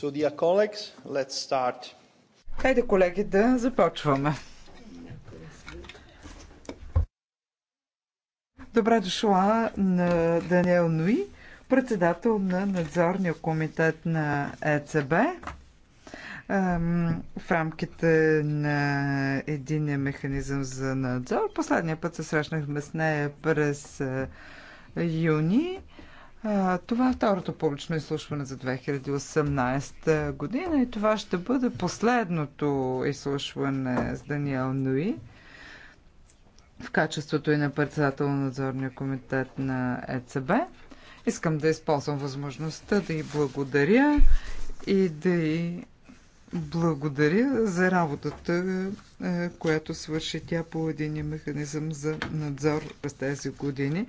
So, dear colleagues, let's start. Хайде, колеги, да започваме. Добре дошла на Даниел Нуи, председател на надзорния комитет на ЕЦБ в рамките на единия механизъм за надзор. Последния път се срещнахме с нея през юни. Това е второто публично изслушване за 2018 година и това ще бъде последното изслушване с Даниел Нуи в качеството и на председател на надзорния комитет на ЕЦБ. Искам да използвам възможността да й благодаря и да й благодаря за работата, е, която свърши тя по единия механизъм за надзор през тези години.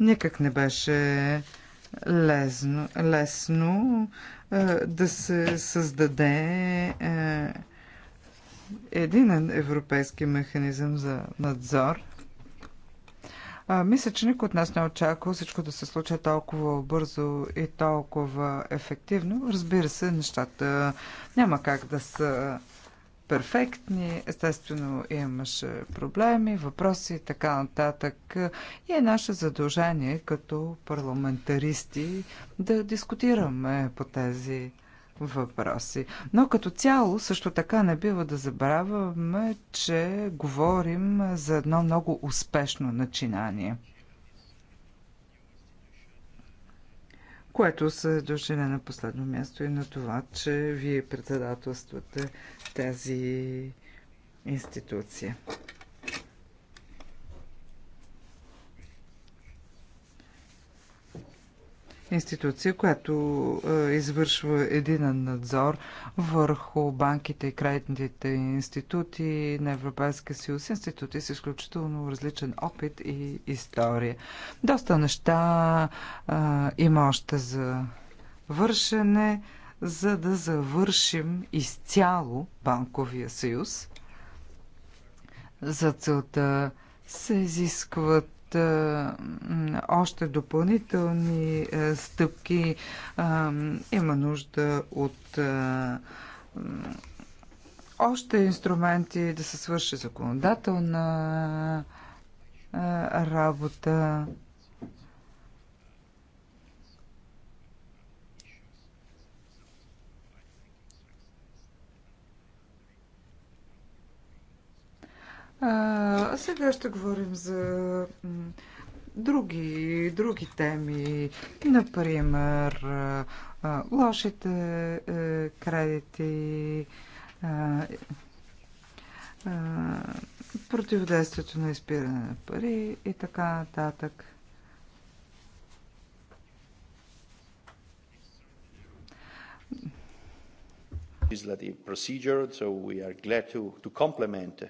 Никак не беше лесно, лесно да се създаде е, един европейски механизъм за надзор. А, мисля, че никой от нас не очаква всичко да се случи толкова бързо и толкова ефективно. Разбира се, нещата няма как да са перфектни. Естествено, имаше проблеми, въпроси и така нататък. И е наше задължение като парламентаристи да дискутираме по тези въпроси. Но като цяло също така не бива да забравяме, че говорим за едно много успешно начинание – което се дължи не на последно място и на това, че вие председателствате тази институция. институция, която е, извършва един надзор върху банките и кредитните институти на Европейския съюз, институти с изключително различен опит и история. Доста неща е, има още за вършене, за да завършим изцяло банковия съюз. За целта се изискват още допълнителни стъпки. Има нужда от още инструменти да се свърши законодателна работа. А сега ще говорим за други, други теми, например лошите е, кредити, противодействието на изпиране на пари и така нататък. legislative procedure, so we are glad to, to complement uh,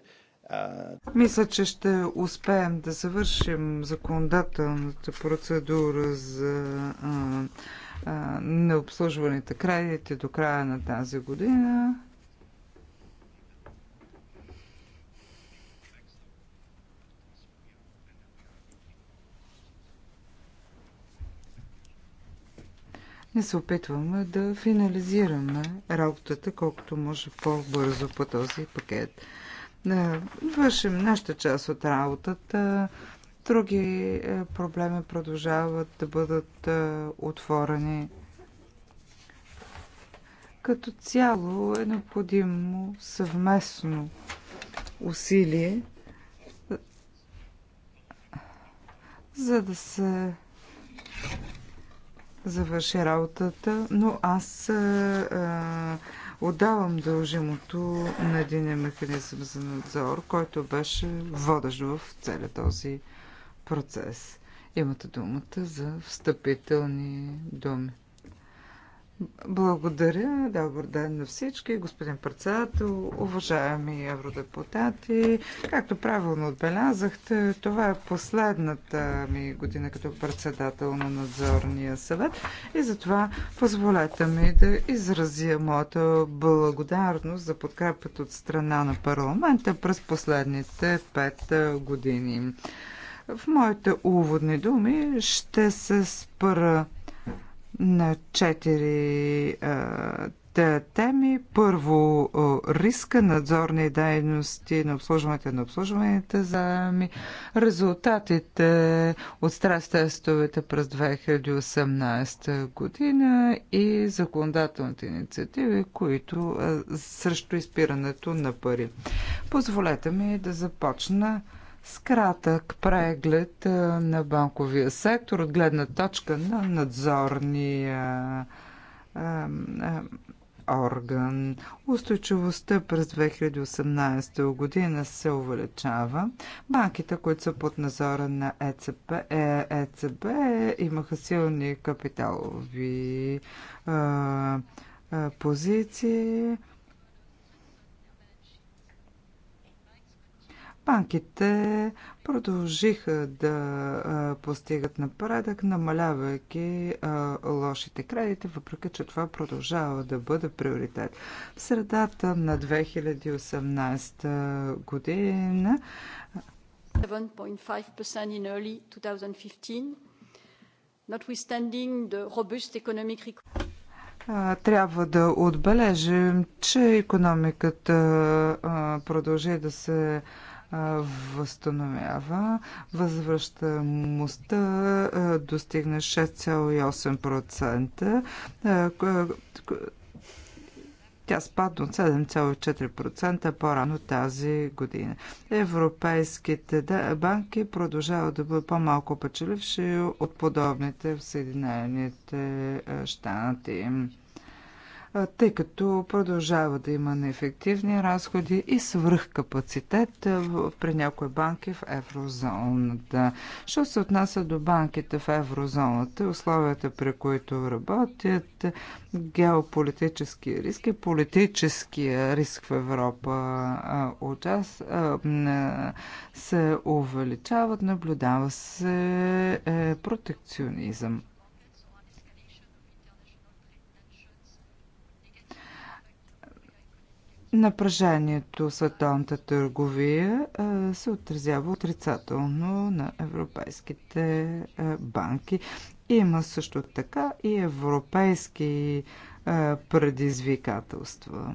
мисля, че ще успеем да завършим законодателната процедура за а, а, необслужваните кредити до края на тази година. Не се опитваме да финализираме работата колкото може по-бързо по този пакет. Да вършим нашата част от работата. Други е, проблеми продължават да бъдат е, отворени. Като цяло е необходимо съвместно усилие, за да се завърши работата, но аз а, е, Отдавам дължимото на един механизъм за надзор, който беше водещ в целия този процес. Имате думата за встъпителни думи. Благодаря. Добър ден на всички. Господин председател, уважаеми евродепутати, както правилно отбелязахте, това е последната ми година като председател на надзорния съвет и затова позволете ми да изразя моята благодарност за подкрепата от страна на парламента през последните пет години. В моите уводни думи ще се спра на четири теми. Първо, риска, надзорни дейности на обслужването на обслужваните заеми, резултатите от стрес-тестовете през 2018 година и законодателните инициативи, които срещу изпирането на пари. Позволете ми да започна с кратък преглед на банковия сектор от гледна точка на надзорния орган. Устойчивостта през 2018 година се увеличава. Банките, които са под назора на ЕЦБ, е, ЕЦБ имаха силни капиталови е, е, позиции. Банките продължиха да постигат напредък, намалявайки лошите кредити, въпреки че това продължава да бъде приоритет. В средата на 2018 година 7.5% in early 2015, notwithstanding the robust economic recovery. Трябва да отбележим, че економиката продължи да се възстановява. Възвръщаемостта достигна 6,8%. Тя спадна от 7,4% по-рано тази година. Европейските банки продължават да бъдат по-малко печеливши от подобните в Съединените щати тъй като продължава да има неефективни разходи и свръхкапацитет при някои банки в еврозоната. Що се отнася до банките в еврозоната, условията при които работят, геополитически риск и политическия риск в Европа от час се увеличават, наблюдава се е, протекционизъм. Напрежението в световната търговия се отразява отрицателно на европейските банки. Има също така и европейски предизвикателства.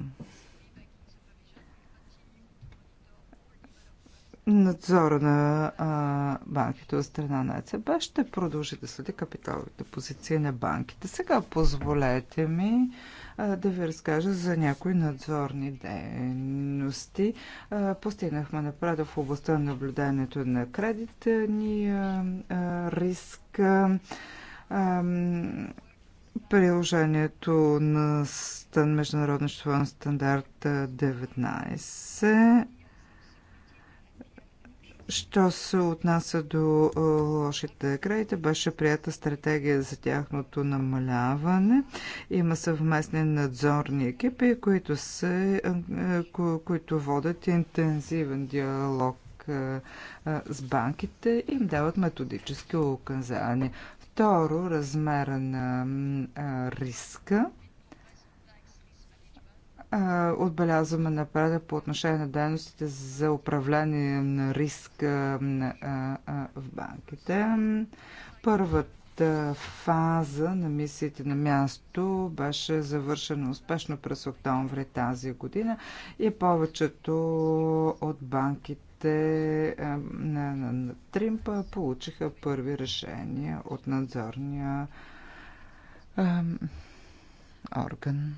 надзора на а, банките от страна на ЕЦБ ще продължи да следи капиталовите позиции на банките. Сега позволете ми да ви разкажа за някои надзорни дейности. Постигнахме направо в областта на наблюдението на кредитния риск приложението на стан, международен стандарт 19 Що се отнася до лошите кредити, беше прията стратегия за тяхното намаляване. Има съвместни надзорни екипи, които, се, които водят интензивен диалог с банките и им дават методически указания. Второ, размера на риска Отбелязваме напредък по отношение на дейностите за управление на риск в банките. Първата фаза на мисиите на място беше завършена успешно през октомври тази година и повечето от банките на, на, на Тримпа получиха първи решения от надзорния орган.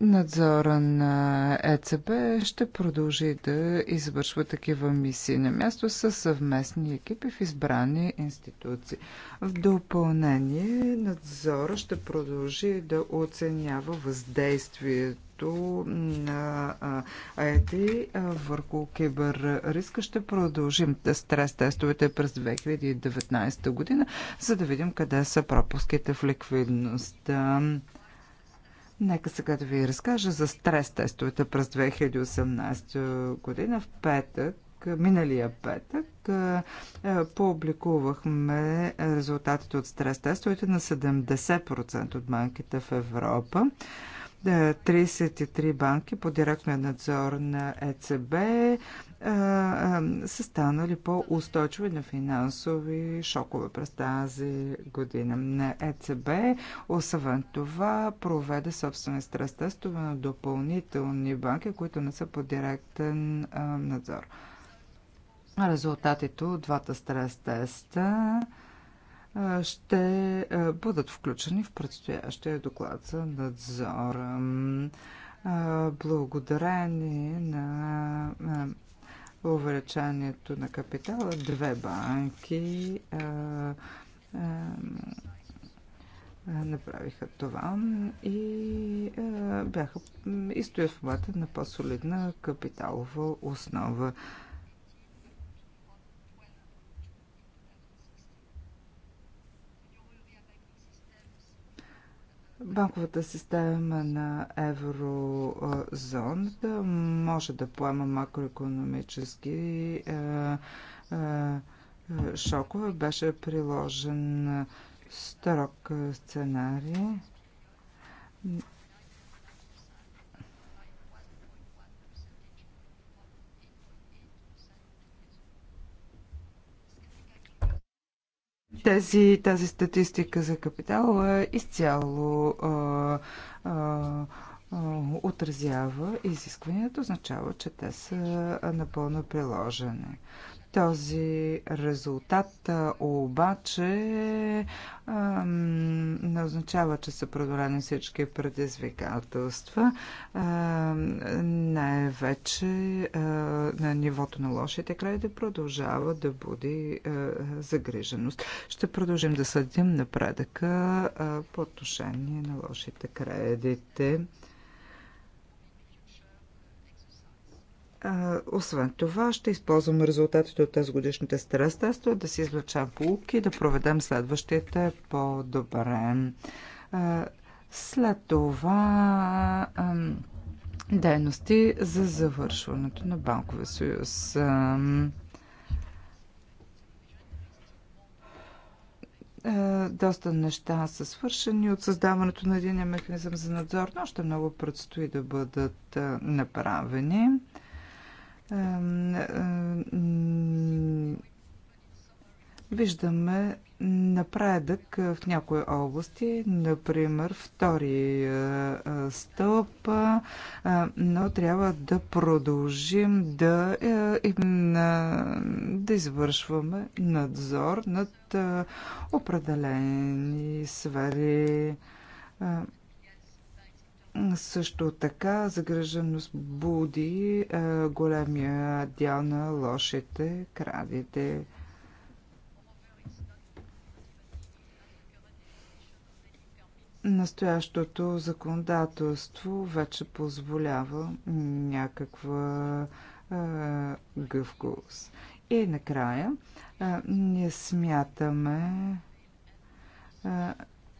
Надзора на ЕЦБ ще продължи да извършва такива мисии на място с съвместни екипи в избрани институции. В допълнение, надзора ще продължи да оценява въздействието на ЕТИ върху Кибер Риска. Ще продължим стрес тестовете през 2019 година, за да видим къде са пропуските в ликвидността. Нека сега да ви разкажа за стрес-тестовете през 2018 година. В петък миналия петък е, е, публикувахме резултатите от стрес-тестовете на 70% от банките в Европа. 33 е, банки по директния надзор на ЕЦБ е, е, са станали по-устойчиви на финансови шокове през тази година. На ЕЦБ, освен това, проведе собствени стрес тестове на допълнителни банки, които не са по директен надзор. Резултатите от двата стрес теста ще бъдат включени в предстоящия доклад за надзора. Благодарение на увеличението на капитала, две банки направиха това и бяха и стоят в момента на по-солидна капиталова основа. банковата система на еврозоната може да поема макроекономически е, е, шокове. Беше приложен строг сценарий тази, тази статистика за капитала изцяло а, а, отразява изискванията, означава, че те са напълно приложени. Този резултат обаче не означава, че са продолени всички предизвикателства. най-вече на нивото на лошите да продължава да буди загриженост. Ще продължим да съдим напредъка по отношение на лошите кредите. А, освен това, ще използвам резултатите от тази годишните стрес тестове, да си излечам полуки и да проведем следващите по-добре. След това а, дейности за завършването на Банковия съюз. А, доста неща са свършени от създаването на един механизъм за надзор, но още много предстои да бъдат направени виждаме напредък в някои области, например втори стълб, но трябва да продължим да, да извършваме надзор над определени сфери. Също така загръженост буди а, големия дял на лошите, крадите. Настоящото законодателство вече позволява някаква гъвкост. И накрая а, ние смятаме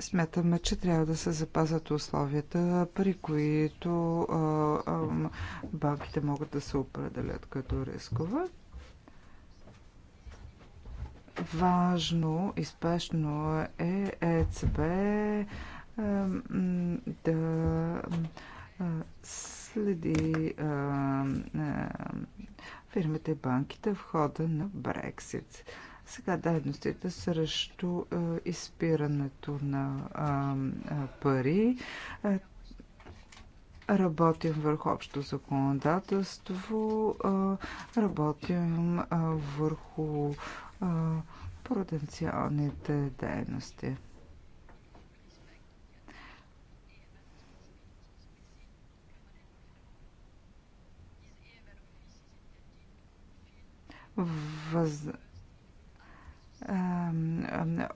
Смятаме, че трябва да се запазят условията, при които а, а, банките могат да се определят като рискова. Важно и спешно е ЕЦБ а, да следи фирмите и банките в хода на Брексит сега дадностите срещу е, изпирането на е, е, пари. Работим върху общо законодателство, работим върху потенциалните дейности. Въз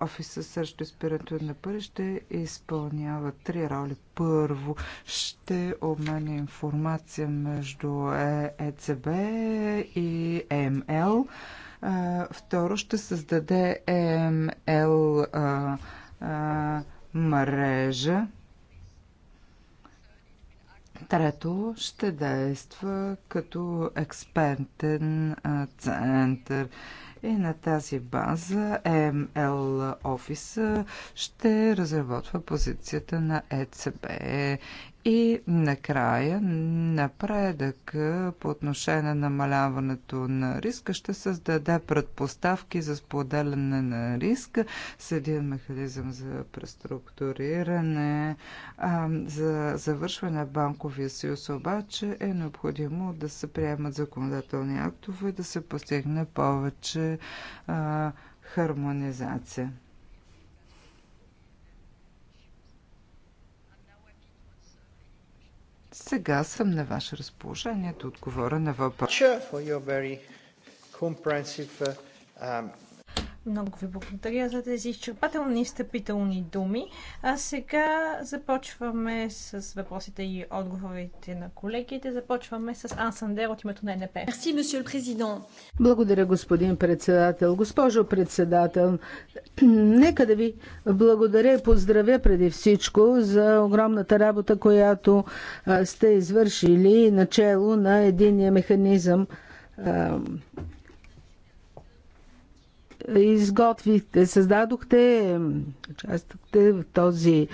офиса срещу изпирането на пари ще изпълнява три роли. Първо, ще обменя информация между ЕЦБ е и ЕМЛ. Второ, ще създаде ЕМЛ мрежа. Трето, ще действа като експертен център. И на тази база ML офиса ще разработва позицията на ЕЦБ и накрая напредък по отношение на намаляването на риска ще създаде предпоставки за споделяне на риска с един механизъм за преструктуриране, а, за завършване на банковия съюз. Обаче е необходимо да се приемат законодателни актове и да се постигне повече а, хармонизация. Сега съм на ваше разположение да отговоря на въпроса. Много ви благодаря за тези изчерпателни и стъпителни думи. А сега започваме с въпросите и отговорите на колегите. Започваме с Сандер от името на НП. Благодаря, господин председател. Госпожо председател, нека да ви благодаря и поздравя преди всичко за огромната работа, която сте извършили начало на единия механизъм изготвихте, създадохте, участвахте в този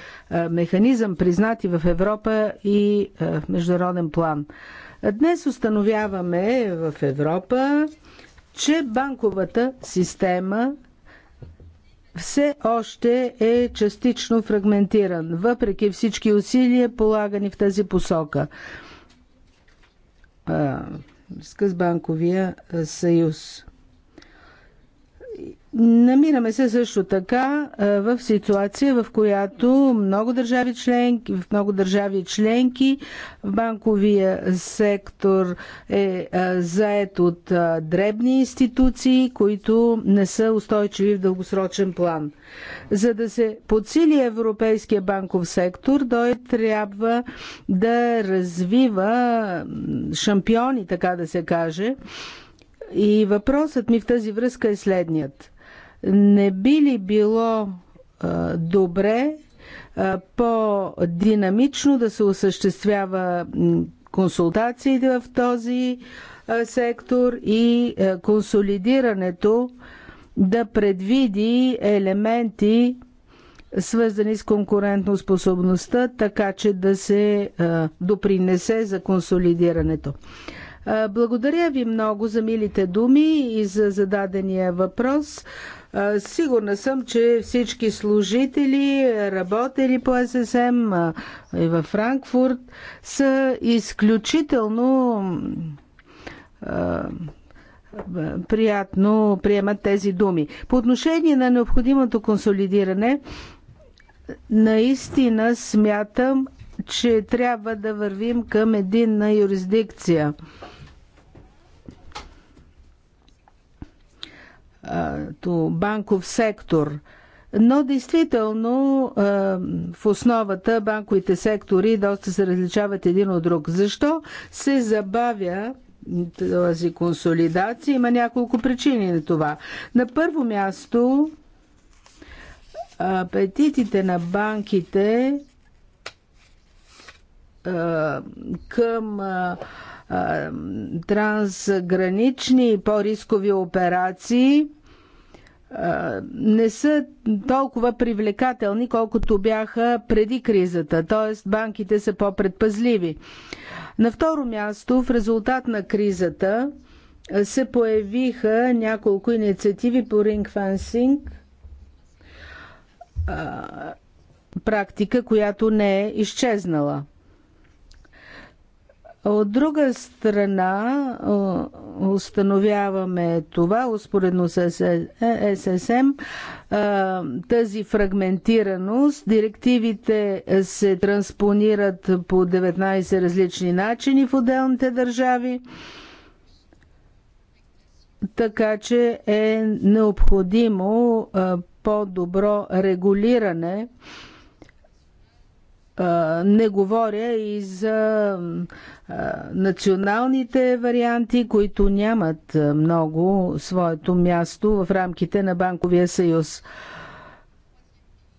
механизъм, признати в Европа и в международен план. Днес установяваме в Европа, че банковата система все още е частично фрагментиран, въпреки всички усилия полагани в тази посока. С банковия съюз. Намираме се също така в ситуация, в която много държави членки, в много държави членки в банковия сектор е заед от дребни институции, които не са устойчиви в дългосрочен план. За да се подсили европейския банков сектор, той трябва да развива шампиони, така да се каже, и въпросът ми в тази връзка е следният. Не би ли било а, добре по-динамично да се осъществява консултациите в този сектор и консолидирането да предвиди елементи, свързани с конкурентоспособността, така че да се допринесе за консолидирането. Благодаря ви много за милите думи и за зададения въпрос. Сигурна съм, че всички служители, работели по ССМ и във Франкфурт са изключително приятно приемат тези думи. По отношение на необходимото консолидиране, наистина смятам, че трябва да вървим към единна юрисдикция. банков сектор. Но действително в основата банковите сектори доста се различават един от друг. Защо се забавя тази консолидация? Има няколко причини на това. На първо място апетитите на банките към трансгранични по-рискови операции – не са толкова привлекателни, колкото бяха преди кризата, т.е. банките са по-предпазливи. На второ място, в резултат на кризата, се появиха няколко инициативи по рингфансинг, практика, която не е изчезнала. От друга страна, установяваме това, успоредно с ССМ, тази фрагментираност. Директивите се транспонират по 19 различни начини в отделните държави. Така че е необходимо по-добро регулиране не говоря и за националните варианти, които нямат много своето място в рамките на Банковия съюз.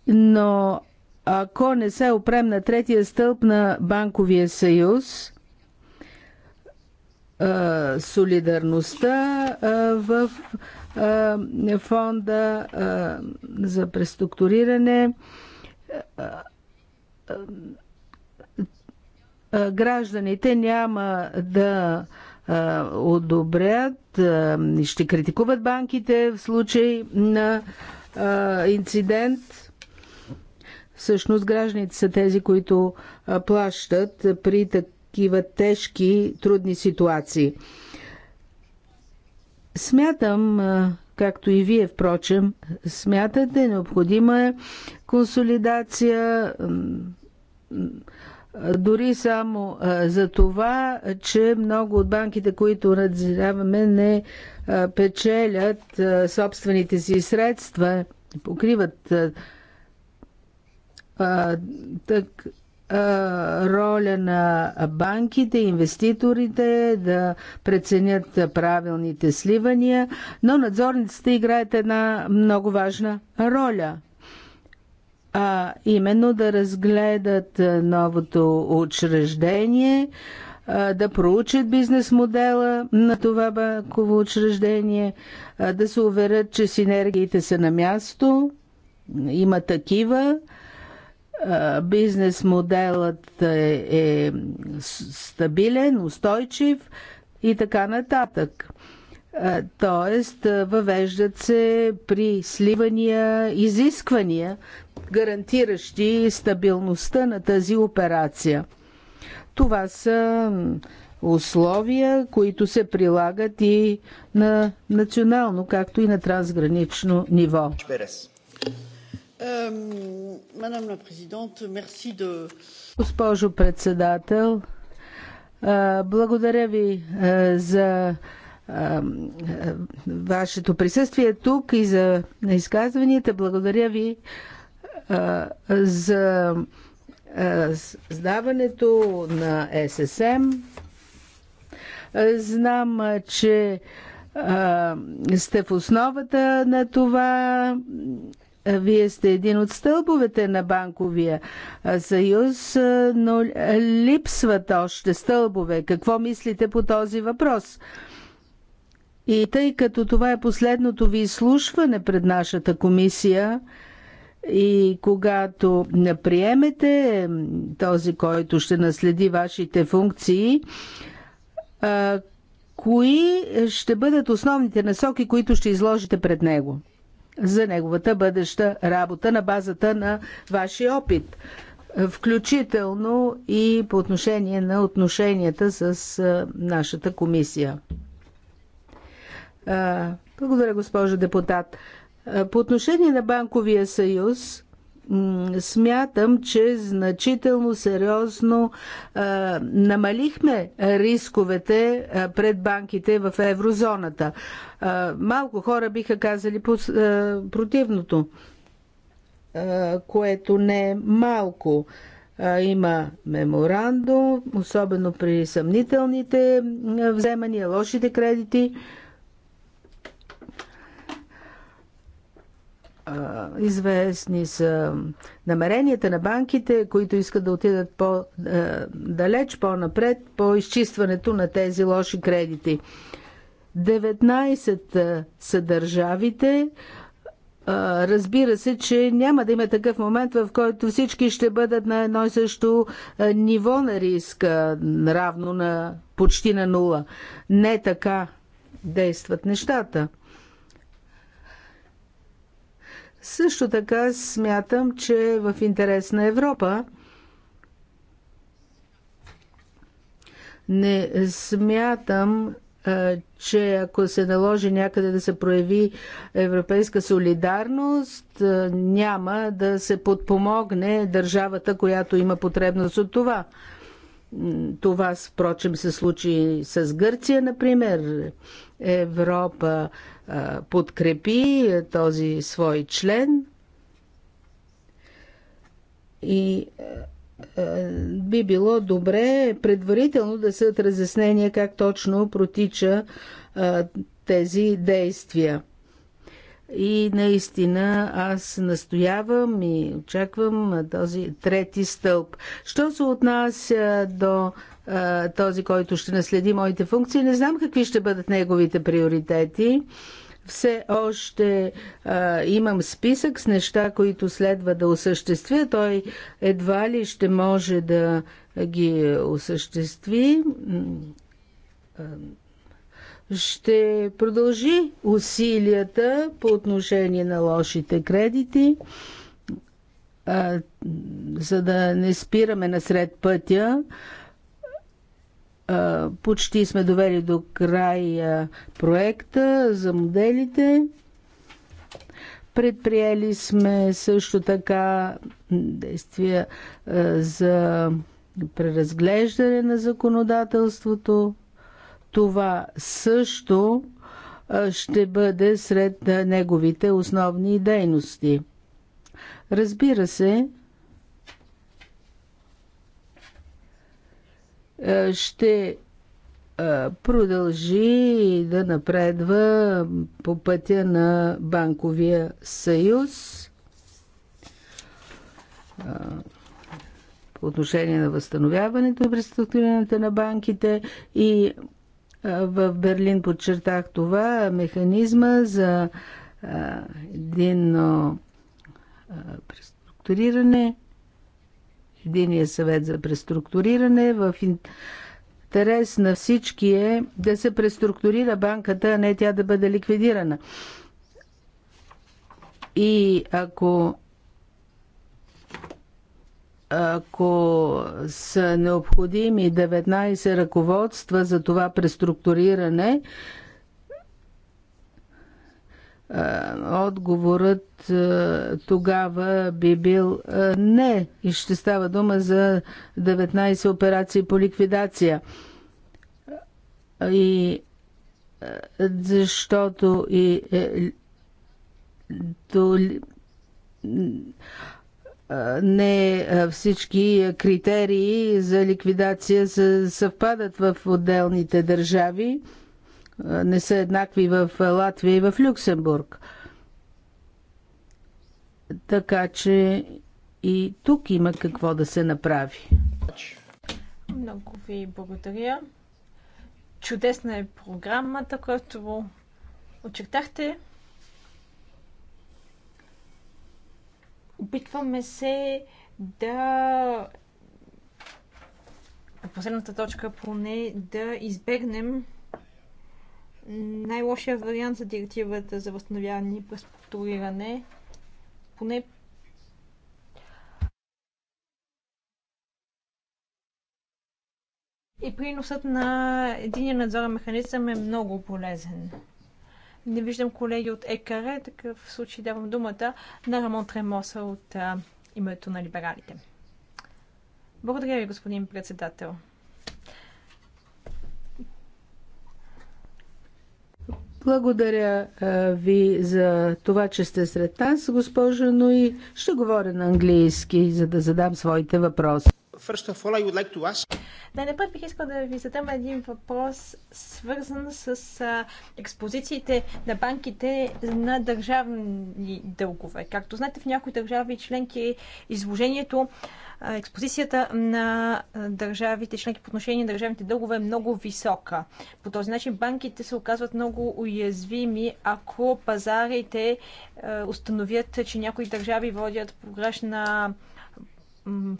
Но ако не се опрем на третия стълб на Банковия съюз, солидарността в фонда за преструктуриране, гражданите няма да одобрят и ще критикуват банките в случай на инцидент. Всъщност гражданите са тези, които плащат при такива тежки, трудни ситуации. Смятам, както и вие, впрочем, смятате, необходима е консолидация, дори само за това, че много от банките, които надзираваме, не печелят собствените си средства, покриват так, роля на банките, инвеститорите да преценят правилните сливания, но надзорниците играят една много важна роля – а именно да разгледат новото учреждение, да проучат бизнес модела на това банково учреждение, да се уверят, че синергиите са на място, има такива, бизнес моделът е, е стабилен, устойчив и така нататък. Тоест, въвеждат се при сливания изисквания гарантиращи стабилността на тази операция. Това са условия, които се прилагат и на национално, както и на трансгранично ниво. Госпожо председател, благодаря ви за вашето присъствие тук и за изказванията. Благодаря ви за създаването на ССМ. Знам, че сте в основата на това. Вие сте един от стълбовете на банковия съюз, но липсват още стълбове. Какво мислите по този въпрос? И тъй като това е последното ви изслушване пред нашата комисия, и когато приемете този, който ще наследи вашите функции, кои ще бъдат основните насоки, които ще изложите пред него за неговата бъдеща работа на базата на вашия опит, включително и по отношение на отношенията с нашата комисия. Благодаря, госпожо депутат. Е, по отношение на банковия съюз, смятам, че значително сериозно а, е, намалихме рисковете а, е, пред банките в еврозоната. А, малко хора биха казали по, а, противното, а, което не е малко. А, има меморандум, особено при съмнителните вземания, лошите кредити. А, известни са намеренията на банките, които искат да отидат по-далеч, по-напред, по изчистването на тези лоши кредити. 19 са държавите. Разбира се, че няма да има такъв момент, в който всички ще бъдат на едно и също ниво на риска, равно на почти на нула. Не така действат нещата. Също така смятам, че е в интерес на Европа не смятам, че ако се наложи някъде да се прояви европейска солидарност, няма да се подпомогне държавата, която има потребност от това. Това, впрочем, се случи с Гърция, например. Европа подкрепи този свой член и би било добре предварително да са разяснения как точно протича тези действия. И наистина аз настоявам и очаквам този трети стълб. Що се отнася до този, който ще наследи моите функции. Не знам какви ще бъдат неговите приоритети. Все още а, имам списък с неща, които следва да осъществя. Той едва ли ще може да ги осъществи. Ще продължи усилията по отношение на лошите кредити за да не спираме насред пътя, почти сме довели до край проекта за моделите. Предприели сме също така действия за преразглеждане на законодателството. Това също ще бъде сред неговите основни дейности. Разбира се, Е, ще е, продължи да напредва по пътя на Банковия съюз е, по отношение на възстановяването и преструктурирането на банките и в Берлин подчертах това механизма за единно преструктуриране Единия съвет за преструктуриране. В интерес на всички е да се преструктурира банката, а не тя да бъде ликвидирана. И ако ако са необходими 19 ръководства за това преструктуриране, е, отговорът е, тогава би бил е, не и ще става дума за 19 операции по ликвидация. И защото и то, не всички критерии за ликвидация съвпадат в отделните държави не са еднакви в Латвия и в Люксембург. Така че и тук има какво да се направи. Много ви благодаря. Чудесна е програмата, която очертахте. Опитваме се да последната точка поне да избегнем най-лошия вариант за директивата за възстановяване и преструктуриране. Поне И приносът на един надзорен механизъм е много полезен. Не виждам колеги от ЕКР, такъв случай давам думата на Рамон Тремоса от а, името на либералите. Благодаря ви, господин председател. Благодаря ви за това, че сте сред нас, госпожа, но и ще говоря на английски, за да задам своите въпроси. First of all, I would like to ask... Най-напред бих искал да ви задам един въпрос, свързан с а, експозициите на банките на държавни дългове. Както знаете, в някои държави членки е изложението, а, експозицията на държавите членки по отношение на държавните дългове е много висока. По този начин банките се оказват много уязвими, ако пазарите а, установят, че някои държави водят погрешна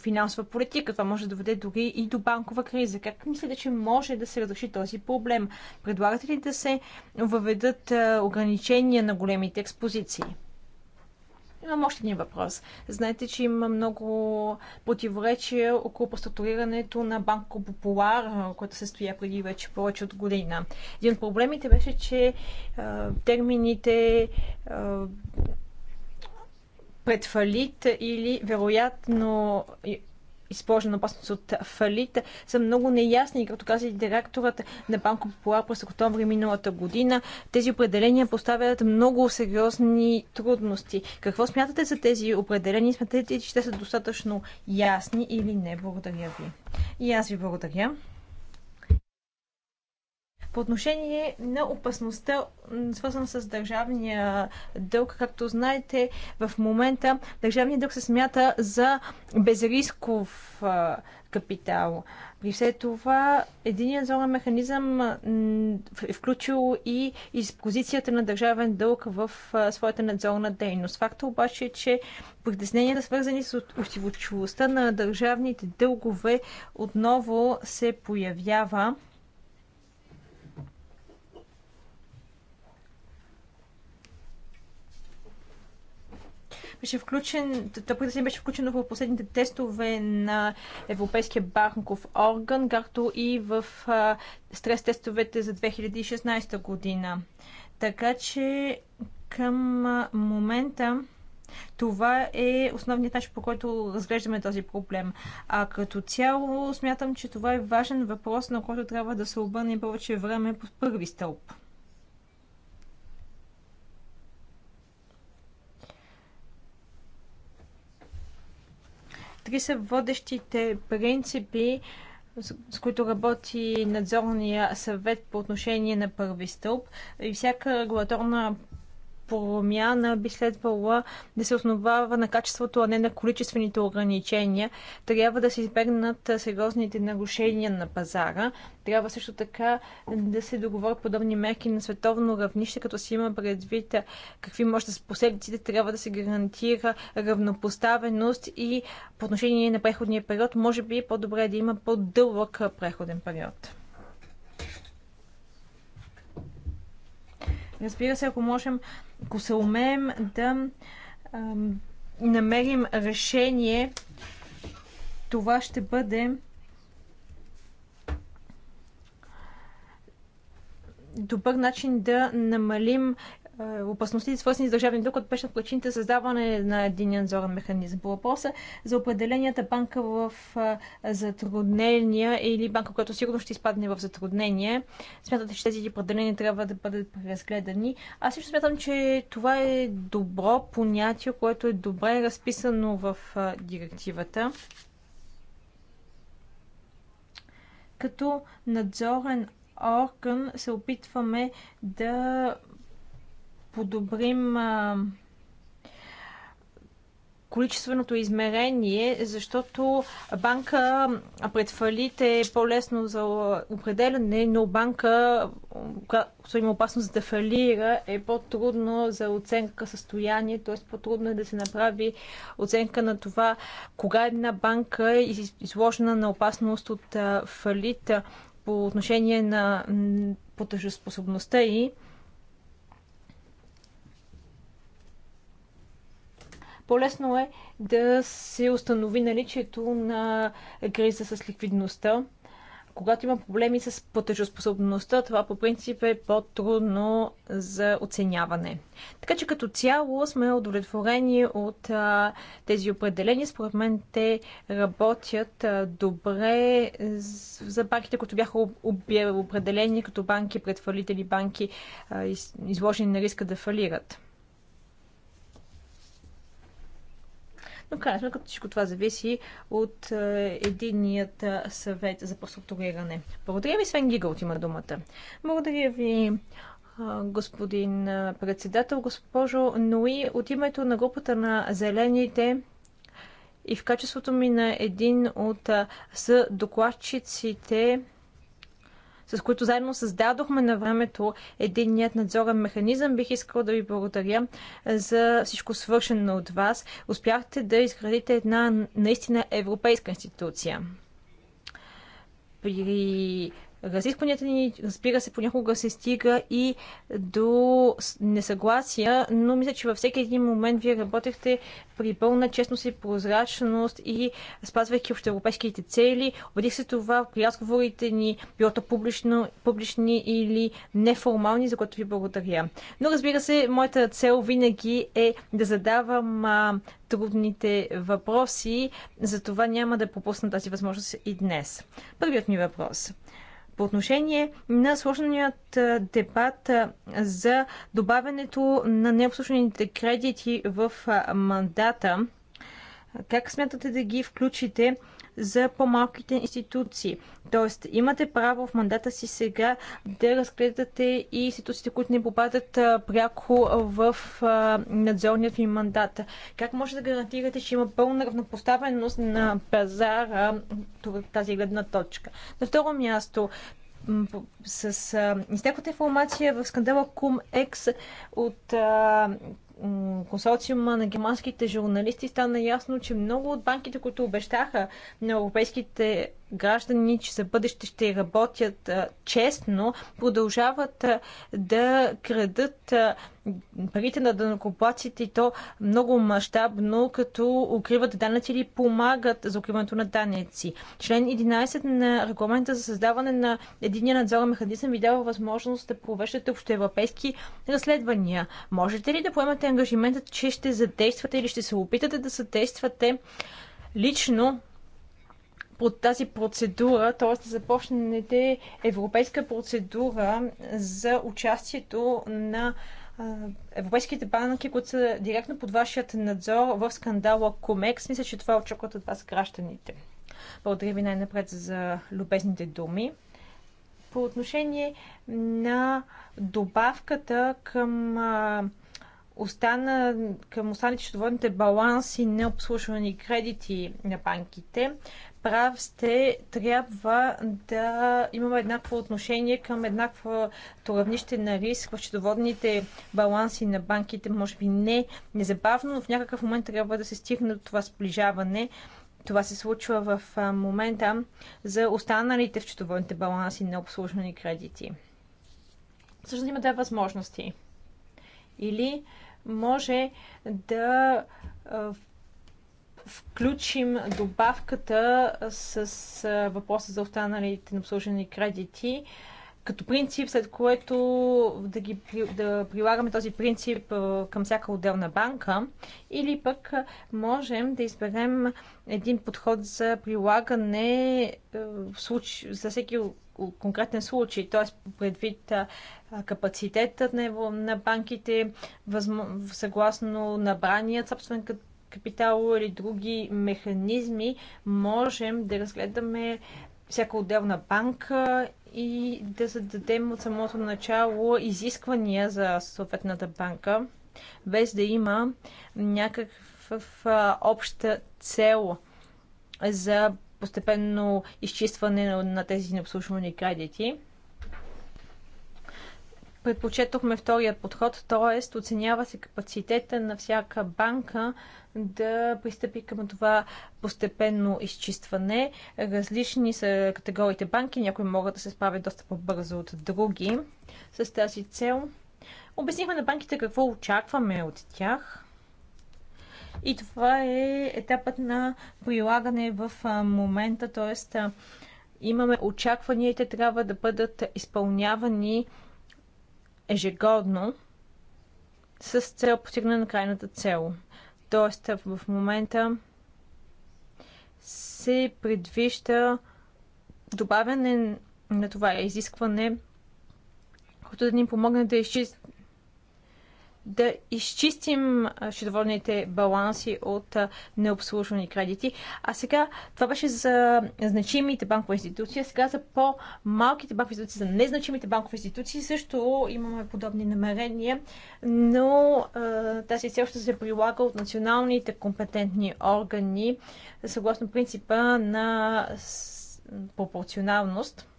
финансова политика. Това може да доведе дори и до банкова криза. Как мислите, че може да се разреши този проблем? Предлагате ли да се въведат ограничения на големите експозиции? Имам още един въпрос. Знаете, че има много противоречия около преструктурирането на Банко Популар, което се стоя преди вече повече от година. Един от проблемите беше, че е, термините е, пред фалит или вероятно изложена опасност от фалит, са много неясни, като каза и директорът на Банко Популар през октомври миналата година. Тези определения поставят много сериозни трудности. Какво смятате за тези определения? Смятате, че те са достатъчно ясни или не? Благодаря ви. И аз ви благодаря. По отношение на опасността, свързана с държавния дълг, както знаете, в момента държавният дълг се смята за безрисков капитал. При все това, единият зона механизъм е включил и изпозицията на държавен дълг в своята надзорна дейност. Факта обаче е, че притесненията, свързани с устивочивостта на държавните дългове, отново се появява. беше включен, търпът беше включено в последните тестове на Европейския банков орган, както и в стрес-тестовете за 2016 година. Така че към момента това е основният начин, по който разглеждаме този проблем. А като цяло смятам, че това е важен въпрос, на който трябва да се обърне повече време по първи стълб. Три са водещите принципи, с които работи надзорния съвет по отношение на първи стълб. И всяка регулаторна промяна би следвала да се основава на качеството, а не на количествените ограничения. Трябва да се избегнат сериозните нарушения на пазара. Трябва също така да се договорят подобни мерки на световно равнище, като се има предвид какви може да са последиците. Трябва да се гарантира равнопоставеност и по отношение на преходния период, може би по-добре да има по-дълъг преходен период. Разбира се, ако можем, ако се умеем да ам, намерим решение, това ще бъде добър начин да намалим е, опасностите, свързани с държавния дълг, беше от причините създаване на един надзорен механизъм. По въпроса за определенията банка в е, затруднения или банка, която сигурно ще изпадне в затруднение, смятате, че тези определения трябва да бъдат разгледани. Аз също смятам, че това е добро понятие, което е добре разписано в е, директивата. Като надзорен орган се опитваме да подобрим количественото измерение, защото банка пред фалит е по-лесно за определене, но банка, която има опасност да фалира, е по-трудно за оценка състояние, т.е. по-трудно е да се направи оценка на това кога една банка е изложена на опасност от фалит по отношение на платежоспособността и по-лесно е да се установи наличието на криза с ликвидността. Когато има проблеми с платежоспособността, това по принцип е по-трудно за оценяване. Така че като цяло сме удовлетворени от а, тези определения. Според мен те работят а, добре за банките, които бяха определени като банки предфалители, банки а, из, изложени на риска да фалират. но в крайна сметка всичко това зависи от е, единният е, съвет за преструктуриране. Благодаря ви, Свен Гигал, има думата. Благодаря ви, е, господин председател, госпожо Нои, от името на групата на зелените и в качеството ми на един от съдокладчиците с които заедно създадохме на времето единният надзорен механизъм. Бих искала да ви благодаря за всичко свършено от вас. Успяхте да изградите една наистина европейска институция. При разискванията ни, разбира се, понякога се стига и до несъгласия, но мисля, че във всеки един момент вие работехте при пълна честност и прозрачност и спазвайки общоевропейските цели. Убедих се това при разговорите ни, било то публично, публични или неформални, за което ви благодаря. Но разбира се, моята цел винаги е да задавам а, трудните въпроси, затова няма да пропусна тази възможност и днес. Първият ми въпрос. По отношение на сложният дебат за добавянето на необслужените кредити в мандата, как смятате да ги включите за по-малките институции. Тоест, имате право в мандата си сега да разгледате и институциите, които не попадат пряко в надзорният ви мандат. Как може да гарантирате, че има пълна равнопоставеност на пазара тази гледна точка? На второ място, с изтеклата информация в скандала Кум Екс от консорциума на германските журналисти стана ясно, че много от банките, които обещаха на европейските граждани, че за бъдеще ще работят честно, продължават да крадат парите на данокоплаците и то много мащабно, като укриват данъци или помагат за укриването на данъци. Член 11 на регламента за създаване на единия надзорен механизъм ви дава възможност да провеждате общоевропейски разследвания. Можете ли да поемате ангажиментът, че ще задействате или ще се опитате да съдействате лично под тази процедура, т.е. да започнете европейска процедура за участието на европейските банки, които са директно под вашият надзор в скандала Комекс. Мисля, че това е очакват от вас гражданите. Благодаря ви най-напред за любезните думи. По отношение на добавката към остана, към останалите счетоводните баланси на обслужвани кредити на банките. Прав сте, трябва да имаме еднакво отношение към еднакво равнище на риск в счетоводните баланси на банките. Може би не незабавно, но в някакъв момент трябва да се стигне до това сближаване. Това се случва в момента за останалите в счетоводните баланси на обслужвани кредити. Също има две възможности. Или може да включим добавката с въпроса за останалите обслужени кредити, като принцип, след което да, ги, да прилагаме този принцип към всяка отделна банка, или пък можем да изберем един подход за прилагане в случ... за всеки конкретен случай, т.е. предвид капацитетът на банките, възм... съгласно набраният собствен капитало или други механизми, можем да разгледаме всяка отделна банка и да зададем от самото начало изисквания за съответната банка, без да има някаква обща цел за постепенно изчистване на тези необслужвани кредити предпочетохме вторият подход, т.е. оценява се капацитета на всяка банка да пристъпи към това постепенно изчистване. Различни са категориите банки, някои могат да се справят доста по-бързо от други с тази цел. Обяснихме на банките какво очакваме от тях. И това е етапът на прилагане в момента, т.е. имаме очаквания и те трябва да бъдат изпълнявани ежегодно с цел постигане на крайната цел. Тоест, в момента се предвижда добавяне на това изискване, което да ни помогне да изчистим да изчистим счетоводните баланси от необслужвани кредити. А сега това беше за значимите банкови институции, а сега за по-малките банкови институции, за незначимите банкови институции също имаме подобни намерения, но тази цел ще се прилага от националните компетентни органи съгласно принципа на пропорционалност –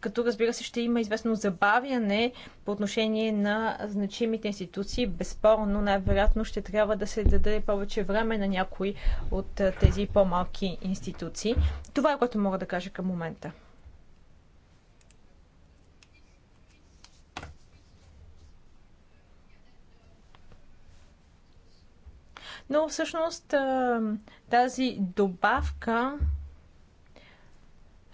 като разбира се ще има известно забавяне по отношение на значимите институции. Безспорно, най-вероятно ще трябва да се даде повече време на някои от тези по-малки институции. Това е което мога да кажа към момента. Но всъщност тази добавка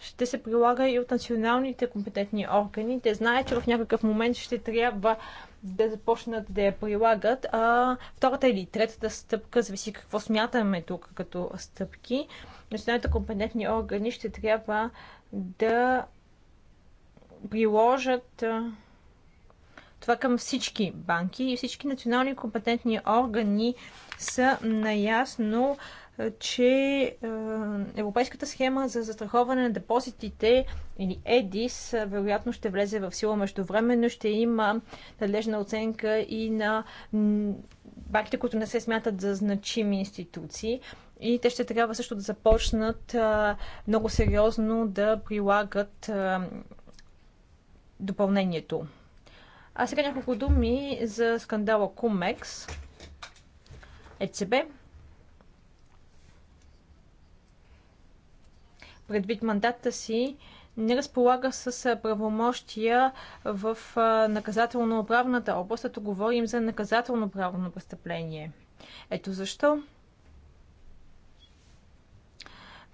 ще се прилага и от националните компетентни органи. Те знаят, че в някакъв момент ще трябва да започнат да я прилагат. А втората или третата стъпка, зависи какво смятаме тук като стъпки, националните компетентни органи ще трябва да приложат това към всички банки и всички национални компетентни органи са наясно че е, Европейската схема за застраховане на депозитите или ЕДИС е, вероятно ще влезе в сила междувременно. Ще има надлежна оценка и на банките, които не се смятат за значими институции. И те ще трябва също да започнат е, много сериозно да прилагат допълнението. А сега няколко думи за скандала Кумекс, ЕЦБ. предвид мандата си, не разполага с правомощия в наказателно-правната област, като говорим за наказателно-правно престъпление. Ето защо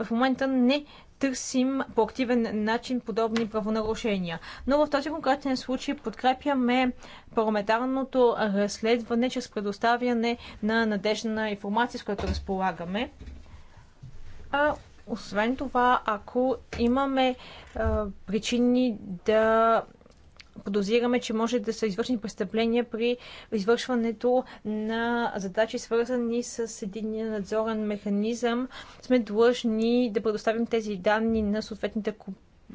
в момента не търсим по активен начин подобни правонарушения. Но в този конкретен случай подкрепяме парламентарното разследване чрез предоставяне на надежна информация, с която разполагаме. А освен това, ако имаме а, причини да подозираме, че може да са извършени престъпления при извършването на задачи, свързани с единния надзорен механизъм, сме длъжни да предоставим тези данни на съответните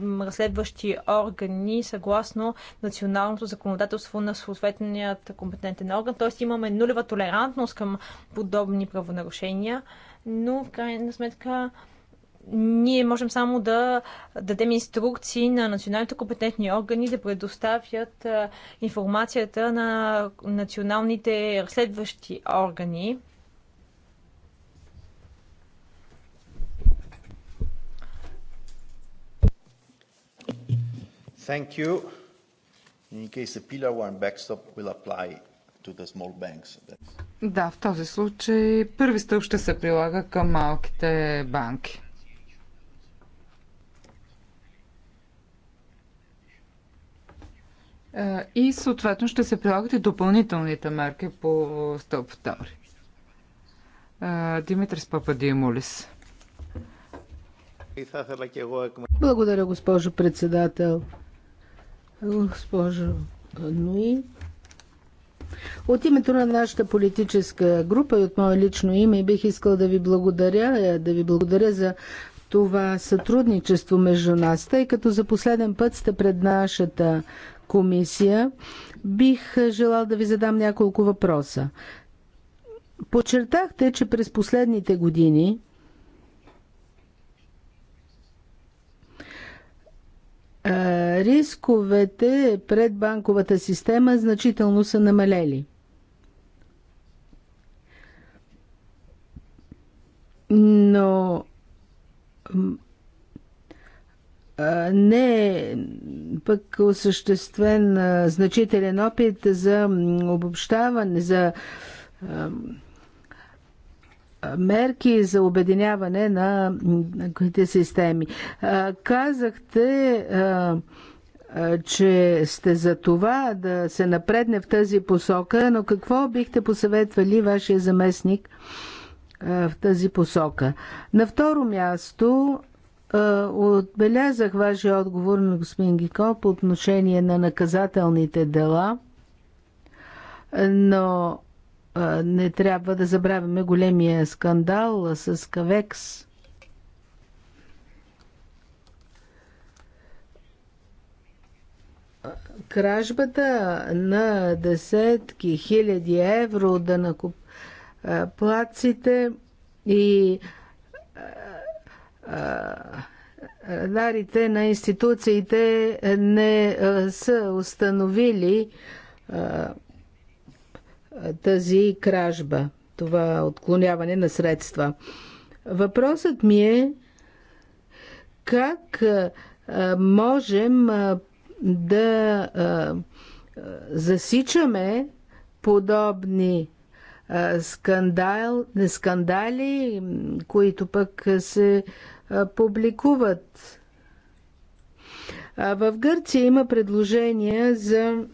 разследващи органи съгласно националното законодателство на съответният компетентен орган. Т.е. имаме нулева толерантност към подобни правонарушения, но в крайна сметка ние можем само да дадем инструкции на националните компетентни органи да предоставят информацията на националните разследващи органи. Thank you. In case the Pillar one backstop will apply to the small banks. Да, в този случай първи стълб ще се прилага към малките банки. И съответно ще се прилагат и допълнителните мерки по стълб 2. Димитрис Пападимулис. Благодаря, госпожо председател. Госпожо Нуи. От името на нашата политическа група и от мое лично име бих искал да ви благодаря, да ви благодаря за това сътрудничество между нас, тъй като за последен път сте пред нашата комисия, бих желал да ви задам няколко въпроса. Почертахте, че през последните години рисковете пред банковата система значително са намалели. Но не е пък осъществен значителен опит за обобщаване, за мерки за обединяване на тези системи. Казахте, че сте за това да се напредне в тази посока, но какво бихте посъветвали вашия заместник в тази посока? На второ място, е, отбелязах вашия отговор на господин Гико по отношение на наказателните дела, но е, не трябва да забравяме големия скандал с Кавекс. Кражбата на десетки хиляди евро да накуп е, плаците и радарите на институциите не са установили тази кражба, това отклоняване на средства. Въпросът ми е как можем да засичаме подобни скандал, скандали, които пък се публикуват. В Гърция има предложение за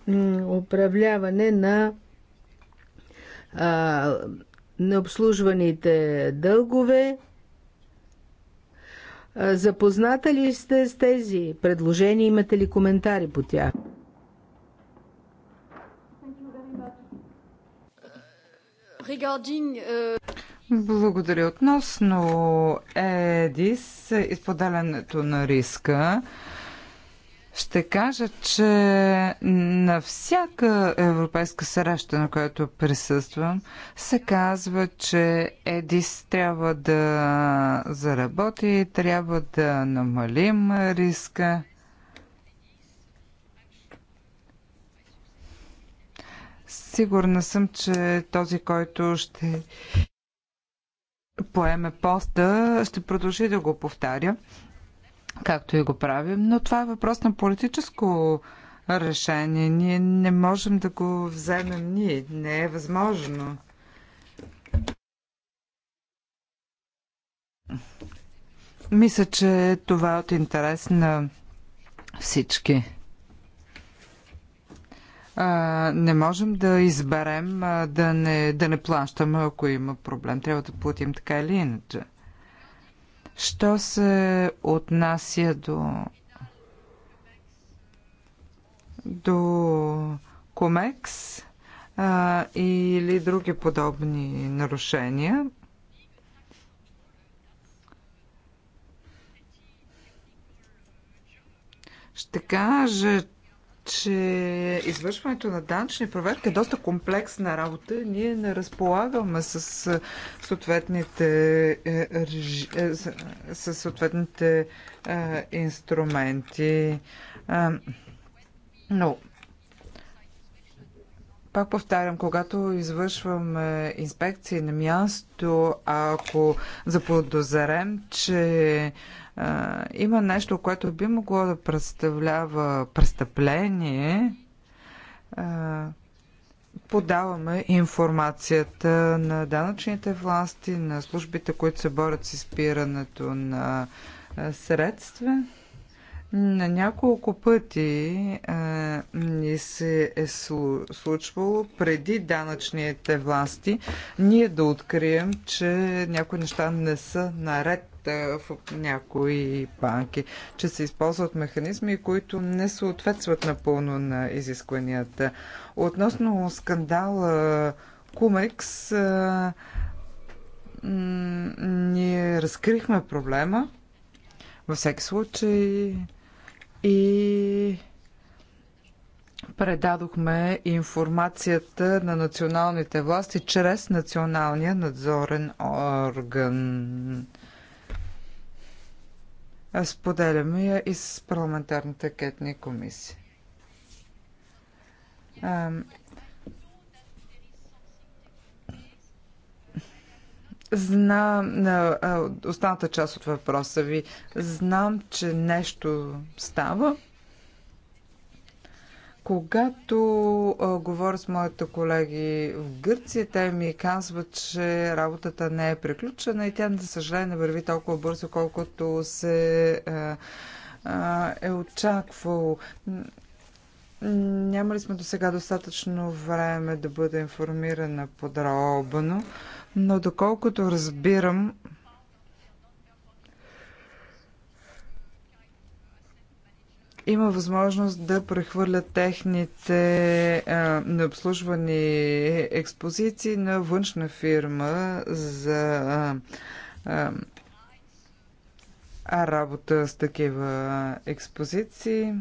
управляване на необслужваните дългове. Запозната ли сте с тези предложения? Имате ли коментари по тях? Благодаря. Относно ЕДИС, изподелянето на риска, ще кажа, че на всяка европейска среща, на която присъствам, се казва, че ЕДИС трябва да заработи, трябва да намалим риска. Сигурна съм, че този, който ще поеме поста, ще продължи да го повтаря, както и го правим, но това е въпрос на политическо решение. Ние не можем да го вземем ние. Не е възможно. Мисля, че това е от интерес на всички не можем да изберем да не, да не плащаме, ако има проблем. Трябва да платим така или иначе. Що се отнася до до Комекс а, или други подобни нарушения, ще кажа, че извършването на данъчни проверки е доста комплексна работа. Ние не разполагаме с е, съответните, е, е, с съответните инструменти. Но пак повтарям, когато извършвам инспекции на място, ако заподозрем, че а, има нещо, което би могло да представлява престъпление, а, подаваме информацията на данъчните власти, на службите, които се борят с изпирането на средства. На няколко пъти а, ни се е случвало преди данъчните власти ние да открием, че някои неща не са наред е, в някои банки, че се използват механизми, които не съответстват напълно на изискванията. Относно скандала Кумекс, е, ние разкрихме проблема във всеки случай и предадохме информацията на националните власти чрез националния надзорен орган. Споделяме я и с парламентарната кетни комисия. Знам, на останата част от въпроса ви, знам, че нещо става, когато а, говоря с моите колеги в Гърция, те ми казват, че работата не е приключена и тя, за съжаление, не върви толкова бързо, колкото се а, а, е очаквало. Няма ли сме до сега достатъчно време да бъде информирана подробно, но доколкото разбирам, има възможност да прехвърлят техните а, необслужвани експозиции на външна фирма за а, а, работа с такива експозиции.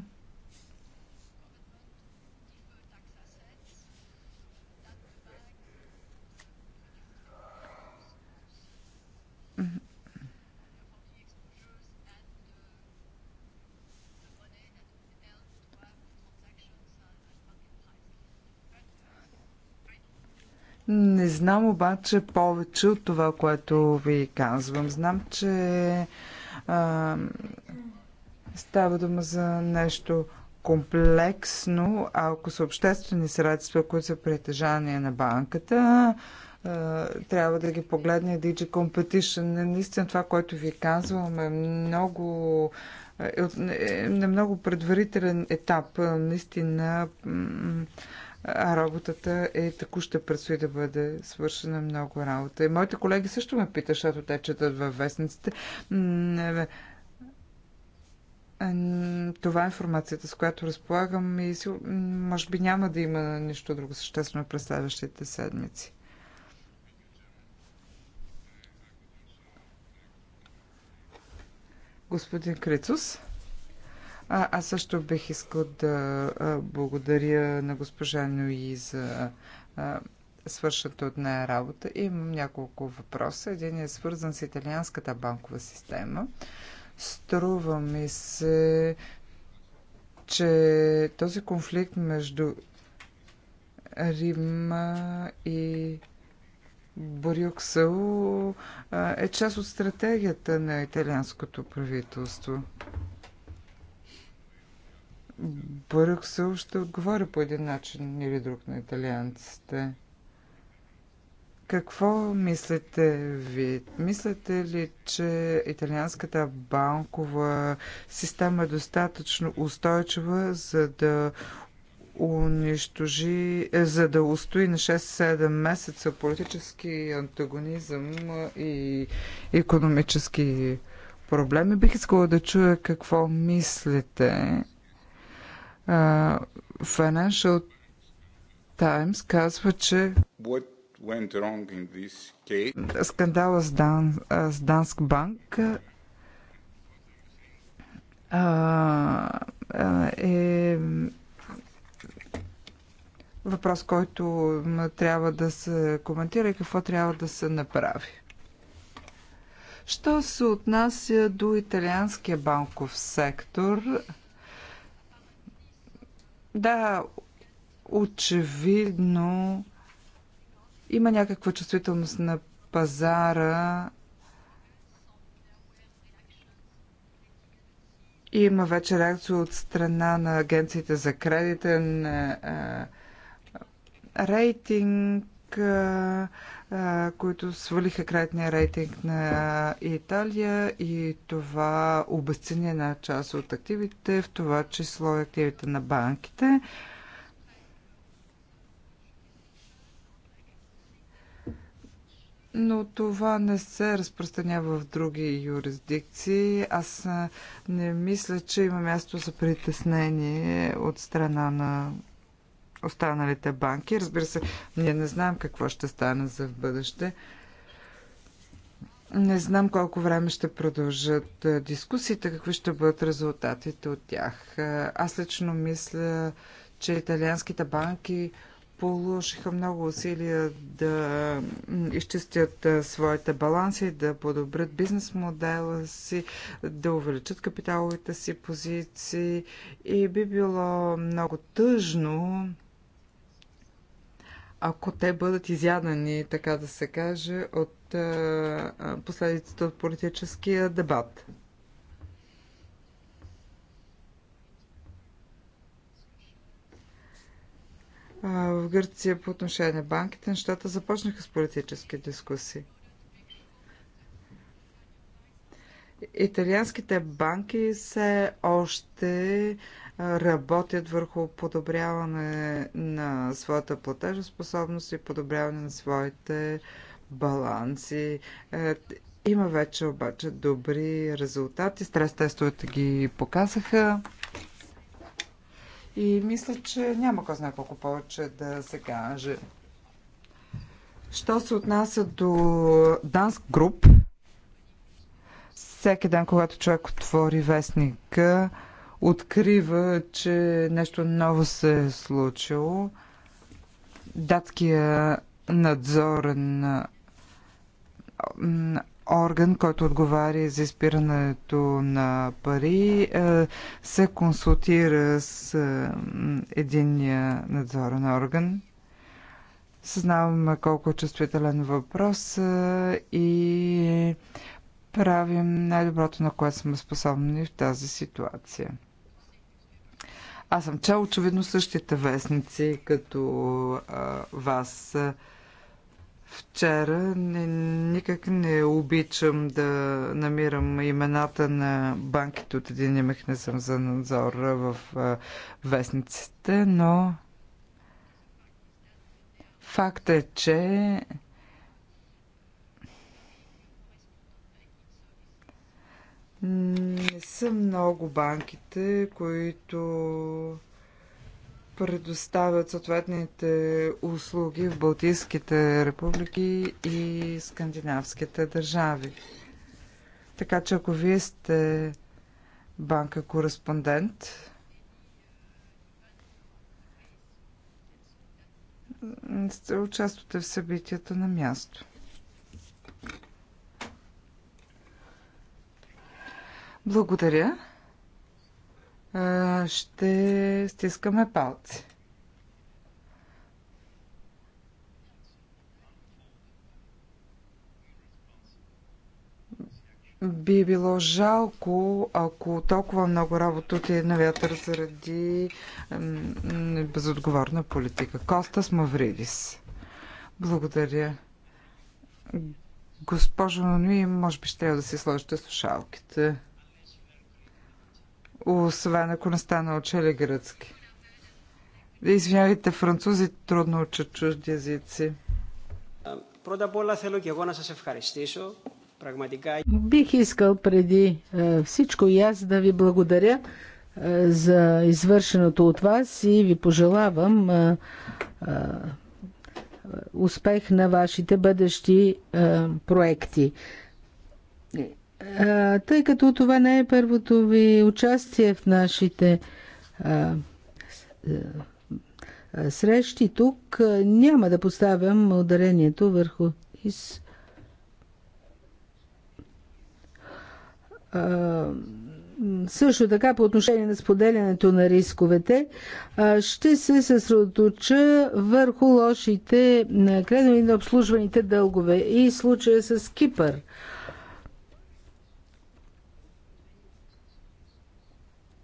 Не знам обаче повече от това, което ви казвам. Знам, че а, става дума за нещо комплексно. А ако са обществени средства, които са притежание на банката, а, трябва да ги погледне Digi Competition. Наистина това, което ви казвам е много е, е, е на много предварителен етап. Наистина а работата е що предстои да бъде свършена много работа. И моите колеги също ме питат, защото те четат във вестниците. Това е информацията, с която разполагам и може би няма да има нищо друго съществено през следващите седмици. Господин Крицус. А, аз също бих искал да благодаря на госпожа Нуи за свършата от нея работа. и Имам няколко въпроса. Един е свързан с италианската банкова система. Струва ми се, че този конфликт между Рим и Брюксел е част от стратегията на италианското правителство. Брюксел ще отговори по един начин или друг на италианците. Какво мислите ви? Мислите ли, че италианската банкова система е достатъчно устойчива, за да унищожи, е, за да устои на 6-7 месеца политически антагонизъм и економически проблеми? Бих искала да чуя какво мислите Financial Times казва, че скандала с, Дан, с Данск банк а, е въпрос, който трябва да се коментира и какво трябва да се направи. Що се отнася до италианския банков сектор – да, очевидно има някаква чувствителност на пазара. Има вече реакция от страна на агенциите за кредитен рейтинг които свалиха кредитния рейтинг на Италия и това обесцени една част от активите, в това число и активите на банките. Но това не се разпространява в други юрисдикции. Аз не мисля, че има място за притеснение от страна на останалите банки. Разбира се, ние не знаем какво ще стане за в бъдеще. Не знам колко време ще продължат е, дискусиите, какви ще бъдат резултатите от тях. Е, аз лично мисля, че италианските банки положиха много усилия да изчистят е, своите баланси, да подобрят бизнес модела си, да увеличат капиталовите си позиции и би било много тъжно ако те бъдат изядани, така да се каже, от е, е, последиците от политическия дебат. В Гърция по отношение на банките нещата започнаха с политически дискусии. Италианските банки все още работят върху подобряване на своята платежоспособност и подобряване на своите баланси. Е, има вече обаче добри резултати. Стрес тестовете ги показаха. И мисля, че няма кой знае колко повече да се каже. Що се отнася до Dansk Group, всеки ден, когато човек отвори вестника, открива, че нещо ново се е случило. Датския надзорен орган, който отговаря за изпирането на пари, е, се консултира с е, единния надзорен орган. Съзнаваме колко е чувствителен въпрос е, и правим най-доброто, на което сме способни в тази ситуация. Аз съм чел очевидно същите вестници, като а, вас. Вчера не, никак не обичам да намирам имената на банките от един механизъм за надзор в а, вестниците, но факт е, че Не са много банките, които предоставят съответните услуги в Балтийските републики и скандинавските държави. Така че ако вие сте банка-кореспондент, участвате в събитията на място. Благодаря. Ще стискаме палци. би било жалко, ако толкова много работа е на вятър заради безотговорна политика. Костас Мавридис. Благодаря. Госпожо Нуи, може би ще да си сложите слушалките освен ако не сте научили гръцки. Да Извинявайте, французи трудно учат чужди езици. Бих искал преди е, всичко и аз да ви благодаря е, за извършеното от вас и ви пожелавам е, успех на вашите бъдещи проекти тъй като това не е първото ви участие в нашите срещи тук, няма да поставям ударението върху из... Също така по отношение на споделянето на рисковете, ще се съсредоточа върху лошите кредови на обслужваните дългове и случая с Кипър –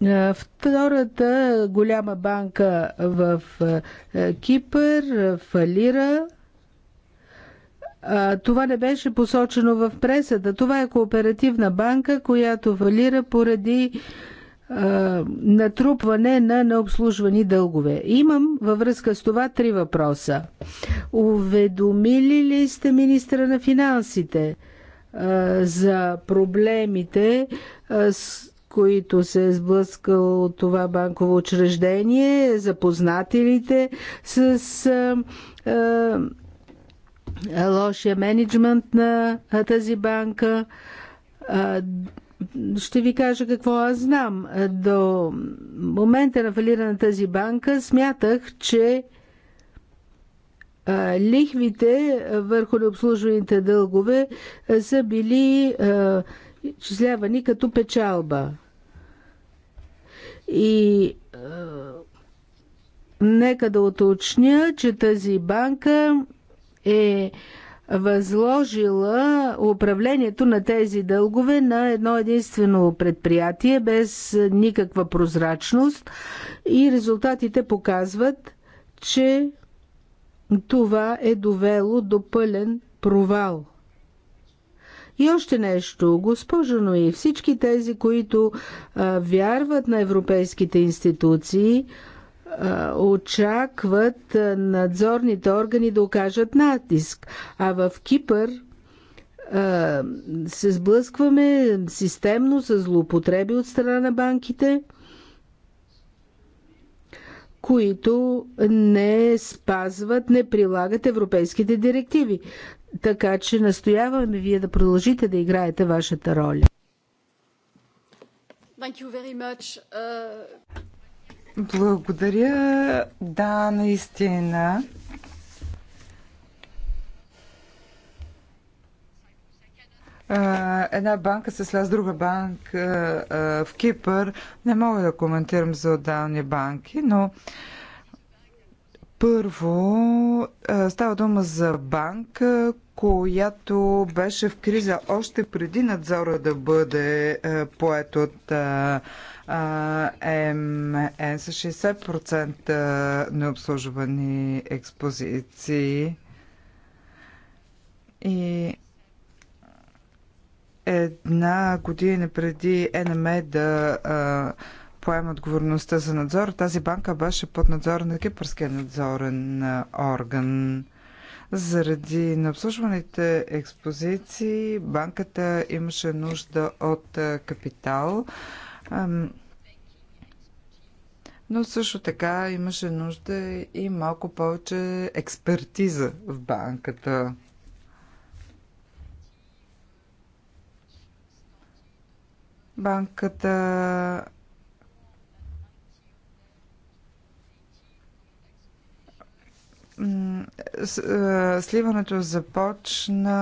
Е, втората голяма банка в е, е, Кипър фалира. Това не беше посочено в пресата. Това е кооперативна банка, която фалира поради натрупване на необслужвани дългове. Имам във връзка с това три въпроса. Уведомили ли сте министра на финансите за проблемите с които се е сблъскал това банково учреждение, запознателите с а, а, лошия менеджмент на тази банка. А, ще ви кажа какво аз знам. До момента на фалира на тази банка смятах, че лихвите върху необслужваните дългове са били изчислявани като печалба. И е, нека да уточня, че тази банка е възложила управлението на тези дългове на едно единствено предприятие без никаква прозрачност и резултатите показват, че това е довело до пълен провал – и още нещо, госпожо Нои, всички тези, които а, вярват на европейските институции, а, очакват а, надзорните органи да окажат натиск. А в Кипър а, се сблъскваме системно с злоупотреби от страна на банките които не спазват, не прилагат европейските директиви. Така че настояваме вие да продължите да играете вашата роля. Uh... Благодаря. Да, наистина. една банка се сля с друга банка в Кипър. Не мога да коментирам за отдални банки, но първо, е, става дума за банка, която беше в криза още преди надзора да бъде е, поет от е, МС 60% необслужвани експозиции и една година преди НМ да поема отговорността за надзор. Тази банка беше под надзор на Кипърския надзорен орган. Заради обслужваните експозиции банката имаше нужда от капитал, но също така имаше нужда и малко повече експертиза в банката. Банката Сливането започна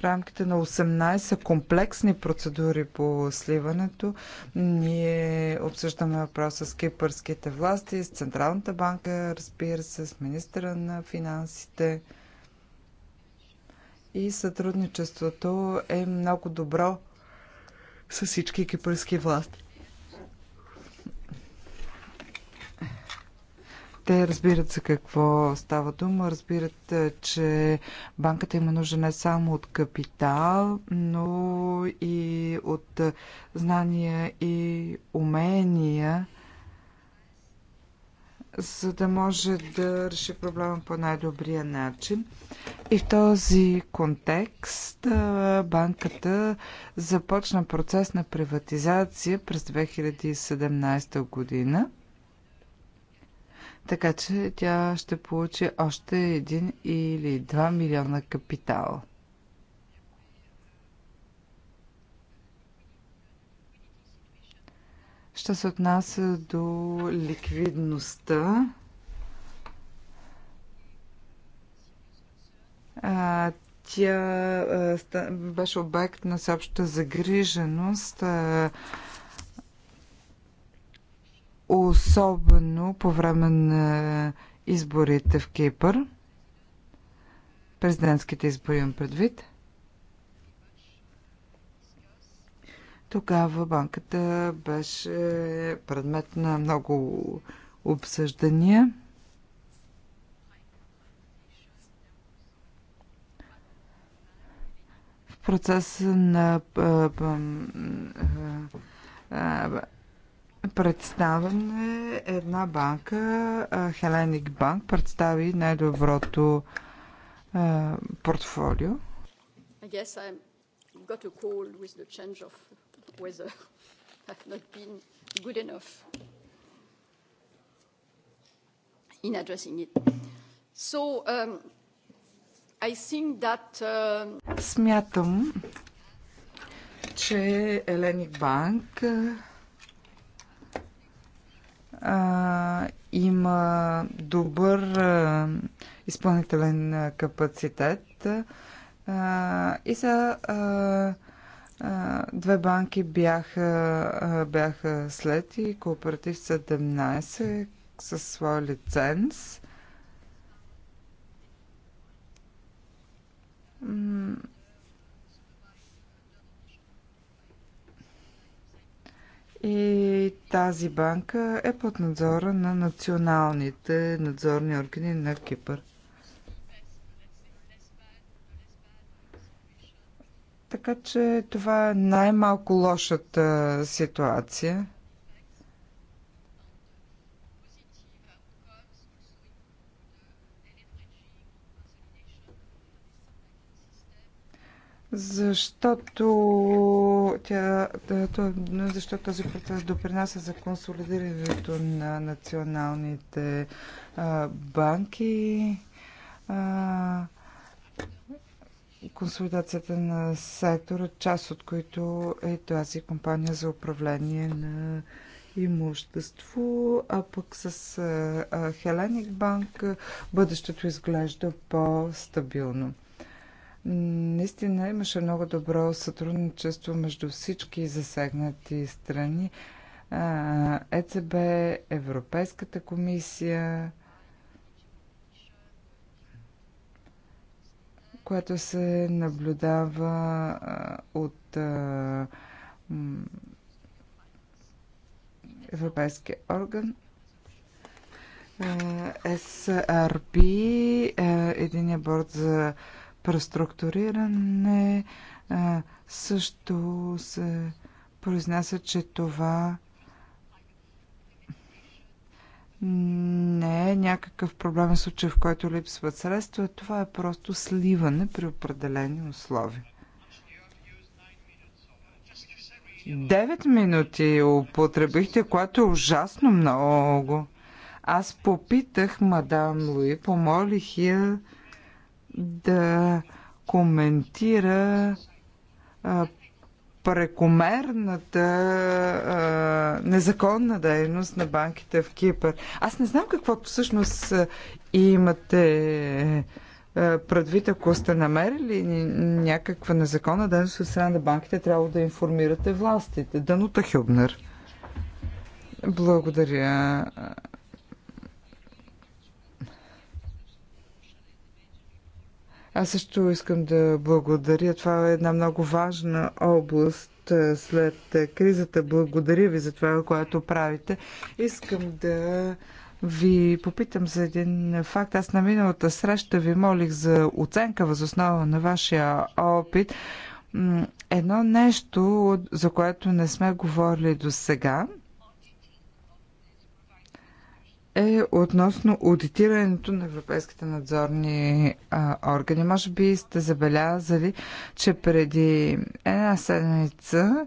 в рамките на 18 комплексни процедури по сливането. Ние обсъждаме въпроса с кипърските власти, с Централната банка, разбира се, с министра на финансите. И сътрудничеството е много добро с всички кипърски власти. Те разбират за какво става дума, разбират, е, че банката има нужда не само от капитал, но и от е, знания и умения, за да може да реши проблема по най-добрия начин. И в този контекст е, банката започна процес на приватизация през 2017 година така че тя ще получи още 1 или 2 милиона капитал. Що се отнася до ликвидността, а, тя а, беше обект на съобща загриженост. А, особено по време на изборите в Кипър, президентските избори имам предвид, тогава банката беше предмет на много обсъждания. В процеса на представяне една банка, Хеленик Банк, представи най-доброто портфолио. I guess I got a call with the change of weather. I've not been good enough in addressing it. So, um, I think that... Uh... Смятам, че Еленик Банк uh, а, има добър а, изпълнителен капацитет а, и са а, а, две банки бяха, а, бяха след и кооператив 17 със своя лиценз. И тази банка е под надзора на националните надзорни органи на Кипър. Така че това е най-малко лошата ситуация. Защото, тя, защото този процес допринася за консолидирането на националните а, банки, а, консолидацията на сектора, част от които е тази компания за управление на имущество, а пък с а, Хеленик банк бъдещето изглежда по-стабилно. Наистина имаше много добро сътрудничество между всички засегнати страни. ЕЦБ, Европейската комисия, което се наблюдава от Европейския орган. SRP, е, единия борт за преструктуриране също се произнася, че това не е някакъв проблем в случай, в който липсват средства. Това е просто сливане при определени условия. 9 минути употребихте, което е ужасно много. Аз попитах мадам Луи, помолих я да коментира а, прекомерната а, незаконна дейност на банките в Кипър. Аз не знам какво всъщност имате предвид, ако сте намерили някаква незаконна дейност от страна на банките, трябва да информирате властите. Данута Хюбнер. Благодаря, Аз също искам да благодаря. Това е една много важна област след кризата. Благодаря ви за това, което правите. Искам да ви попитам за един факт. Аз на миналата среща ви молих за оценка възоснова на вашия опит. Едно нещо, за което не сме говорили до сега, е относно аудитирането на европейските надзорни а, органи. Може би сте забелязали, че преди една седмица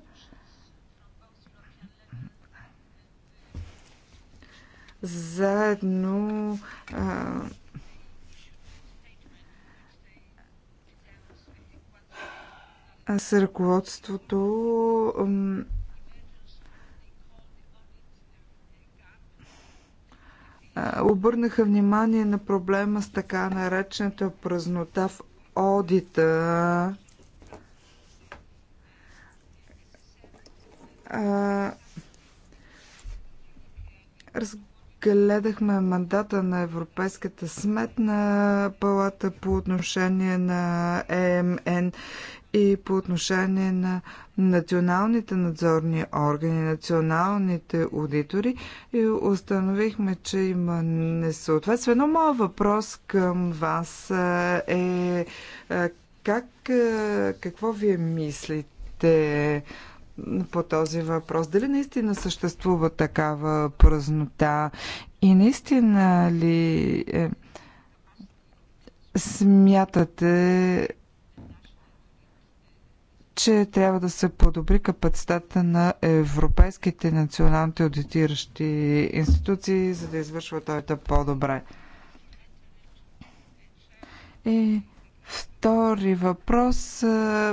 заедно а, с ръководството обърнаха внимание на проблема с така наречената празнота в одита. разгледахме мандата на Европейската сметна палата по отношение на ЕМН и по отношение на националните надзорни органи, националните аудитори и установихме, че има несъответствие. Но моят въпрос към вас е, е как, е, какво вие мислите по този въпрос? Дали наистина съществува такава празнота и наистина ли е, смятате че трябва да се подобри капацитета на европейските националните аудитиращи институции, за да извършват това по-добре. И втори въпрос,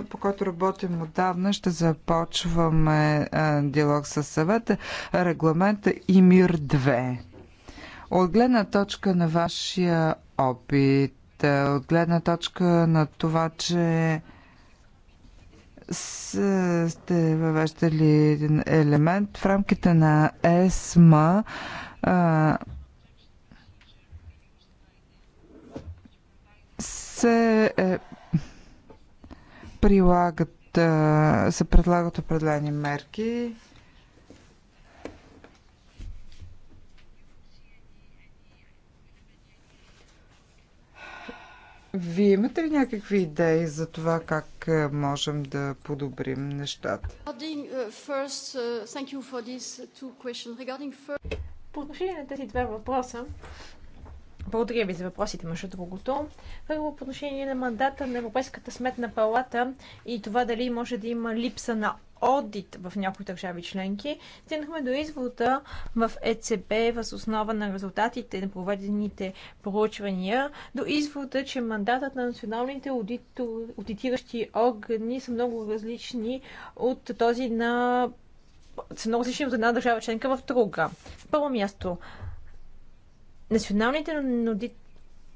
по който работим отдавна, ще започваме диалог с съвета, регламента ИМИР 2. От гледна точка на вашия опит, от гледна точка на това, че сте въвеждали един елемент в рамките на ЕСМА. А, се е, прилагат, се предлагат определени мерки. Вие имате ли някакви идеи за това как е, можем да подобрим нещата? Е, е, По отношение на тези два въпроса, благодаря ви за въпросите, между другото. Първо по отношение на мандата на Европейската сметна палата и това дали може да има липса на одит в някои държави членки, стигнахме до извода в ЕЦБ въз основа на резултатите на проведените проучвания, до извода, че мандатът на националните аудитиращи органи са много различни от този на са много различни от една държава членка в друга. В първо място, националните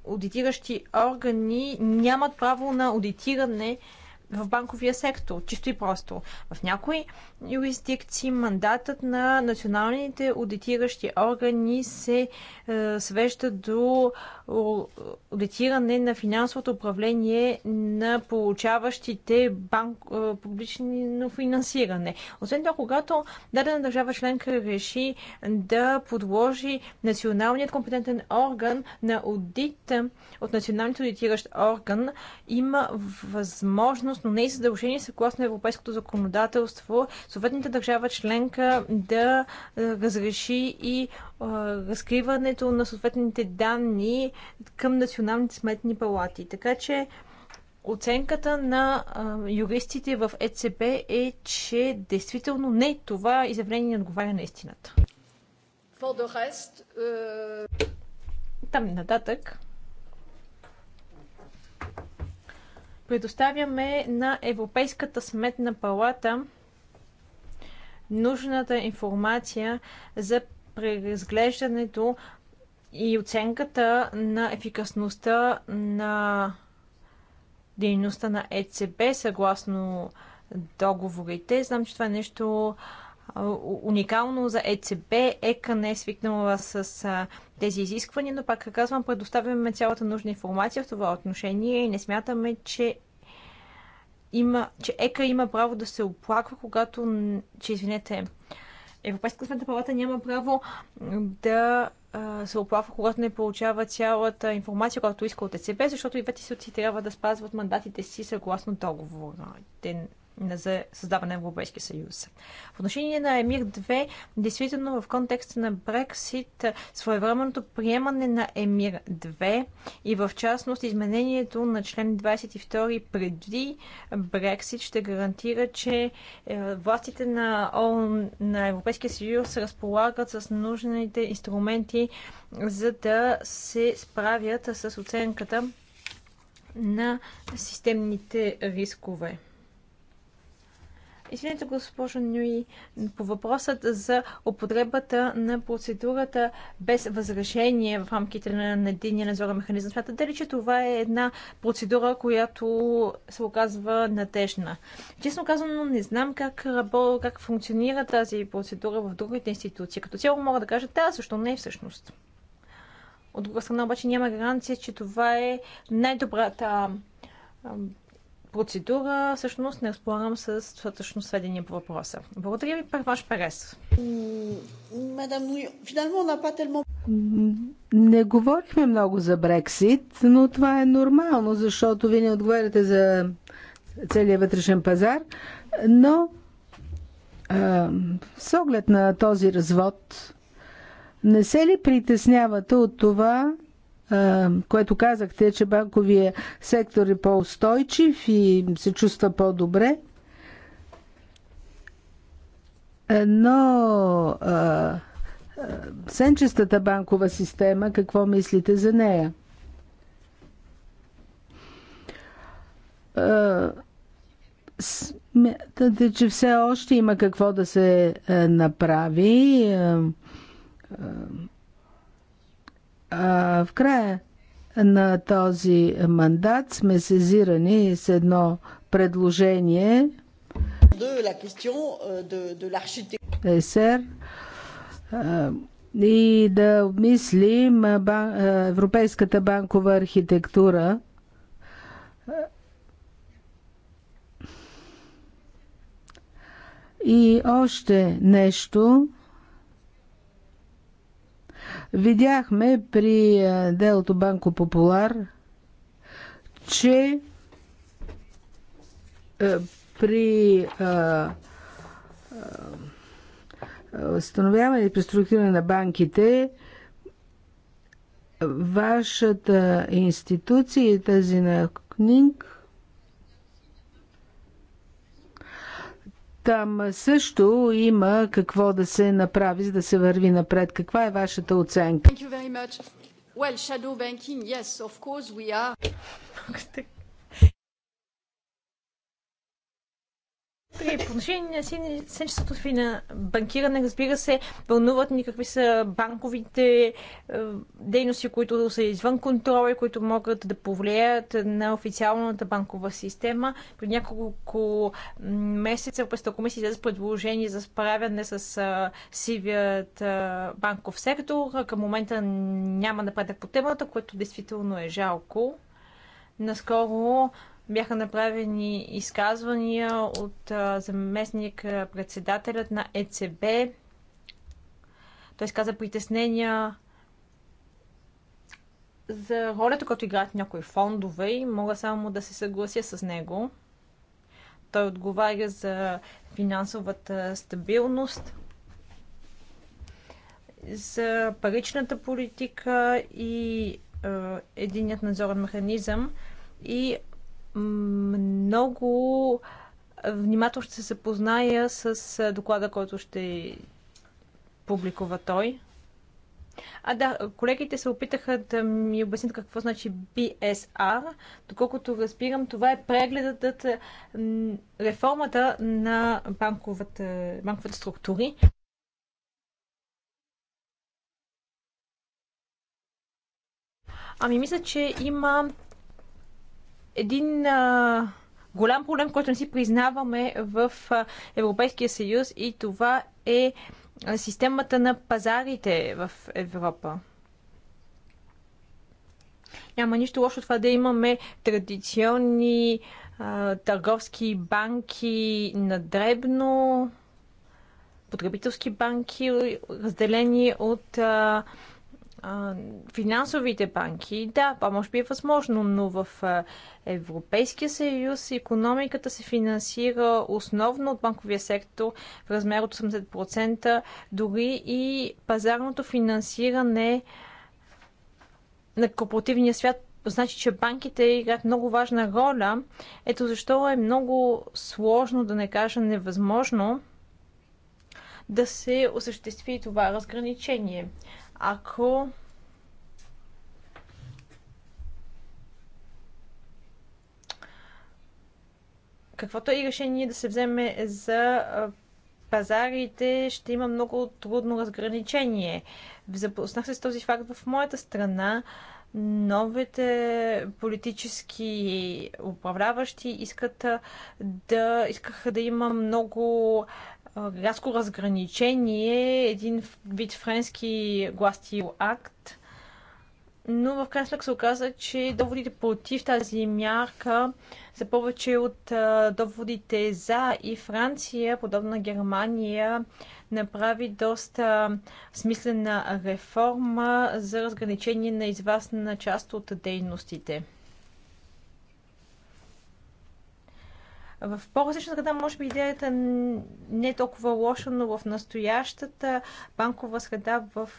аудитиращи органи нямат право на аудитиране в банковия сектор, чисто и просто. В някои юрисдикции мандатът на националните аудитиращи органи се е, свежда до аудитиране на финансовото управление на получаващите банк, е, публично финансиране. Освен това, когато дадена държава членка реши да подложи националният компетентен орган на аудит от националният аудитиращ орган, има възможност но не и задължение съгласно европейското законодателство, съответната държава членка да е, разреши и е, разкриването на съответните данни към националните сметни палати. Така че оценката на е, юристите в ЕЦБ е, че действително не това изявление не отговаря на истината. Там нататък. предоставяме на Европейската сметна палата нужната информация за преразглеждането и оценката на ефикасността на дейността на ЕЦБ съгласно договорите. Знам, че това е нещо уникално за ЕЦБ. ЕКА не е свикнала с а, тези изисквания, но пак казвам, предоставяме цялата нужна информация в това отношение и не смятаме, че има, че ЕКА има право да се оплаква, когато, че извинете, Европейската сметна палата няма право да се оплаква, когато не получава цялата информация, която иска от ЕЦБ, защото и двете институции трябва да спазват мандатите си съгласно договора. Те за създаване на Европейски съюз. В отношение на Емир 2, действително в контекста на Брексит, своевременното приемане на Емир 2 и в частност изменението на член 22 преди Брексит ще гарантира, че е, властите на, ООН, на Европейския съюз разполагат с нужните инструменти, за да се справят с оценката на системните рискове. Извинете, госпожо Нюи, по въпросът за употребата на процедурата без възрешение в рамките на единния надзорен механизъм. Смятате ли, че това е една процедура, която се оказва натежна? Честно казано, не знам как, рабо, как функционира тази процедура в другите институции. Като цяло мога да кажа, да, защо не всъщност. От друга страна обаче няма гаранция, че това е най-добрата процедура, всъщност не разполагам с достатъчно сведения по въпроса. Благодаря ви, Първаш Перес. Не говорихме много за Брексит, но това е нормално, защото ви не отговаряте за целият вътрешен пазар, но с оглед на този развод, не се ли притеснявате от това, което казахте, че банковия сектор е по-устойчив и се чувства по-добре. Е, но а, сенчестата банкова система, какво мислите за нея? Смятате, че все още има какво да се е, направи е, в края на този мандат сме сезирани с едно предложение euh, ЕСЕР и да обмислим Европейската банкова архитектура и още нещо – Видяхме при е, делото Банко Популар, че е, при възстановяване е, и преструктуриране на банките, вашата институция и тази на книг. Там също има какво да се направи, за да се върви напред. Каква е вашата оценка? Well, yes, course, При отношение на сенчеството ви на банкиране, разбира се, вълнуват ни какви са банковите е, дейности, които са извън контрол и които могат да повлияят на официалната банкова система. При няколко месеца Европейската комисия за предложение за справяне с е, сивият е, банков сектор. Към момента няма напредък по темата, което действително е жалко. Наскоро бяха направени изказвания от заместник председателят на ЕЦБ. Той изказа притеснения за ролята, която играят някои фондове и мога само да се съглася с него. Той отговаря за финансовата стабилност, за паричната политика и е, единият надзорен механизъм. И много внимателно ще се запозная с доклада, който ще публикува той. А да, колегите се опитаха да ми обяснят какво значи BSR. Доколкото разбирам, това е прегледът, реформата на банковата, банковите структури. Ами мисля, че има един а, голям проблем, който не си признаваме в Европейския съюз и това е системата на пазарите в Европа. Няма нищо лошо това да имаме традиционни а, търговски банки на дребно, потребителски банки, разделени от а, финансовите банки, да, па може би е възможно, но в Европейския съюз економиката се финансира основно от банковия сектор в размер от 80%, дори и пазарното финансиране на корпоративния свят значи, че банките играят много важна роля. Ето защо е много сложно, да не кажа невъзможно, да се осъществи това разграничение. Ако каквото е и решение да се вземе за пазарите, ще има много трудно разграничение. Запознах се с този факт в моята страна. Новите политически управляващи искат да, искаха да има много рязко разграничение, един вид френски гласти акт. Но в крайна сметка се оказа, че доводите против тази мярка са повече от доводите за и Франция, подобно на Германия, направи доста смислена реформа за разграничение на известна част от дейностите. В по-различна среда, може би, идеята не е толкова лоша, но в настоящата банкова среда в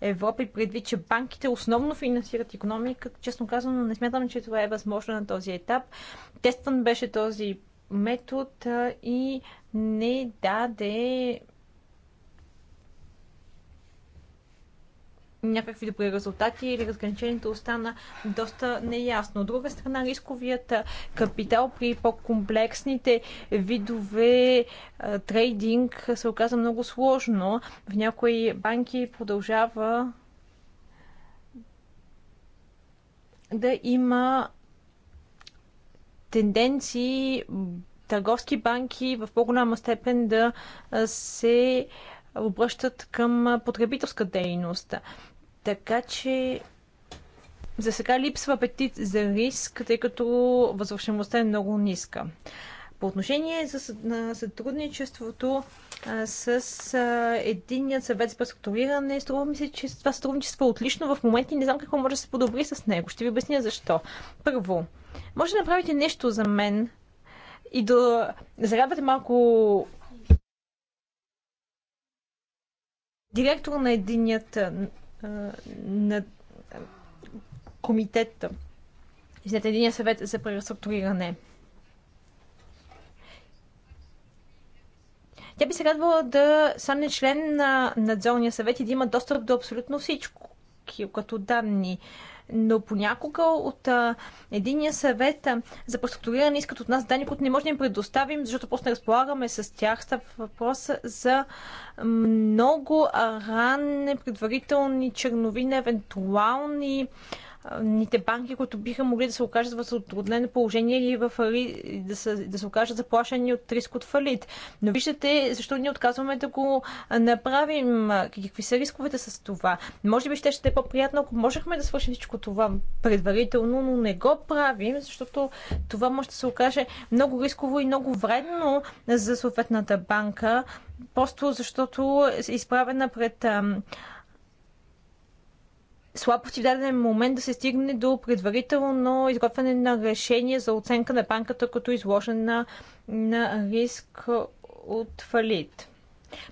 Европа и предвид, че банките основно финансират економика, честно казано, не смятам, че това е възможно на този етап. Тестван беше този метод и не даде някакви добри резултати или разграничението остана доста неясно. От друга страна, рисковият капитал при по-комплексните видове трейдинг се оказа много сложно. В някои банки продължава да има тенденции търговски банки в по-голяма степен да се обръщат към потребителска дейност. Така че за сега липсва апетит за риск, тъй като възвършеността е много ниска. По отношение на сътрудничеството с единният съвет за преструктуриране, струва ми се, че това сътрудничество е отлично в момента и не знам какво може да се подобри с него. Ще ви обясня защо. Първо, може да направите нещо за мен и да зарадвате малко директор на единият на комитет, след единия съвет за преструктуриране. Тя би се радвала да стане член на надзорния съвет и да има достъп до абсолютно всичко, като данни но понякога от а, единия съвет а, за преструктуриране искат от нас данни, които не можем да им предоставим, защото просто не разполагаме с тях. Става въпрос за много ранни предварителни чернови на евентуални ните банки, които биха могли да се окажат в затруднено положение или в, да, са, да се окажат заплашени от риск от фалит. Но виждате, защо ние отказваме да го направим. Какви са рисковете с това? Може би ще ще е по-приятно, ако можехме да свършим всичко това предварително, но не го правим, защото това може да се окаже много рисково и много вредно за съответната банка, просто защото е изправена пред слабости в даден момент да се стигне до предварително изготвяне на решение за оценка на банката като изложена на риск от фалит.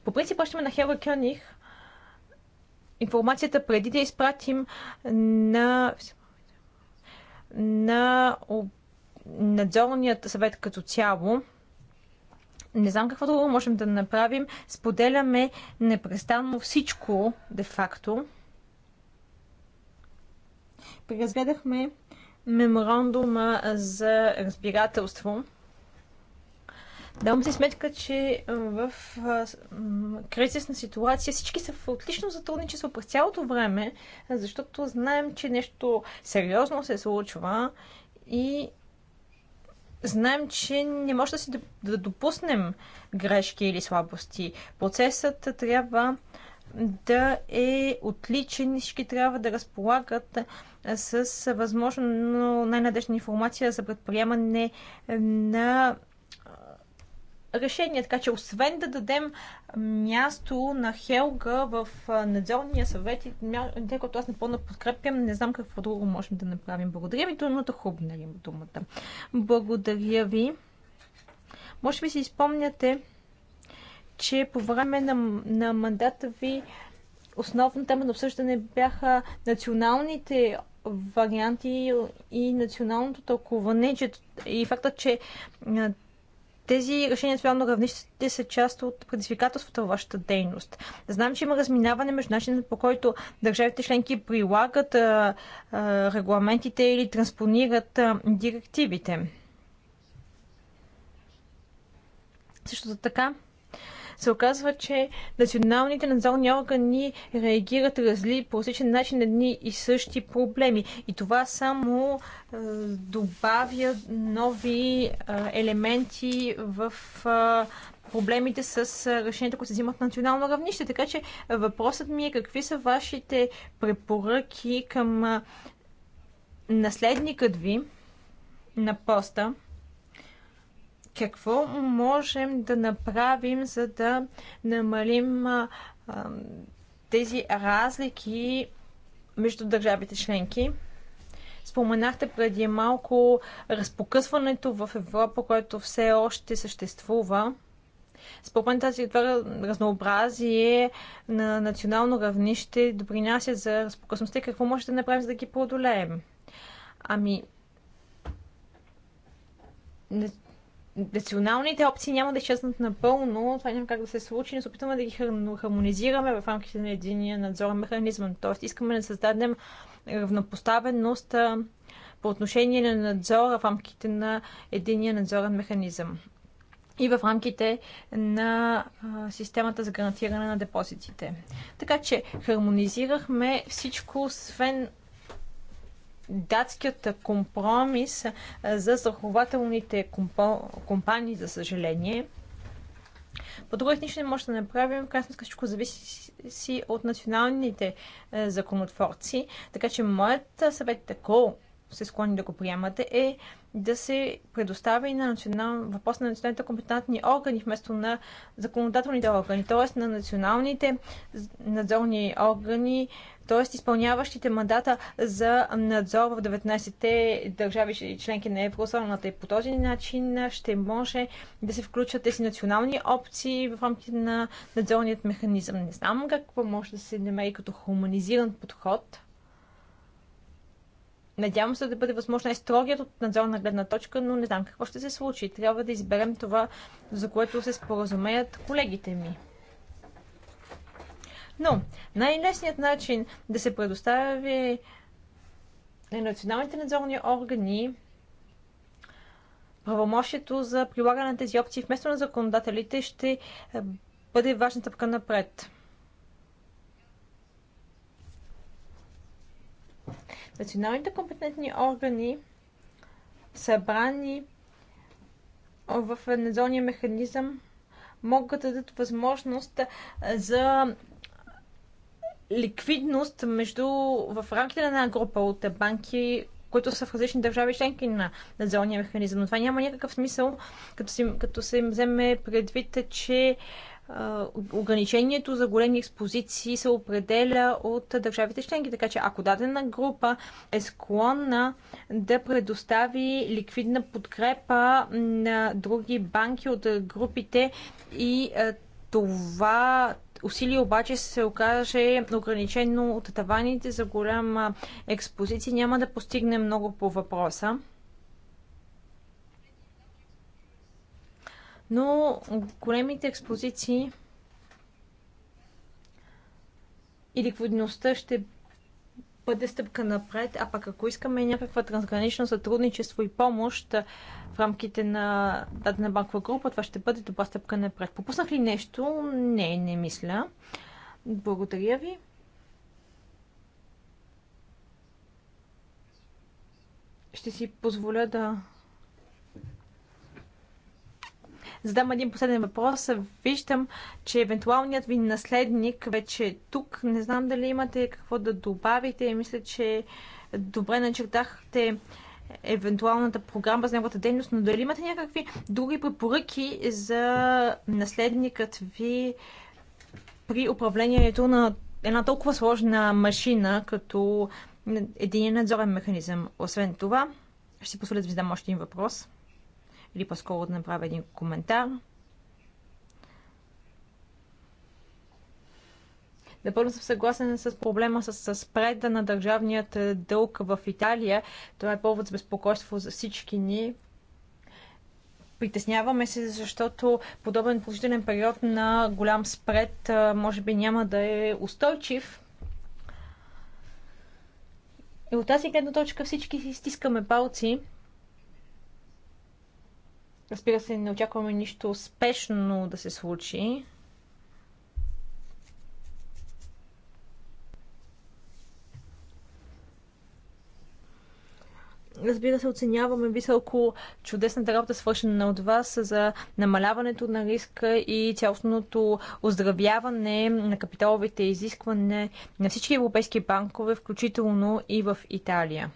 По принцип, още на Хела Кьоних информацията преди да изпратим на, на надзорният съвет като цяло. Не знам какво друго можем да направим. Споделяме непрестанно всичко, де-факто. Преразгледахме меморандума за разбирателство. Давам си сметка, че в кризисна ситуация всички са в отлично сътрудничество през цялото време, защото знаем, че нещо сериозно се случва и знаем, че не може да си да допуснем грешки или слабости. Процесът трябва да е отличен и всички трябва да разполагат с възможно най-надежна информация за предприемане на решения. Така че, освен да дадем място на Хелга в надзорния съвет, тъй като аз напълно подкрепям, не знам какво друго можем да направим. Благодаря ви, думата хубна ли думата. Благодаря ви. Може би си спомняте, че по време на, на мандата ви основна тема на обсъждане бяха националните варианти и националното тълкуване че, и факта, че тези решения на равнище са част от предизвикателствата във вашата дейност. Знам, че има разминаване между начина по който държавите членки прилагат а, а, регламентите или транспонират а, директивите. Също така, се оказва, че националните надзорни органи реагират разли по различен начин на едни и същи проблеми. И това само е, добавя нови е, елементи в е, проблемите с е, решенията, които се взимат на национално равнище. Така че е, въпросът ми е какви са вашите препоръки към е, наследникът ви на поста, какво можем да направим, за да намалим а, тези разлики между държавите членки. Споменахте преди малко разпокъсването в Европа, което все още съществува. Според тази това разнообразие на национално равнище допринася за разпокъсността. Какво може да направим, за да ги преодолеем? Ами, националните опции няма да изчезнат напълно, това няма как да се случи, но се опитваме да ги хармонизираме в рамките на единия надзорен механизъм. Тоест искаме да създадем равнопоставеност по отношение на надзора в рамките на единия надзорен механизъм и в рамките на системата за гарантиране на депозитите. Така че хармонизирахме всичко, освен датският компромис за страхователните компании, за съжаление. по друга нищо не може да направим. В крайна сметка всичко зависи си от националните законотворци. Така че моят съвет, ако се склони да го приемате, е да се предостави на национал... въпрос на националните компетентни органи вместо на законодателните органи, т.е. на националните надзорни органи т.е. изпълняващите мандата за надзор в 19-те държави и членки на еврозоната. И по този начин ще може да се включат тези национални опции в рамките на надзорният механизъм. Не знам какво може да се намери като хуманизиран подход. Надявам се да бъде възможно най-строгият от надзорна гледна точка, но не знам какво ще се случи. Трябва да изберем това, за което се споразумеят колегите ми. Но най-лесният начин да се предостави на е националните надзорни органи правомощието за прилагане на тези опции вместо на законодателите ще е, бъде важна тъпка напред. Националните компетентни органи, събрани в надзорния механизъм, могат да дадат възможност за ликвидност между, в рамките на една група от банки, които са в различни държави членки на надзорния механизъм. Но това няма някакъв смисъл, като се, като се им вземе предвид, че ограничението за големи експозиции се определя от държавите членки. Така че ако дадена група е склонна да предостави ликвидна подкрепа на други банки от групите и това усилие обаче се окаже ограничено от таваните за голяма експозиция. Няма да постигне много по въпроса. Но големите експозиции и ликвидността ще бъде стъпка напред, а пък ако искаме някаква трансгранично сътрудничество и помощ в рамките на дадена банкова група, това ще бъде добра стъпка напред. Попуснах ли нещо? Не, не мисля. Благодаря ви. Ще си позволя да задам един последен въпрос. Виждам, че евентуалният ви наследник вече е тук. Не знам дали имате какво да добавите. Мисля, че добре начертахте евентуалната програма за неговата дейност, но дали имате някакви други препоръки за наследникът ви при управлението на една толкова сложна машина, като един надзорен механизъм. Освен това, ще си позволя да ви задам още един въпрос или по-скоро да направя един коментар. Напълно съм съгласен с проблема с, спреда на държавният е, дълг в Италия. Това е повод за безпокойство за всички ни. Притесняваме се, защото подобен положителен период на голям спред е, може би няма да е устойчив. И от тази гледна точка всички си стискаме палци Разбира се, не очакваме нищо спешно да се случи. Разбира се, оценяваме високо чудесната работа, свършена от вас за намаляването на риска и цялостното оздравяване на капиталовите изискване на всички европейски банкове, включително и в Италия.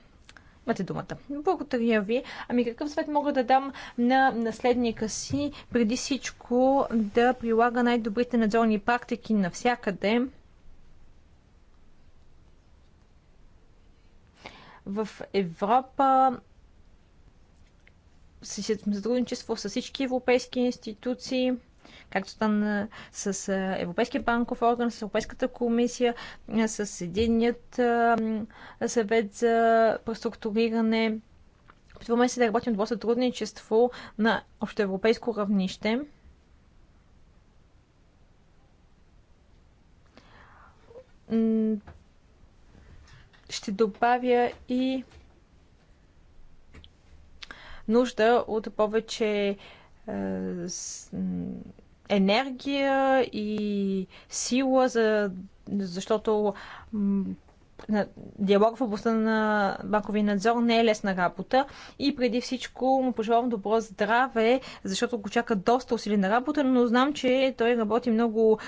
Имате думата. Благодаря ви. Ами какъв съвет мога да дам на наследника си? Преди всичко да прилага най-добрите надзорни практики навсякъде. В Европа сътрудничество с всички европейски институции както стана с Европейския банков орган, с Европейската комисия, с единният съвет за преструктуриране. Питваме се да работим добро сътрудничество на общоевропейско равнище. Ще добавя и нужда от повече енергия и сила, за, защото диалог в областта на банковия надзор не е лесна работа и преди всичко му пожелавам добро здраве, защото го чака доста усилена работа, но знам, че той работи много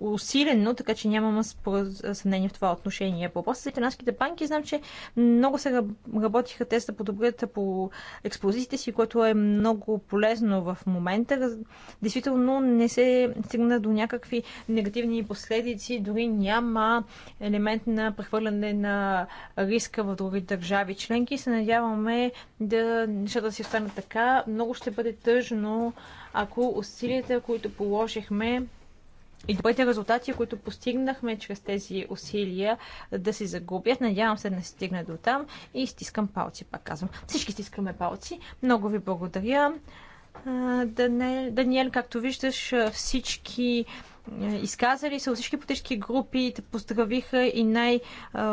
усилено, така че нямам съмнение в това отношение. По въпроса за италянските банки, знам, че много се работиха те да подобрят по експозициите си, което е много полезно в момента. Действително не се стигна до някакви негативни последици, дори няма елемент на прехвърляне на риска в други държави членки. Се надяваме да нещата да си останат така. Много ще бъде тъжно, ако усилията, които положихме, и добрите резултати, които постигнахме чрез тези усилия да се загубят. Надявам се да не стигне до там и стискам палци, пак казвам. Всички стискаме палци. Много ви благодаря. Даниел, както виждаш, всички изказали се от всички потешки групи, те поздравиха и най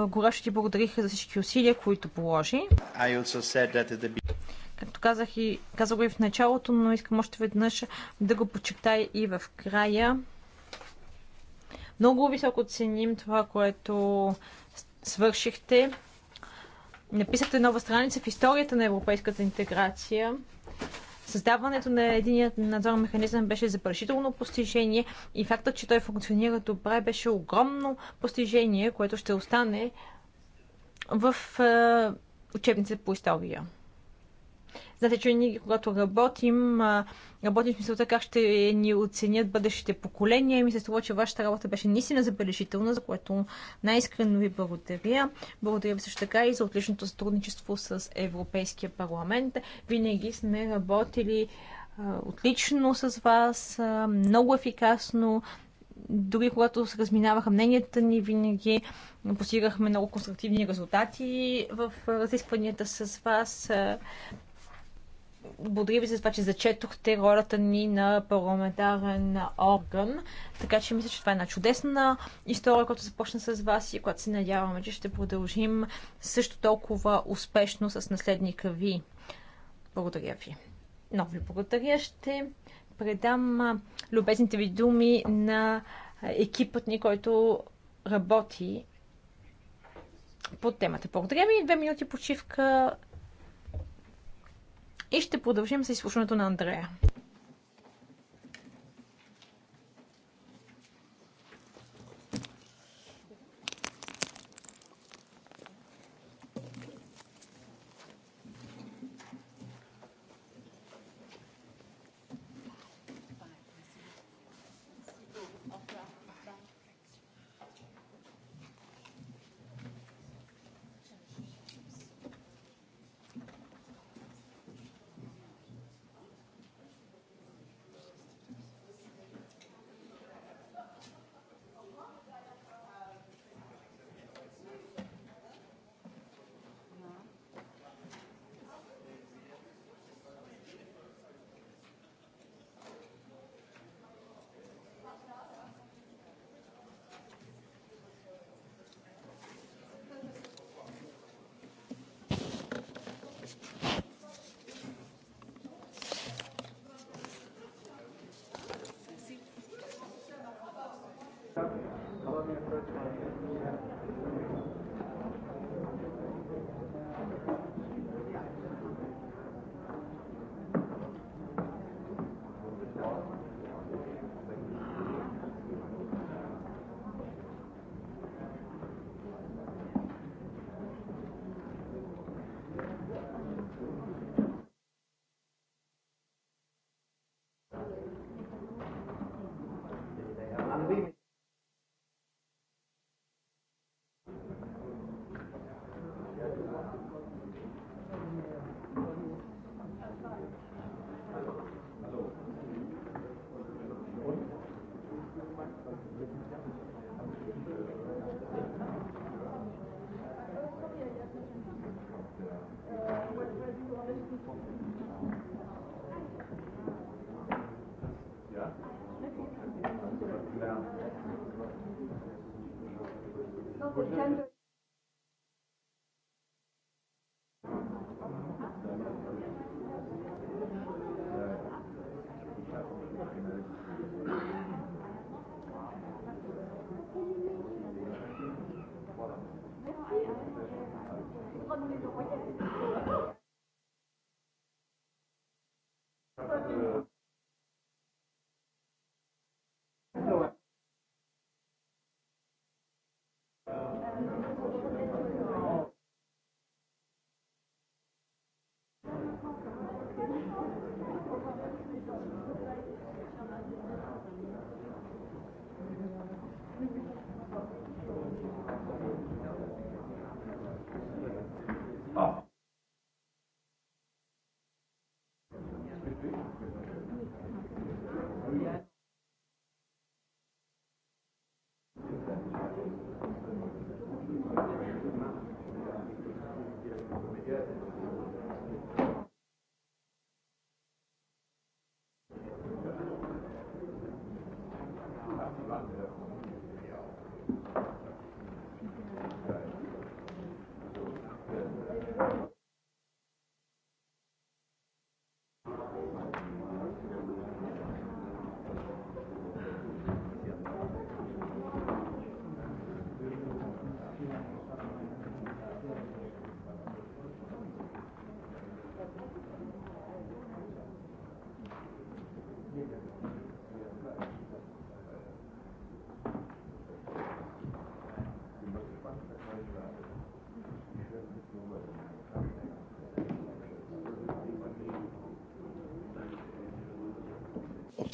горащо ти благодариха за всички усилия, които положи. Както казах и казах го и в началото, но искам още веднъж да го подчертая и в края. Много високо ценим това, което свършихте. Написахте нова страница в историята на европейската интеграция. Създаването на единият надзор механизъм беше запрещително постижение и фактът, че той функционира добре, беше огромно постижение, което ще остане в е, учебниците по история. Знаете, че ние, когато работим, работим в смисълта, как ще ни оценят бъдещите поколения. И ми се струва, че вашата работа беше наистина забележителна, за което най-искрено ви благодаря. Благодаря ви също така и за отличното сътрудничество с Европейския парламент. Винаги сме работили отлично с вас, много ефикасно, дори когато се разминаваха мненията ни, винаги постигахме много конструктивни резултати в разискванията с вас благодаря ви за това, че зачетохте ролята ни на парламентарен орган. Така че мисля, че това е една чудесна история, която започна с вас и която се надяваме, че ще продължим също толкова успешно с наследника ви. Благодаря ви. Много ви благодаря. Ще предам любезните ви думи на екипът ни, който работи по темата. Благодаря ви. Две минути почивка и ще продължим с изслушването на Андрея.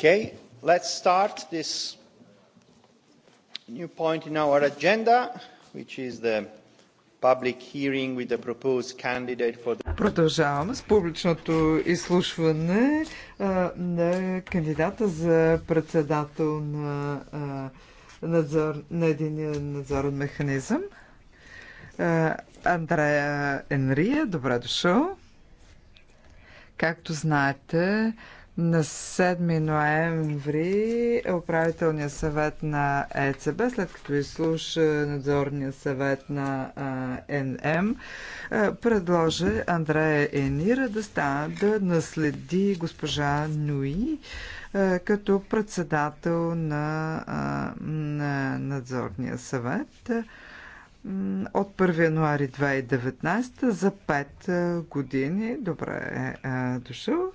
Okay, let's start this new point in our agenda, which is the public hearing with the proposed candidate for the... Продължаваме с публичното изслушване а, на кандидата за председател на, а, надзор, на един надзорен механизъм. А, Андрея Енрия, добре дошъл. Както знаете, на 7 ноември е управителния съвет на ЕЦБ, след като изслуша надзорния съвет на НМ, предложи Андрея Енира да, стане, да наследи госпожа Нуи като председател на, на надзорния съвет от 1 януари 2019 за 5 години. Добре е дошъл.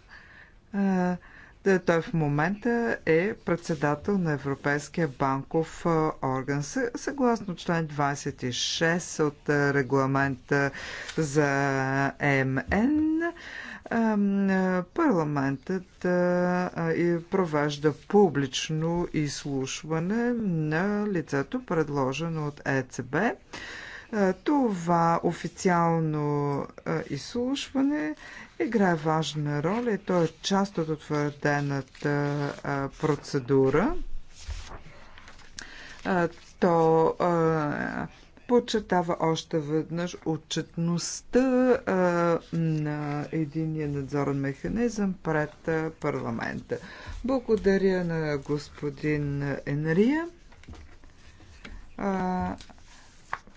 Той в момента е председател на Европейския банков орган. Съгласно член 26 от регламента за ЕМН, парламентът провежда публично изслушване на лицето, предложено от ЕЦБ. Това официално изслушване играе важна роля и той е част от утвърдената процедура. То подчертава още веднъж отчетността а, на единия надзорен механизъм пред а, парламента. Благодаря на господин Енрия. А,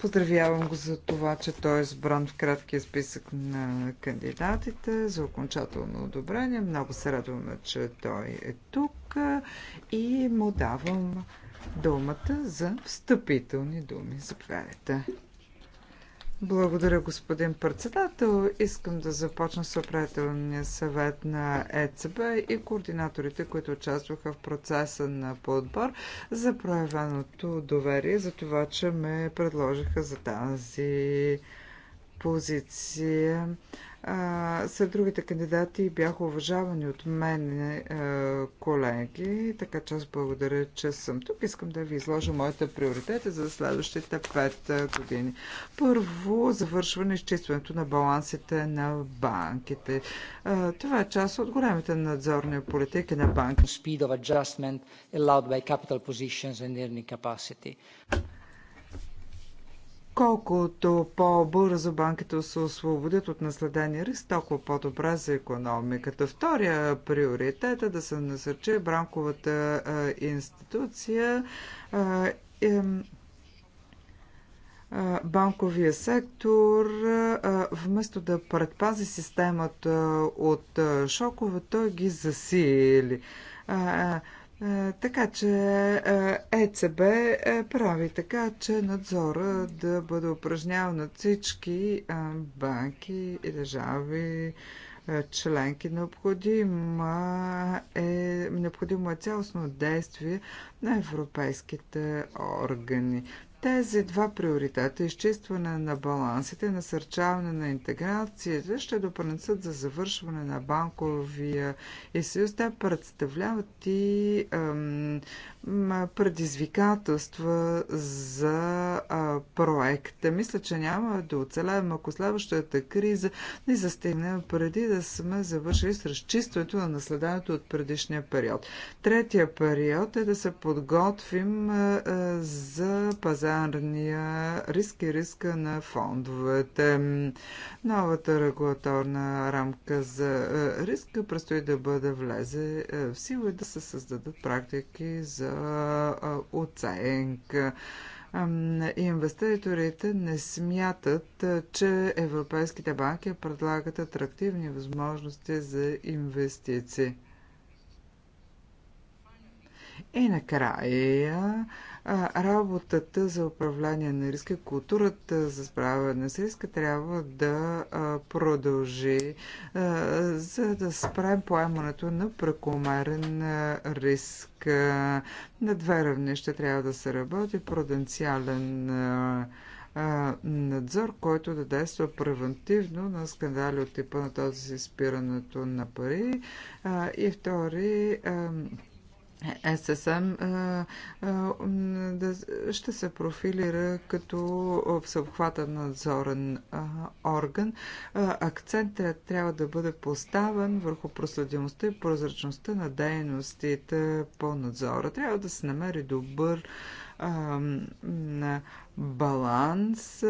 Поздравявам го за това, че той е избран в краткия списък на кандидатите за окончателно одобрение. Много се радваме, че той е тук и му давам думата за встъпителни думи. Заповядайте. Благодаря, господин председател. Искам да започна с управителния съвет на ЕЦБ и координаторите, които участваха в процеса на подбор за проявеното доверие, за това, че ме предложиха за тази позиция а, другите кандидати бяха уважавани от мен а, колеги, така че аз благодаря, че съм тук. Искам да ви изложа моите приоритети за следващите пет години. Първо, завършване изчистването на балансите на банките. А, това е част от големите надзорни политики на банки. Speed of adjustment allowed by capital positions and earning capacity. Колкото по-бързо банките се освободят от наследени риск, толкова по-добра за економиката. Втория приоритет е да се насърчи бранковата институция банковия сектор, вместо да предпази системата от шокове, той ги засили е, така че ЕЦБ е е, прави така, че надзора да бъде упражняван от всички банки и държави членки. Необходимо е, необходимо е цялостно действие на европейските органи. Тези два приоритета, изчистване на балансите и насърчаване на интеграцията, ще допринесат за завършване на банковия и съюз. Те представляват и предизвикателства за проекта. Мисля, че няма да оцелеем, ако следващата криза ни застигне преди да сме завършили с разчистването на наследането от предишния период. Третия период е да се подготвим за пазарния риск и риска на фондовете. Новата регулаторна рамка за риска предстои да бъде влезе в сила и да се създадат практики за оценка. Инвеститорите не смятат, че европейските банки предлагат атрактивни възможности за инвестиции. И накрая работата за управление на риска, културата за справяне с риска трябва да продължи, за да спрем поемането на прекомерен риск. На две равнища трябва да се работи проденциален надзор, който да действа превентивно на скандали от типа на този спирането на пари. И втори, ССМ ще се профилира като всеобхватен надзорен орган. Акцентът трябва да бъде поставен върху проследимостта и прозрачността на дейностите по надзора. Трябва да се намери добър баланс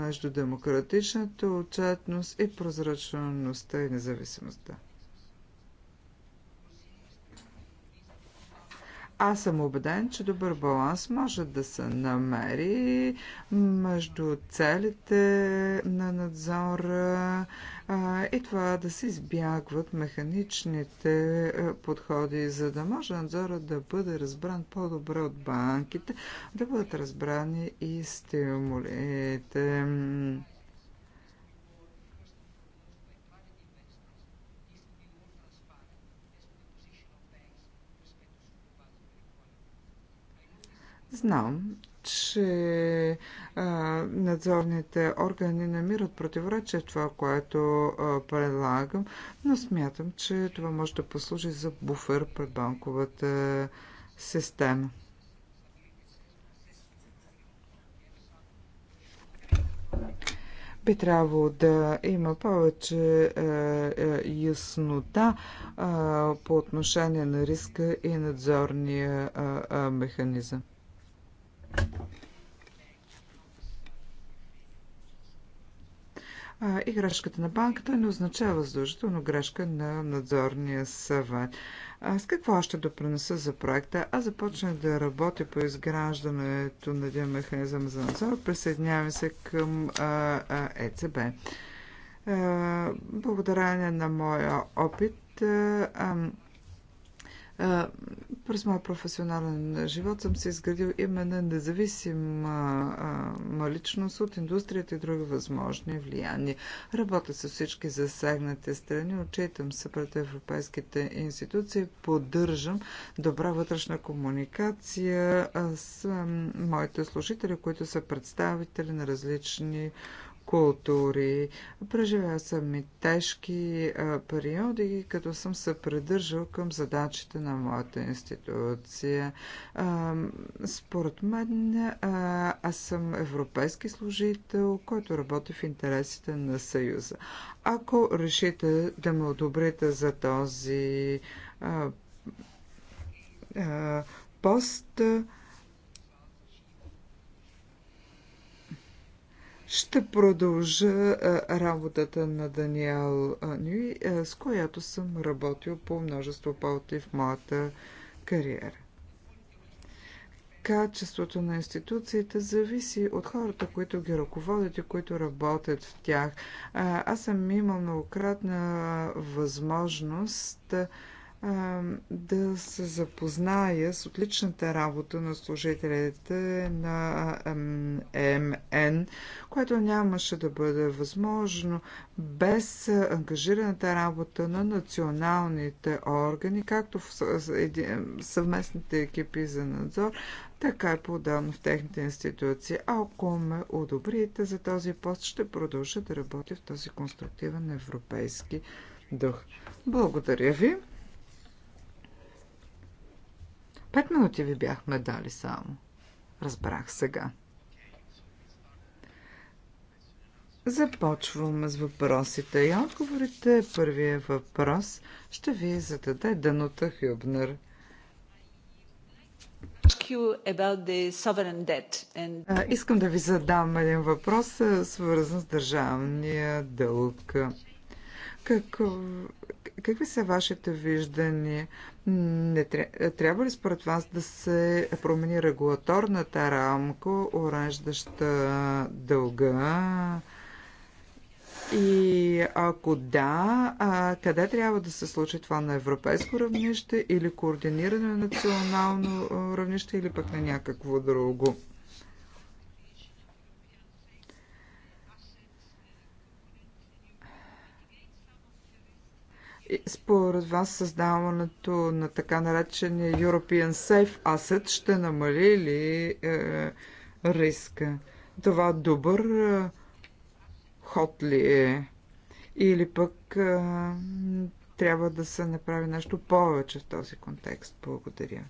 между демократичната отчетност и прозрачността и независимостта. Аз съм убеден, че добър баланс може да се намери между целите на надзора а, и това да се избягват механичните а, подходи, за да може надзора да бъде разбран по-добре от банките, да бъдат разбрани и стимулите. Знам, че а, надзорните органи намират противоречие в това, което а, предлагам, но смятам, че това може да послужи за буфер пред банковата система. би трябвало да има повече е, е, яснота е, по отношение на риска и надзорния механизъм. Играшката и грешката на банката не означава задължително грешка на надзорния съвет. с какво още допринеса за проекта? Аз започнах да работя по изграждането на един механизъм за надзор. Присъединявам се към а, а, ЕЦБ. А, благодарение на моя опит. А, а, през моя професионален живот съм се изградил именно независима личност от индустрията и други възможни влияния. Работя с всички засегнати страни, отчитам се пред европейските институции, поддържам добра вътрешна комуникация с моите служители, които са представители на различни култури. Преживял съм и тежки периоди, като съм се придържал към задачите на моята институция. Според мен аз съм европейски служител, който работи в интересите на Съюза. Ако решите да ме одобрите за този пост, Ще продължа работата на Даниел Нюи, с която съм работил по множество пъти в моята кариера. Качеството на институциите зависи от хората, които ги ръководят и които работят в тях. Аз съм имал многократна възможност да се запозная с отличната работа на служителите на МН, което нямаше да бъде възможно без ангажираната работа на националните органи, както в съвместните екипи за надзор, така и по-отделно в техните институции. Ако ме одобрите за този пост, ще продължа да работя в този конструктивен европейски дух. Благодаря ви! Пет минути ви бяхме дали само. Разбрах сега. Започваме с въпросите и отговорите. Първият въпрос ще ви зададе Данута Хюбнер. Искам да ви задам един въпрос, свързан с държавния дълг. какви са вашите виждания не тря... трябва ли според вас да се промени регулаторната рамка, уреждаща дълга? И ако да, а къде трябва да се случи това на европейско равнище или координиране на национално равнище или пък на някакво друго? Според вас създаването на така наречения European Safe Asset ще намали ли е, риска? Това добър е, ход ли е? Или пък е, трябва да се направи нещо повече в този контекст? Благодаря.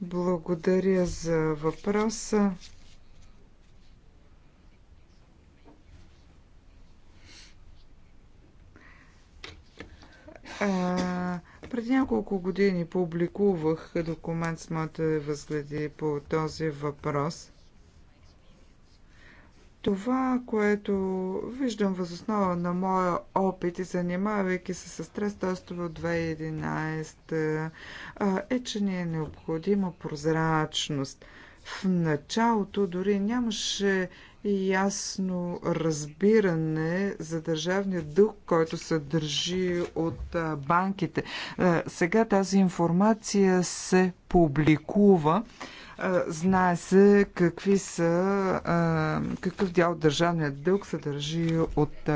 Благодаря за въпроса. А, преди няколко години публикувах документ с моите възгледи по този въпрос. Това, което виждам възоснова на моя опит и занимавайки се с стрес тестове от 2011, е, че ни е необходима прозрачност. В началото дори нямаше ясно разбиране за държавния дълг, който се държи от банките. Сега тази информация се публикува. Знае се какви са, какъв дял от държавния дълг се държи от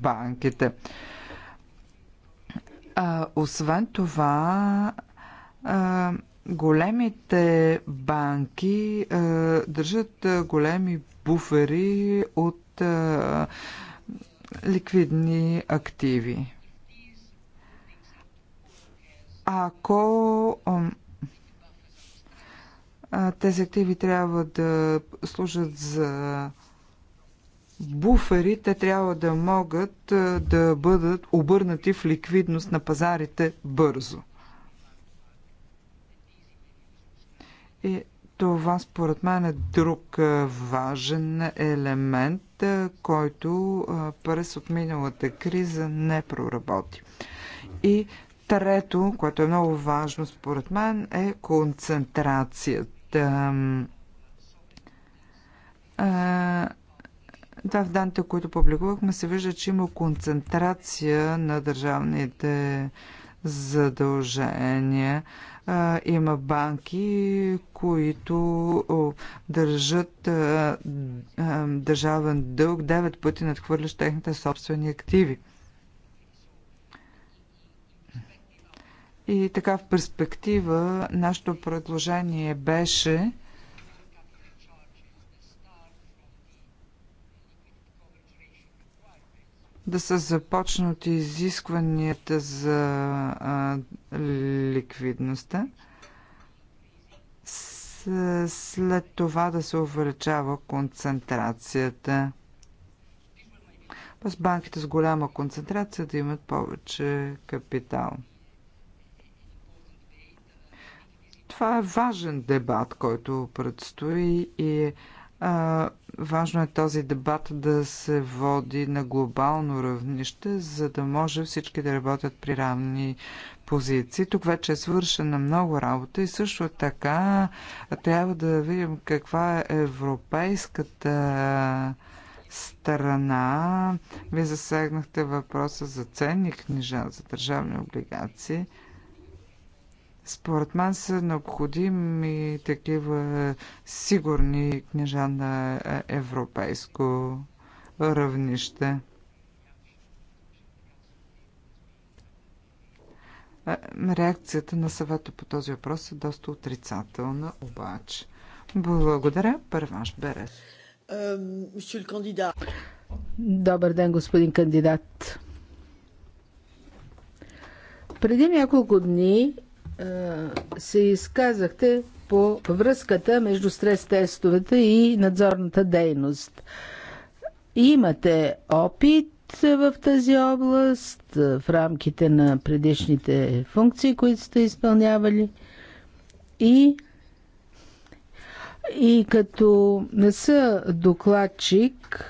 банките. Освен това, големите банки държат големи буфери от а, ликвидни активи. Ако а, тези активи трябва да служат за буфери, те трябва да могат а, да бъдат обърнати в ликвидност на пазарите бързо. И това според мен е друг важен елемент, който през отминалата криза не проработи. И трето, което е много важно според мен, е концентрацията. Да, в данните, които публикувахме, се вижда, че има концентрация на държавните задължения а, има банки, които държат а, а, държавен дълг 9 пъти надхвърлящ техните собствени активи. И така в перспектива нашето предложение беше да се започнати изискванията за а, ликвидността, с, след това да се увеличава концентрацията. Пъс банките с голяма концентрация да имат повече капитал. Това е важен дебат, който предстои и а, важно е този дебат да се води на глобално равнище, за да може всички да работят при равни позиции. Тук вече е свършена много работа и също така трябва да видим каква е европейската страна. Вие засегнахте въпроса за ценни книжа, за държавни облигации. Според мен са необходими такива сигурни книжа на европейско равнище. Е, реакцията на съвета по този въпрос е доста отрицателна, обаче. Благодаря, Първаш Берес. Е, Добър ден, господин кандидат. Преди няколко дни се изказахте по връзката между стрес-тестовете и надзорната дейност. Имате опит в тази област в рамките на предишните функции, които сте изпълнявали и и като не са докладчик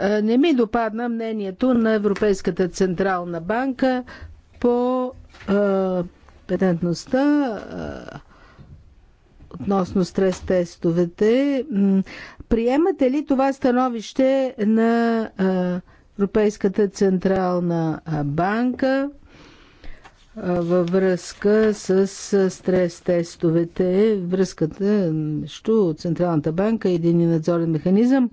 Е, не ми допадна мнението на Европейската централна банка по е, педентността е, относно стрес тестовете. Приемате ли това становище на Европейската централна банка във връзка с стрес тестовете, връзката между Централната банка и един надзорен механизъм?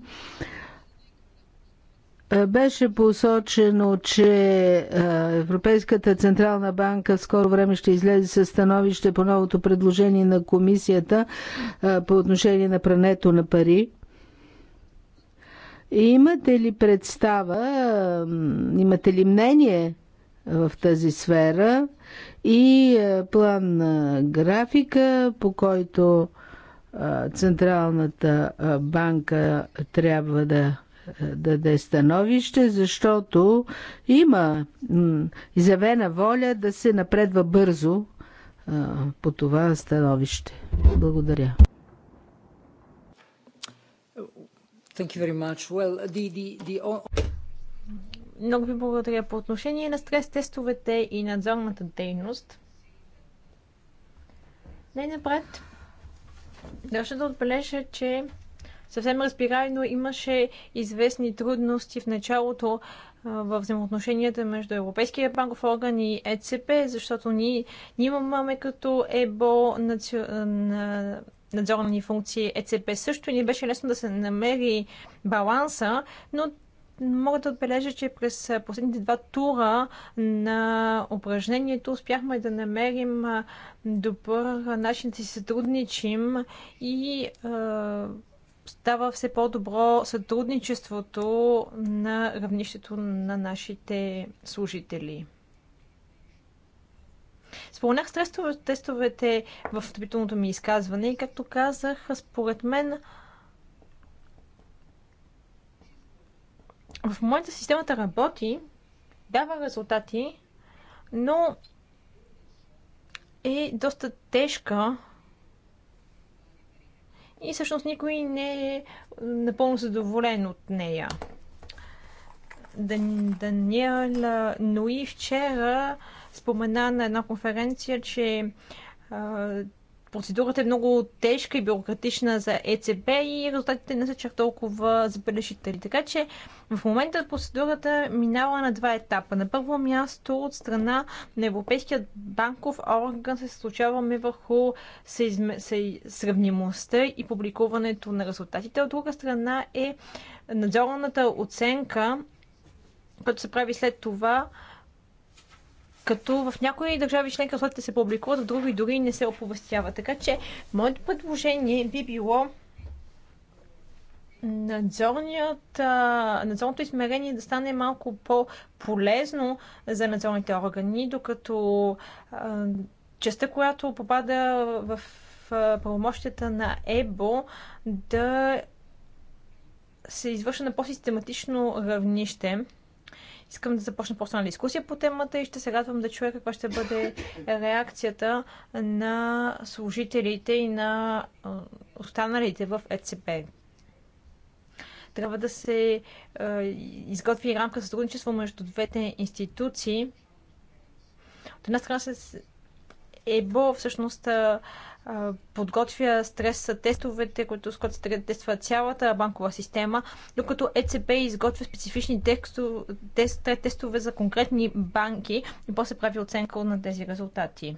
Е, беше посочено, че е, Европейската Централна банка в скоро време ще излезе със становище по новото предложение на комисията е, по отношение на прането на пари. Имате ли представа, имате ли мнение в тази сфера и план на графика, по който Централната банка трябва да даде становище, защото има изявена воля да се напредва бързо по това становище. Благодаря. Thank you very much. Well, the, the, the... Много ви благодаря. По отношение на стрес тестовете и надзорната дейност, най-напред държа да отбележа, че Съвсем разбираемо имаше известни трудности в началото в взаимоотношенията между Европейския банков орган и ЕЦП, защото ние, ние имаме като ЕБО наци... на надзорни функции ЕЦП също и не беше лесно да се намери баланса, но мога да отбележа, че през последните два тура на упражнението успяхме да намерим добър начин да си сътрудничим и става все по-добро сътрудничеството на равнището на нашите служители. Спомнях с тестовете в встъпителното ми изказване и както казах, според мен в момента системата работи, дава резултати, но е доста тежка и всъщност никой не е напълно задоволен от нея. Даниел Нуи вчера спомена на една конференция, че процедурата е много тежка и бюрократична за ЕЦБ и резултатите не са чак толкова забележителни. Така че в момента процедурата минава на два етапа. На първо място от страна на Европейския банков орган се случаваме върху сравнимостта и публикуването на резултатите. От друга страна е надзорната оценка, която се прави след това като в някои държави членки условията се публикуват, в други дори не се оповестява. Така че моето предложение би било надзорното измерение да стане малко по-полезно за надзорните органи, докато а, частта, която попада в правомощията на ЕБО, да се извършва на по-систематично равнище. Искам да започна по на дискусия по темата и ще се радвам да чуя каква ще бъде реакцията на служителите и на останалите в ЕЦП трябва да се е, изготви рамка за сътрудничество между двете институции. От една страна се ЕБО всъщност подготвя стрес тестовете, които, с които се тества цялата банкова система, докато ЕЦБ изготвя специфични тестове за конкретни банки и после прави оценка на тези резултати.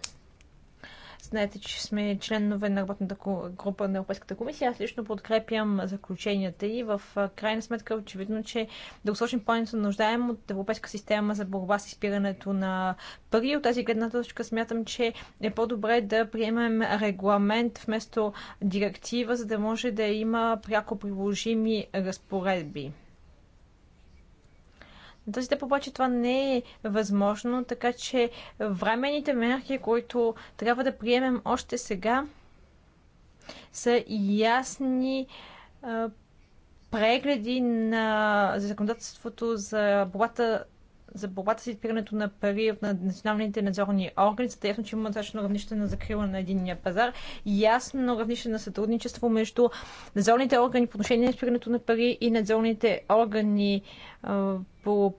Знаете, че сме членове на работната група на Европейската комисия. Аз лично подкрепям заключенията и в крайна сметка е очевидно, че дългосрочен план се нуждаем от Европейска система за борба с изпирането на пари. От тази гледна точка смятам, че е по-добре да приемем регламент вместо директива, за да може да има пряко приложими разпоредби. На този обаче това не е възможно, така че времените мерки, които трябва да приемем още сега, са ясни прегледи на законодателството за борбата за борбата с изпирането на пари на националните надзорни органи, са ясно, че има достатъчно равнище на закрила на единния пазар и ясно равнище на сътрудничество между надзорните органи по отношение на изпирането на пари и надзорните органи по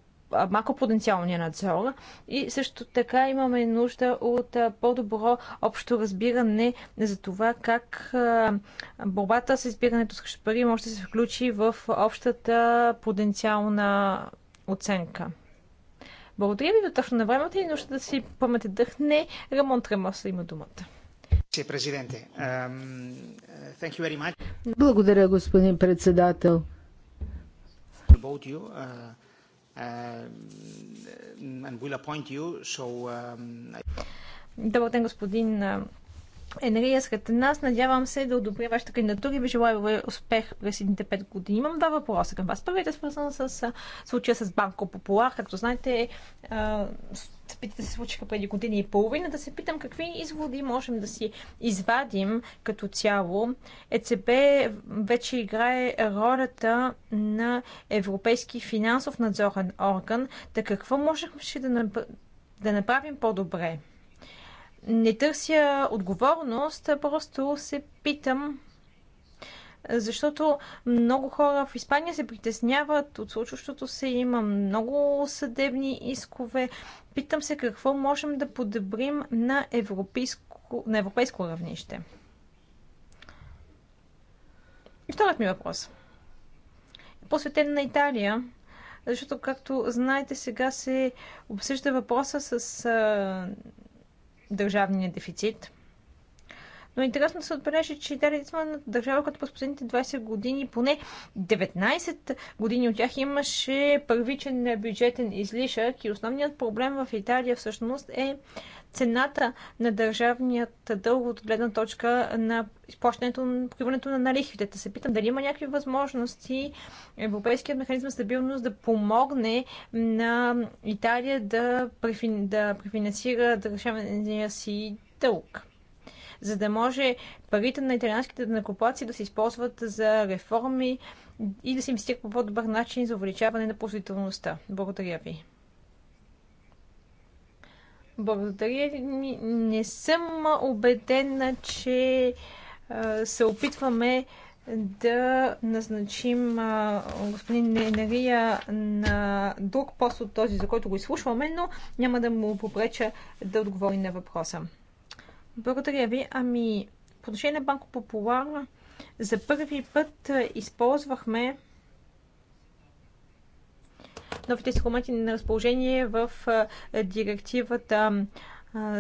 макропотенциалния надзор и също така имаме нужда от по-добро общо разбиране за това как борбата с избирането с пари може да се включи в общата потенциална оценка. Благодаря ви, точно на времето и е нужда да си памете дъхне. Рамон Тремоса има думата. Благодаря, господин председател. Uh, uh, um, Добър ден, господин Енрия нали, сред нас. Надявам се да одобря вашата кандидатура и ви желая ви успех през следните 5 години. Имам два въпроса към вас. Първият е свързан с случая с Банко Популар. Както знаете, спитите се случиха преди години и половина. Да се питам какви изводи можем да си извадим като цяло. ЕЦБ вече играе ролята на Европейски финансов надзорен орган. Та какво можехме да, да направим по-добре? не търся отговорност, просто се питам защото много хора в Испания се притесняват от случващото се. Има много съдебни искове. Питам се какво можем да подобрим на европейско, на европейско равнище. И вторият ми въпрос. Е посветен на Италия, защото, както знаете, сега се обсъжда въпроса с държавния дефицит. Но интересно да се отбележи, че Италия е държава, като през последните 20 години, поне 19 години от тях имаше първичен бюджетен излишък и основният проблем в Италия всъщност е цената на държавният дълг от гледна точка на изплащането, покриването на налихвите. Да се питам дали има някакви възможности Европейският механизъм стабилност да помогне на Италия да, префинансира да префинансира държавния си дълг за да може парите на италианските накопаци да се използват за реформи и да се инвестира по по-добър начин за увеличаване на производителността. Благодаря ви. Благодаря ви. Не съм убедена, че се опитваме да назначим а, господин Ненария на друг пост от този, за който го изслушваме, но няма да му попреча да отговори на въпроса. Благодаря ви. Ами, по отношение на Банко Популар, за първи път използвахме новите инструменти на разположение в директивата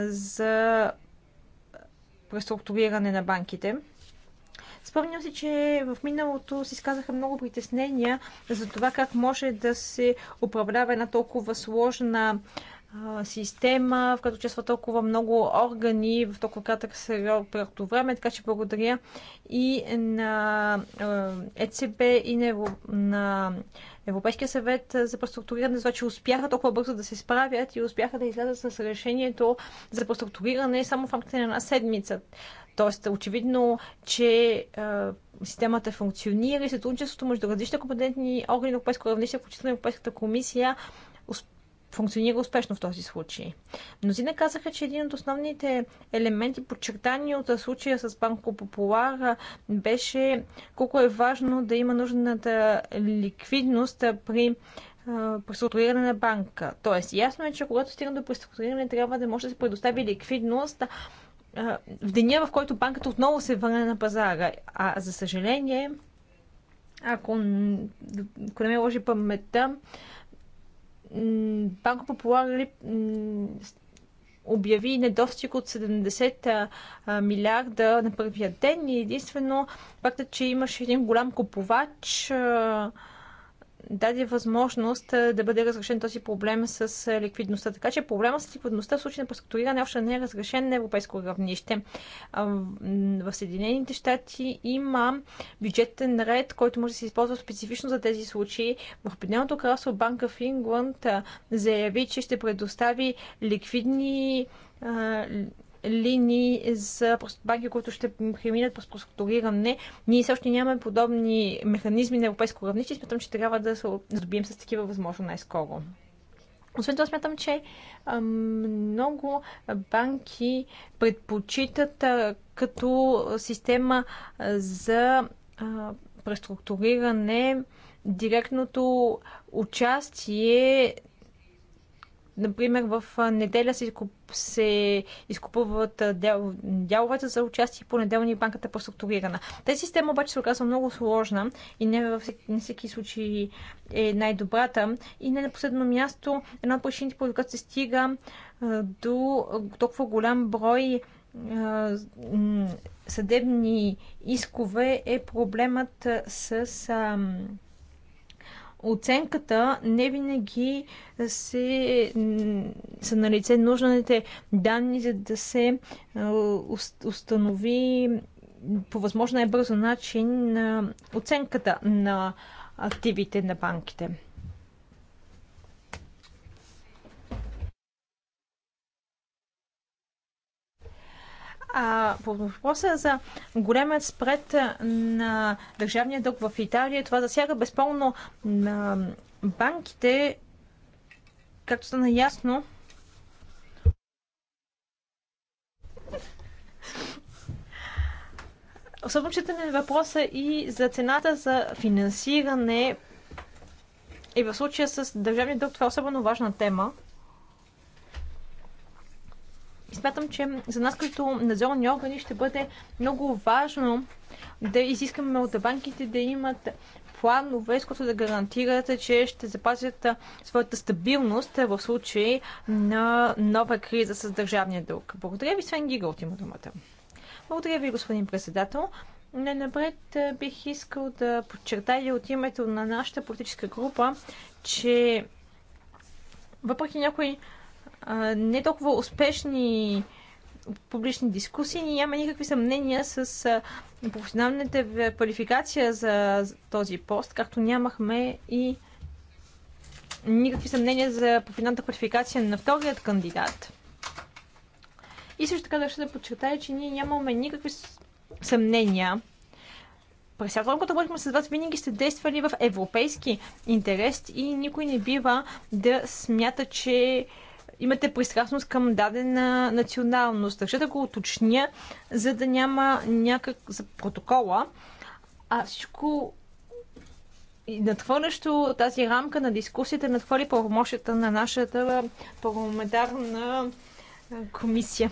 за преструктуриране на банките. Спомням си, че в миналото си изказаха много притеснения за това как може да се управлява една толкова сложна система, в която участва толкова много органи в толкова кратък период време, така че благодаря и на ЕЦБ и на, на Европейския съвет за преструктуриране, за че успяха толкова бързо да се справят и успяха да излязат с решението за преструктуриране само в рамките на една седмица. Тоест, очевидно, че системата функционира и сътрудничеството между различни компетентни органи на европейско равнище, включително Европейската комисия, функционира успешно в този случай. Мнозина казаха, че един от основните елементи, подчертани от случая с Банко Популара, беше колко е важно да има нужната ликвидност при преструктуриране на банка. Тоест, ясно е, че когато стигна до преструктуриране, трябва да може да се предостави ликвидност в деня, в който банката отново се върне на пазара. А за съжаление, ако, ако не ме ложи паметта, Банко Популар нали, обяви недостиг от 70 милиарда на първия ден и единствено фактът, че имаше един голям купувач даде възможност да бъде разрешен този проблем с ликвидността. Така че проблема с ликвидността в случай на преструктуриране още не е разрешен на европейско равнище. В Съединените щати има бюджетен ред, който може да се използва специфично за тези случаи. В Обединеното кралство Банка в Ингланд заяви, че ще предостави ликвидни линии за банки, които ще преминат по структуриране, Ние също нямаме подобни механизми на европейско равнище и смятам, че трябва да се добием с такива възможно най-скоро. Освен това смятам, че много банки предпочитат като система за преструктуриране директното участие Например, в неделя се, изкуп, се изкупуват дял, дяловете за участие в понеделни банката е по-структурирана. Тази система обаче се оказва много сложна и не във всеки случай е най-добрата. И не на последно място, една от причините, по която се стига до толкова голям брой съдебни искове е проблемът с оценката не винаги се, са на лице нужните данни, за да се е, установи по възможно най-бързо начин е, оценката на активите на банките. А по въпроса за големият спред на държавния дълг в Италия, това засяга безпълно на банките, както стана ясно. Особено на въпроса и за цената за финансиране. И в случая с държавния дълг това е особено важна тема. И смятам, че за нас като надзорни органи ще бъде много важно да изискаме от банките да имат планове, с които да гарантират, че ще запазят своята стабилност в случай на нова криза с държавния дълг. Благодаря ви, Свен от има думата. Благодаря ви, господин председател. Не напред бих искал да подчертая от името на нашата политическа група, че въпреки някои не толкова успешни публични дискусии, няма никакви съмнения с професионалната квалификация за този пост, както нямахме и никакви съмнения за професионалната квалификация на вторият кандидат. И също така държа да подчертая, че ние нямаме никакви съмнения. През всяко време, когато с вас, винаги сте действали в европейски интерес и никой не бива да смята, че имате пристрастност към дадена националност. Ще да го уточня, за да няма някак за протокола. А всичко надхвърлящо тази рамка на дискусията надхвърли правомощията на нашата парламентарна комисия.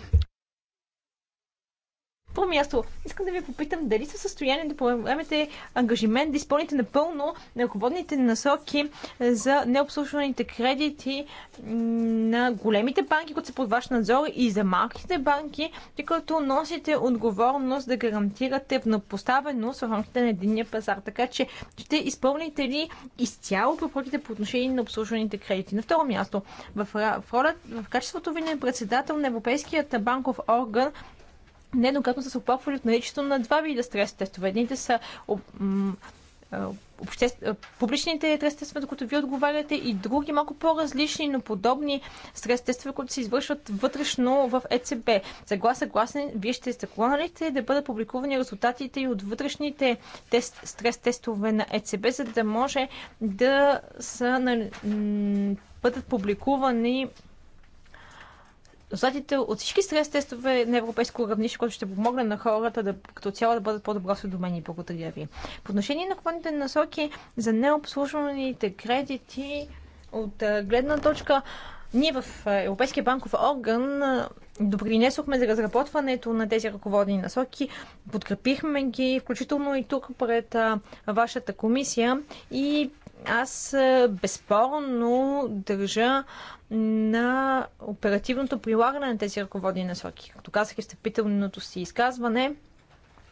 Първо място, искам да ви попитам дали са в състояние да поемете ангажимент да изпълните напълно ръководните насоки за необслужваните кредити на големите банки, които са под ваш надзор и за малките банки, тъй като носите отговорност да гарантирате внопоставеност в рамките на единния пазар. Така че ще изпълните ли изцяло препоръките по отношение на обслужваните кредити? На второ място, в, роля, в качеството ви на председател на Европейският банков орган нееднократно са се оплаквали от наличието на два вида стрес тестове. Едните са публичните стрес тестове, на които вие отговаряте, и други малко по-различни, но подобни стрес тестове, които се извършват вътрешно в ЕЦБ. Съглас, гласен, вие ще сте склонните да бъдат публикувани резултатите и от вътрешните тест, стрес тестове на ЕЦБ, за да може да са, бъдат публикувани резултатите от всички стрес тестове на европейско равнище, което ще помогне на хората да, като цяло да бъдат по-добро осведомени. Благодаря ви. По отношение на хваните насоки за необслужваните кредити от гледна точка ние в Европейския банков орган допринесохме за разработването на тези ръководни насоки, подкрепихме ги, включително и тук пред вашата комисия и аз е, безспорно държа на оперативното прилагане на тези ръководни насоки. Както казах и в стъпителното си изказване,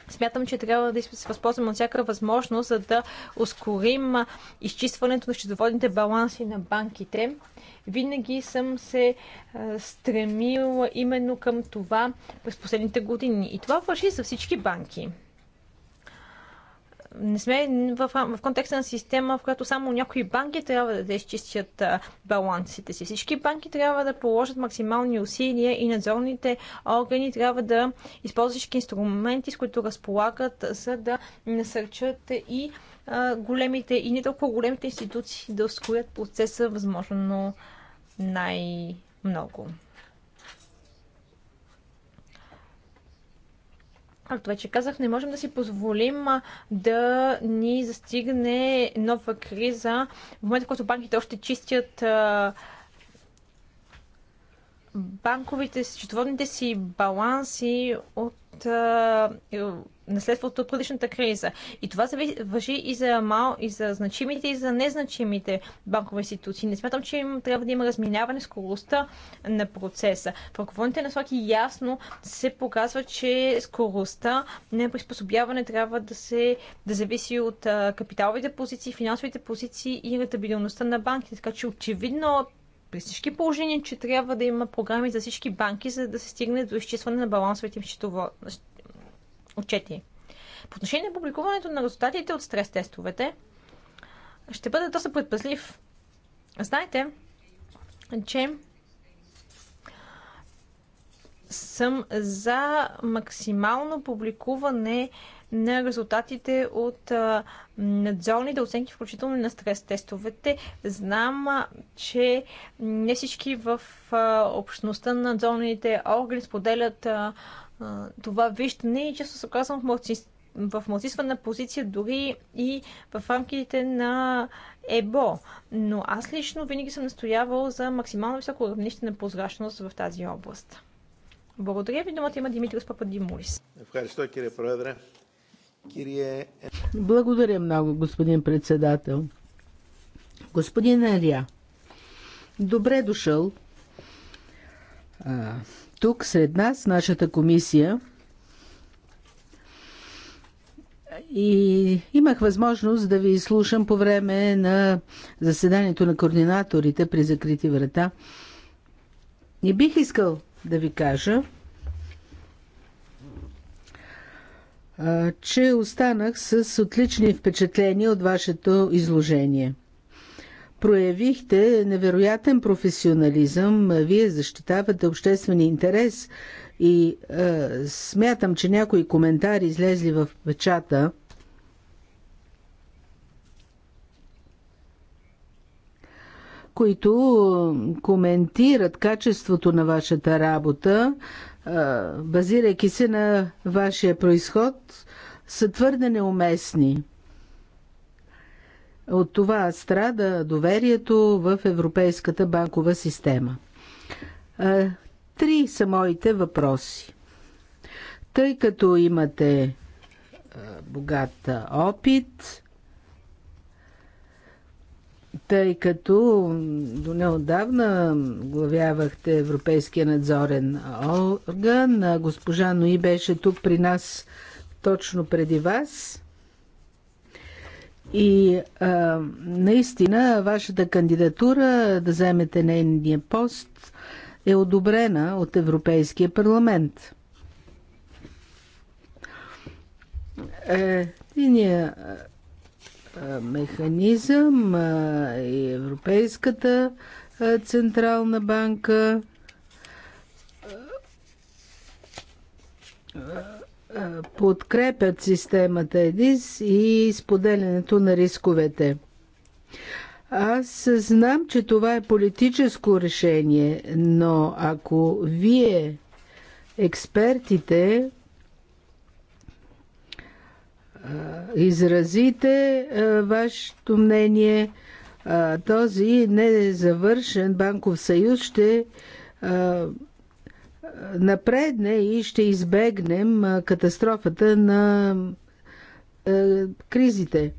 смятам, че трябва да се възползваме от всяка възможност, за да ускорим изчистването на счетоводните баланси на банките. Винаги съм се е, стремила именно към това през последните години. И това върши за всички банки не сме в, в контекста на система, в която само някои банки трябва да изчистят балансите си. Всички банки трябва да положат максимални усилия и надзорните органи трябва да използват всички инструменти, с които разполагат, за да насърчат и големите и не толкова големите институции да ускорят процеса възможно най-много. Както вече казах, не можем да си позволим да ни застигне нова криза в момента, в който банките още чистят банковите, счетоводните си баланси от а, наследството от предишната криза. И това въжи и за, мал, и за значимите, и за незначимите банкови институции. Не смятам, че им трябва да има разминаване с скоростта на процеса. В ръководните насоки ясно се показва, че скоростта на приспособяване трябва да, се, да зависи от капиталовите позиции, финансовите позиции и ретабилността на банките. Така че очевидно при всички положения, че трябва да има програми за всички банки, за да се стигне до изчистване на балансовите им счетово... отчети. По отношение на публикуването на резултатите от стрес-тестовете, ще бъда доста предпазлив. Знаете, че съм за максимално публикуване на резултатите от надзорните оценки, включително на стрес-тестовете. Знам, че не всички в общността на надзорните органи споделят това виждане и често се казвам в младсинство в мълцисвана позиция, дори и в рамките на ЕБО. Но аз лично винаги съм настоявал за максимално високо равнище на прозрачност в тази област. Благодаря ви. Думата има Димитрис Пападимулис. Ευχαριστώ, κύριε Πρόεδρε. Е. Благодаря много, господин председател. Господин Елия, добре дошъл а, тук сред нас, нашата комисия. И имах възможност да ви слушам по време на заседанието на координаторите при закрити врата. И бих искал да ви кажа, че останах с отлични впечатления от вашето изложение. Проявихте невероятен професионализъм, вие защитавате обществения интерес и е, смятам, че някои коментари излезли в печата които коментират качеството на вашата работа, базирайки се на вашия происход, са твърде неуместни. От това страда доверието в Европейската банкова система. Три са моите въпроси. Тъй като имате богат опит, тъй като до неодавна главявахте Европейския надзорен орган. Госпожа Нои беше тук при нас точно преди вас. И а, наистина вашата кандидатура да вземете нейния пост е одобрена от Европейския парламент. Единия механизъм и Европейската централна банка подкрепят системата ЕДИС и споделянето на рисковете. Аз знам, че това е политическо решение, но ако вие, експертите, изразите вашето мнение. Този незавършен банков съюз ще напредне и ще избегнем катастрофата на кризите.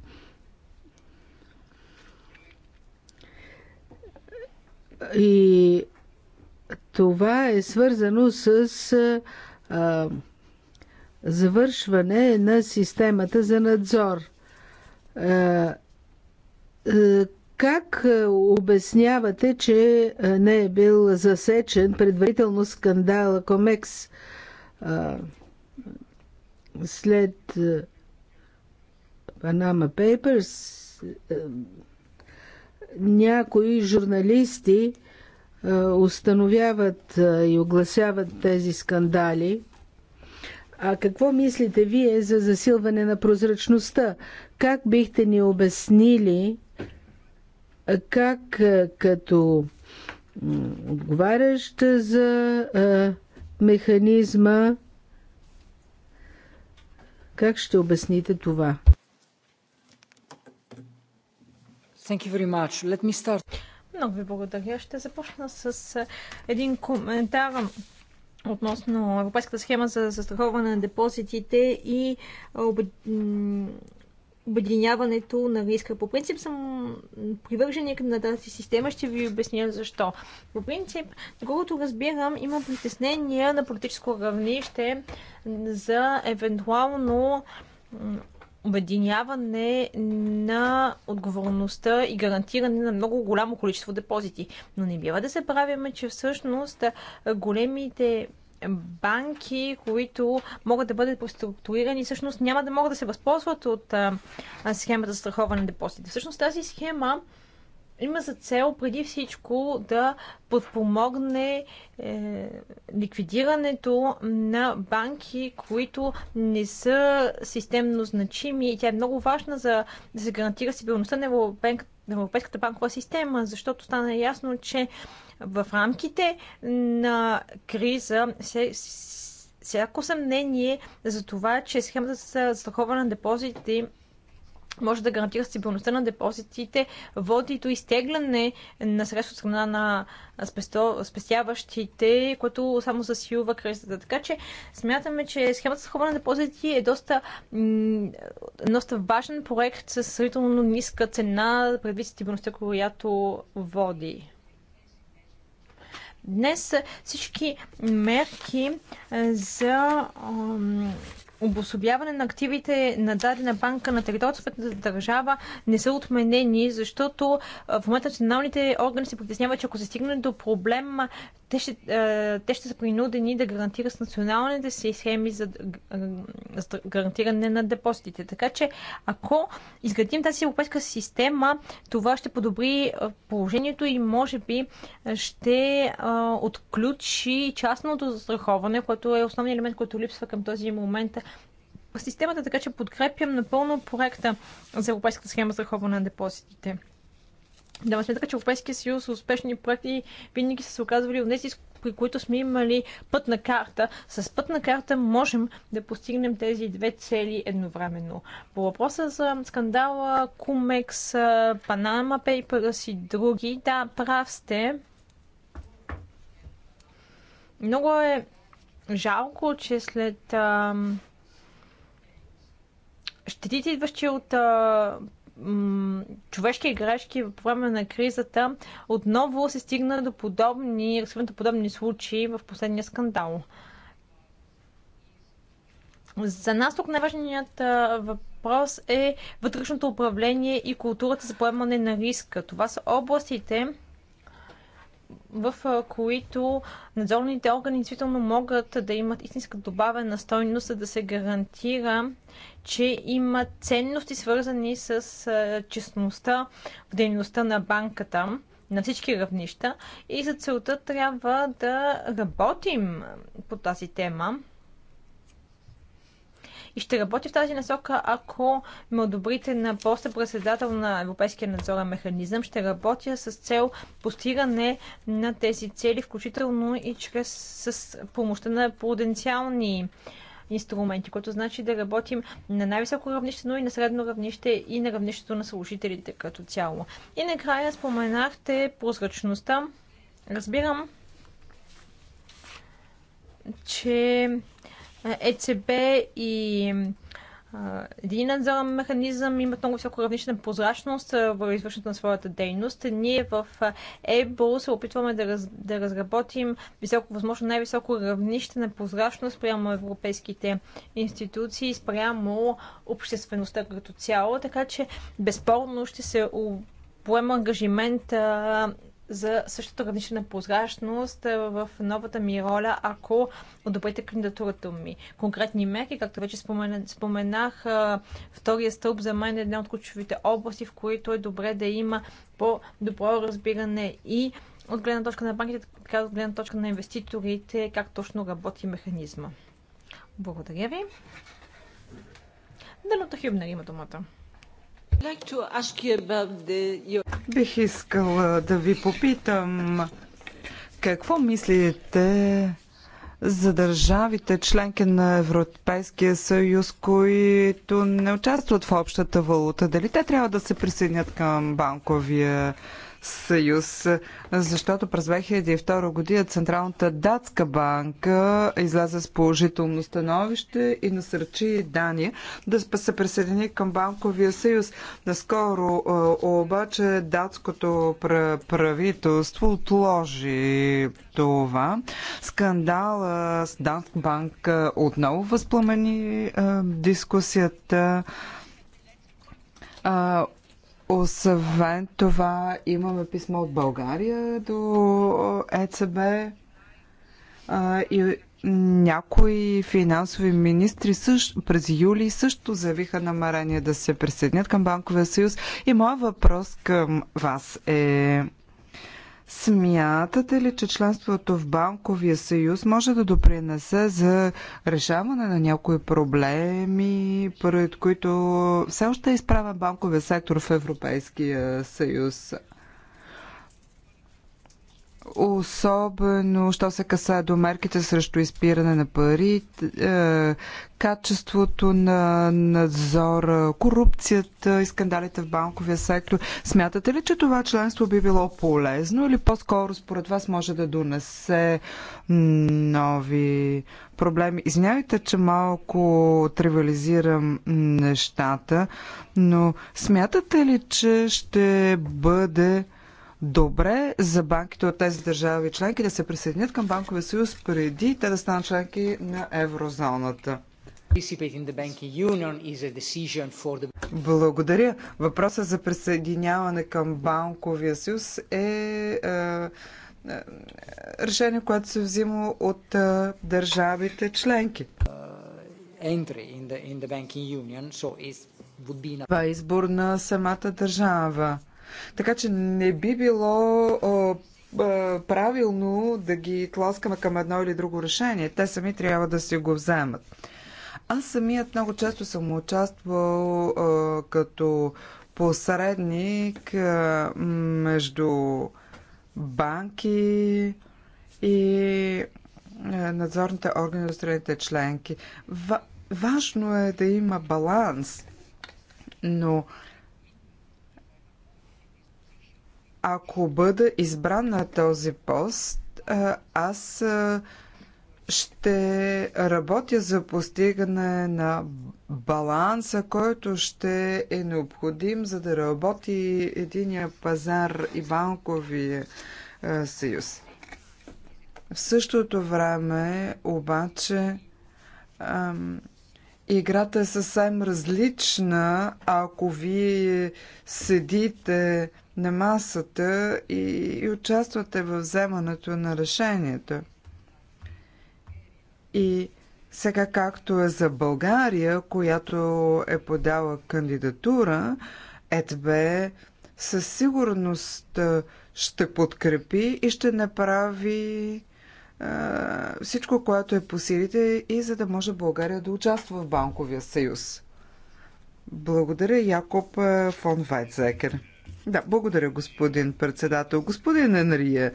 И това е свързано с завършване на системата за надзор. Е, е, как е, обяснявате, че не е бил засечен предварително скандала Комекс след Панама Пейперс, Някои журналисти установяват и огласяват тези скандали – а какво мислите вие за засилване на прозрачността? Как бихте ни обяснили как като отговарящ за механизма как ще обясните това? Thank you very much. Let me start. Много ви благодаря. Ще започна с един коментар относно Европейската схема за застраховане на депозитите и обединяването на риска. По принцип съм привърженик на тази система. Ще ви обясня защо. По принцип, доколкото разбирам, има притеснения на политическо равнище за евентуално обединяване на отговорността и гарантиране на много голямо количество депозити. Но не бива да се правиме, че всъщност големите банки, които могат да бъдат преструктурирани, всъщност няма да могат да се възползват от схемата за страховане на депозити. Всъщност тази схема има за цел преди всичко да подпомогне е, ликвидирането на банки, които не са системно значими. И тя е много важна за да се гарантира стабилността на, Европейската банкова система, защото стана ясно, че в рамките на криза се всяко съмнение за това, че схемата за страховане на депозитите може да гарантира стабилността на депозитите, води до изтегляне на средства от страна на спестяващите, което само засилва кризата. Така че смятаме, че схемата с хубава на депозити е доста, доста важен проект с сравнително ниска цена, предвид стабилността, която води. Днес всички мерки за обособяване на активите на дадена банка на територията на държава не са отменени, защото в момента националните органи се притесняват, че ако се стигне до проблем, те ще, те ще са принудени да гарантират с националните си схеми за, за гарантиране на депозитите. Така че, ако изградим тази европейска система, това ще подобри положението и може би ще а, отключи частното застраховане, което е основният елемент, който липсва към този момент системата, така че подкрепям напълно проекта за европейската схема за страховане на депозитите ме сметка, че Европейския съюз успешни проекти винаги са се оказвали от тези, при които сме имали пътна карта. С пътна карта можем да постигнем тези две цели едновременно. По въпроса за скандала Кумекс, Панама Papers и други, да, прав сте. Много е жалко, че след ам, щетите, идващи от човешки грешки по време на кризата, отново се стигна до подобни, до подобни случаи в последния скандал. За нас тук най-важният въпрос е вътрешното управление и културата за поемане на риска. Това са областите, в които надзорните органи действително могат да имат истинска добавена стойност, за да се гарантира, че има ценности свързани с честността в дейността на банката на всички равнища и за целта трябва да работим по тази тема и ще работя в тази насока, ако ме одобрите на поста председател на Европейския надзорен механизъм. Ще работя с цел постигане на тези цели, включително и чрез с помощта на пруденциални инструменти, което значи да работим на най-високо равнище, но и на средно равнище и на равнището на служителите като цяло. И накрая споменахте прозрачността. Разбирам, че ЕЦБ е и един надзорен механизъм имат много високо равнище на прозрачност в извършването на своята дейност. Ние в ЕБО се опитваме да, раз, да разработим високо, възможно най-високо равнище на прозрачност прямо европейските институции, спрямо обществеността като цяло, така че безспорно ще се поема ангажимент за същата гранична прозрачност е, в новата ми роля, ако одобрите кандидатурата ми. Конкретни мерки, както вече споменах, е, втория стълб за мен е една от ключовите области, в които е добре да има по-добро разбиране и от гледна точка на банките, така от гледна точка на инвеститорите, как точно работи механизма. Благодаря ви. Данута Хюбнер има думата. Бих искала да ви попитам какво мислите за държавите, членки на Европейския съюз, които не участват в общата валута? Дали те трябва да се присъединят към банковия съюз, защото през 2002 година Централната датска банка излезе с положително становище и насърчи Дания да се присъедини към банковия съюз. Наскоро е, обаче датското правителство отложи това. Скандала с Данск банк отново възпламени е, дискусията. Е, освен това, имаме писмо от България до ЕЦБ и някои финансови министри също, през юли също заявиха намерение да се присъединят към Банковия съюз. И моят въпрос към вас е Смятате ли, че членството в Банковия съюз може да допринесе за решаване на някои проблеми, пред които все още е изправен банковия сектор в Европейския съюз? особено що се касае до мерките срещу изпиране на пари, е, качеството на надзора, корупцията и скандалите в банковия сектор. Смятате ли, че това членство би било полезно или по-скоро според вас може да донесе нови проблеми? Извинявайте, че малко тривализирам нещата, но смятате ли, че ще бъде добре за банките от тези държави членки да се присъединят към Банковия съюз преди те да станат членки на еврозоната. Благодаря. Въпросът за присъединяване към Банковия съюз е, е, е решение, което се взима от е, държавите членки. Uh, Това е избор на самата държава. Така че не би било правилно да ги тласкаме към едно или друго решение. Те сами трябва да си го вземат. Аз самият много често съм участвал като посредник между банки и надзорните органи на страните членки. важно е да има баланс, но Ако бъда избран на този пост, аз ще работя за постигане на баланса, който ще е необходим, за да работи единия пазар и банковия съюз. В същото време, обаче, играта е съвсем различна, ако вие седите на масата и, и участвате в вземането на решенията. И сега както е за България, която е подала кандидатура, ЕТБ със сигурност ще подкрепи и ще направи а, всичко, което е по силите и за да може България да участва в Банковия съюз. Благодаря, Якоб фон Вайтзекер. Да, благодаря, господин председател. Господин Енрия,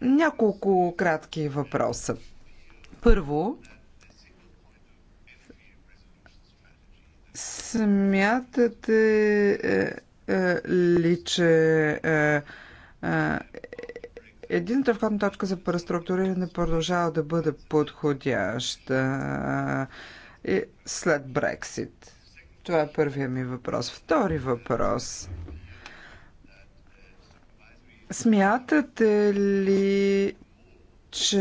няколко кратки въпроса. Първо, смятате е, е, ли, че е, едината входна точка за преструктуриране продължава да бъде подходяща след Брексит? Това е първия ми въпрос. Втори въпрос. Смятате ли, че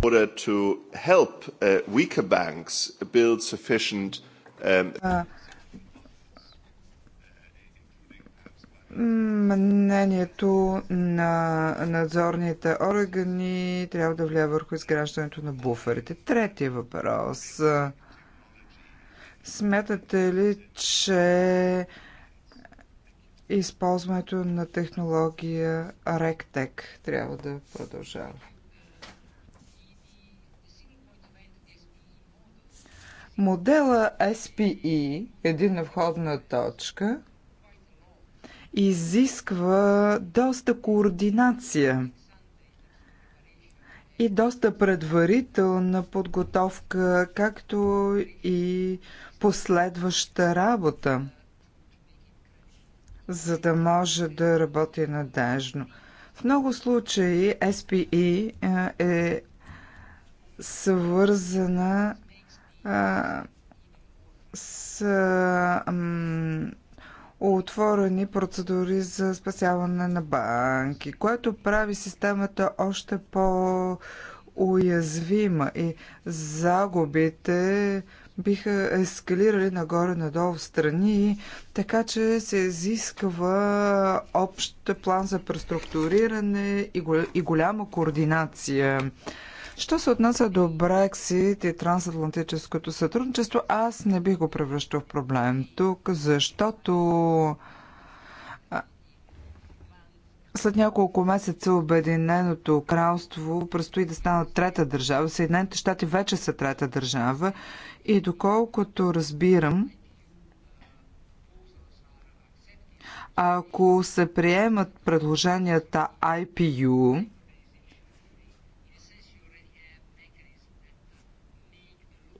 to help uh, weaker banks build sufficient um... мнението на надзорните органи трябва да влияе върху изграждането на буферите. Третия въпрос. Uh, Смятате ли, че използването на технология RECTEC трябва да продължава? Модела SPE, единна входна точка, изисква доста координация и доста предварителна подготовка, както и последваща работа, за да може да работи надежно. В много случаи SPE е, е свързана с отворени процедури за спасяване на банки, което прави системата още по-уязвима и загубите биха ескалирали нагоре-надолу в страни, така че се изисква общ план за преструктуриране и голяма координация. Що се отнася до Брексит и трансатлантическото сътрудничество, аз не бих го превръщал в проблем тук, защото след няколко месеца Обединеното кралство предстои да станат трета държава. Съединените щати вече са трета държава и доколкото разбирам, ако се приемат предложенията IPU,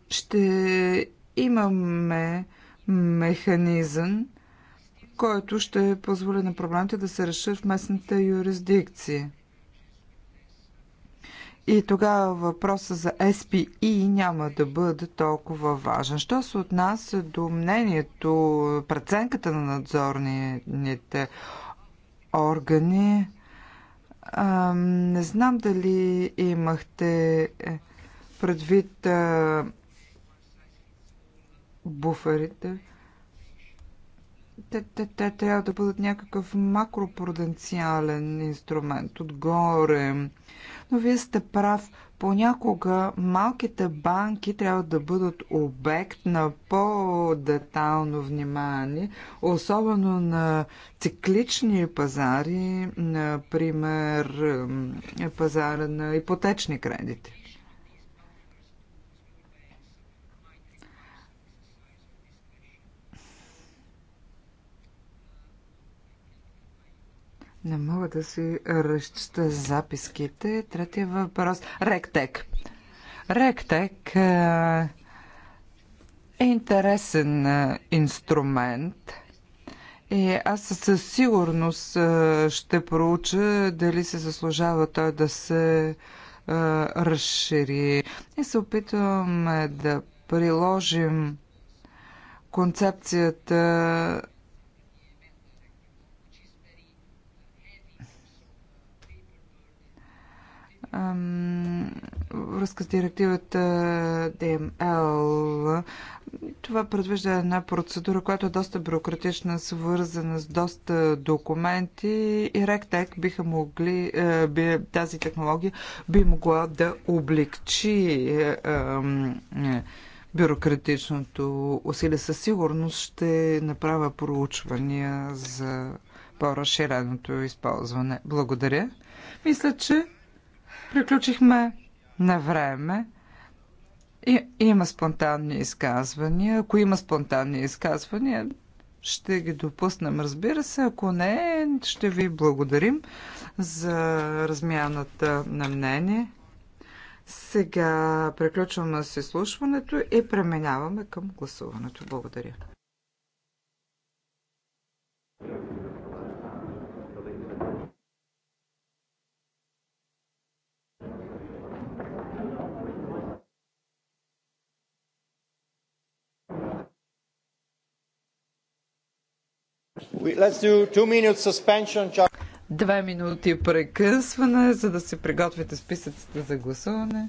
ще имаме механизъм, който ще позволи на проблемите да се решат в местната юрисдикция. И тогава въпроса за SPI e няма да бъде толкова важен. Що се отнася до мнението, преценката на надзорните органи, не знам дали имахте е, предвид а, буферите. Те, те, те трябва да бъдат някакъв макропруденциален инструмент отгоре но вие сте прав. Понякога малките банки трябва да бъдат обект на по-детално внимание, особено на циклични пазари, например пазара на ипотечни кредити. Не мога да си разчета записките. Третия въпрос. Ректек. Ректек е, е интересен е, инструмент. И аз със сигурност е, ще проуча дали се заслужава той да се разшири. И се опитвам да приложим концепцията връзка с директивата DML. Това предвижда една процедура, която е доста бюрократична, свързана с доста документи и ректек биха могли, е, би, тази технология би могла да облегчи е, е, бюрократичното усилие. Със сигурност ще направя проучвания за по-разширеното използване. Благодаря. Мисля, че Приключихме на време. И, има спонтанни изказвания. Ако има спонтанни изказвания, ще ги допуснем, разбира се. Ако не, ще ви благодарим за размяната на мнение. Сега приключваме с изслушването и преминаваме към гласуването. Благодаря. Две минути прекъсване, за да се приготвите списъците за гласуване.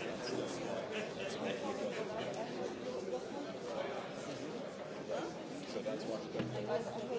So that's one thing.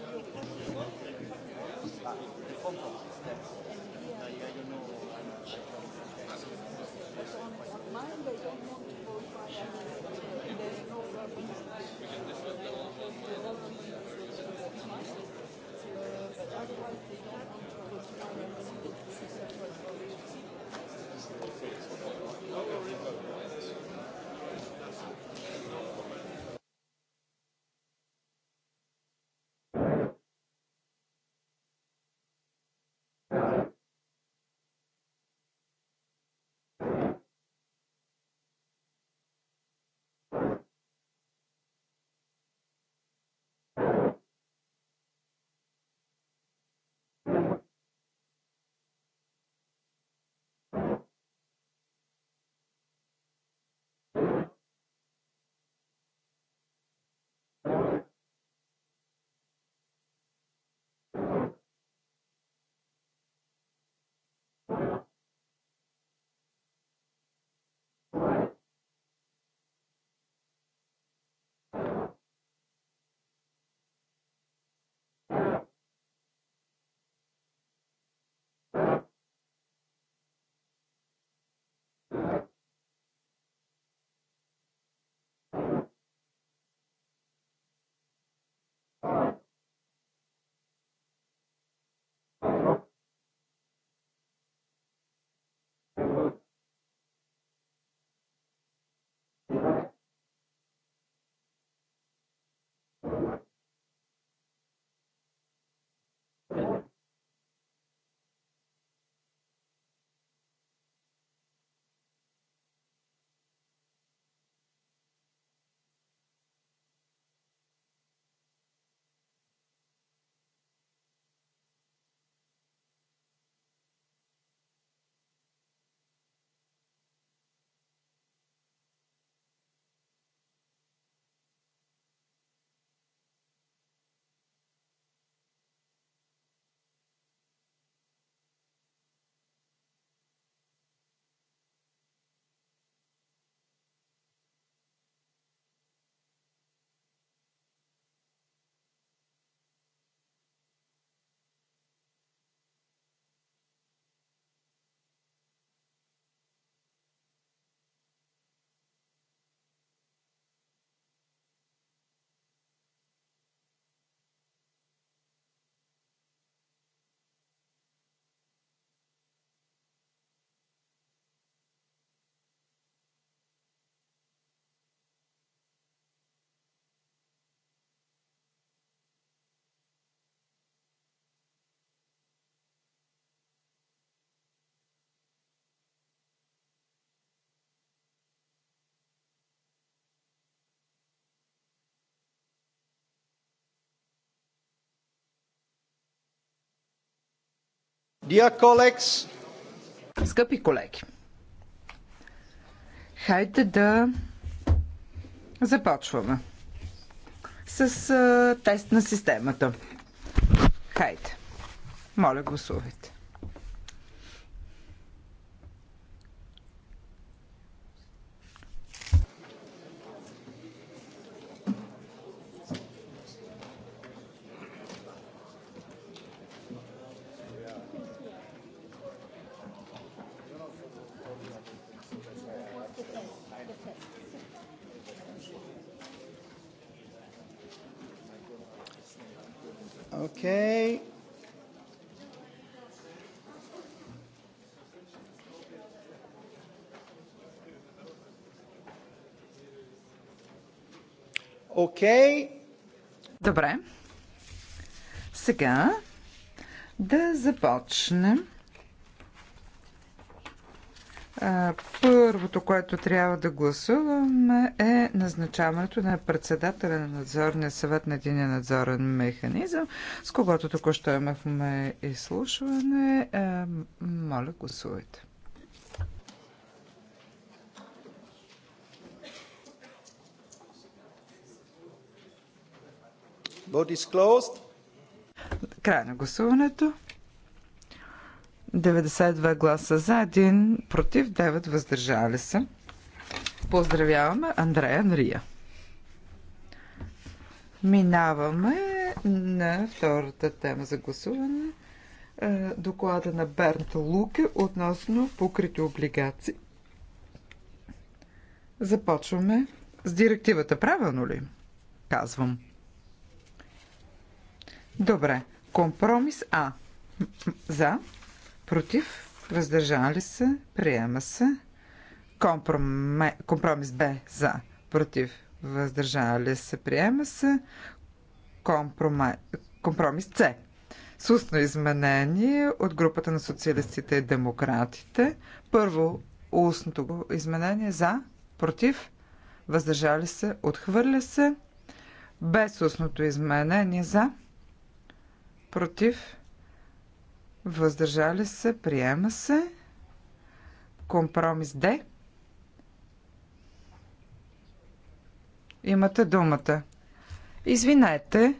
Скъпи колеги, хайде да започваме с а, тест на системата. Хайде. Моля, гласувайте. Добре. Сега да започнем. Първото, което трябва да гласуваме е назначаването на председателя на надзорния съвет на един надзорен механизъм, с когото току-що имахме изслушване. Е, моля, гласувайте. Vote is closed. Край на гласуването. 92 гласа за, 1 против, 9 въздържали се. Поздравяваме Андрея Нрия. Минаваме на втората тема за гласуване. Е, доклада на Бернт Луке относно покрити облигации. Започваме с директивата. Правилно ли? Казвам. Добре. Компромис А. За. Против. Въздържали се. Приема се. Компромис Б. За. Против. Въздържали се. Приема се. Компромис С. устно изменение от групата на социалистите и демократите. Първо, устното изменение за, против, въздържали се, отхвърля се. Без устното изменение за, против, въздържали се, приема се. Компромис Д. Имате думата. Извинете,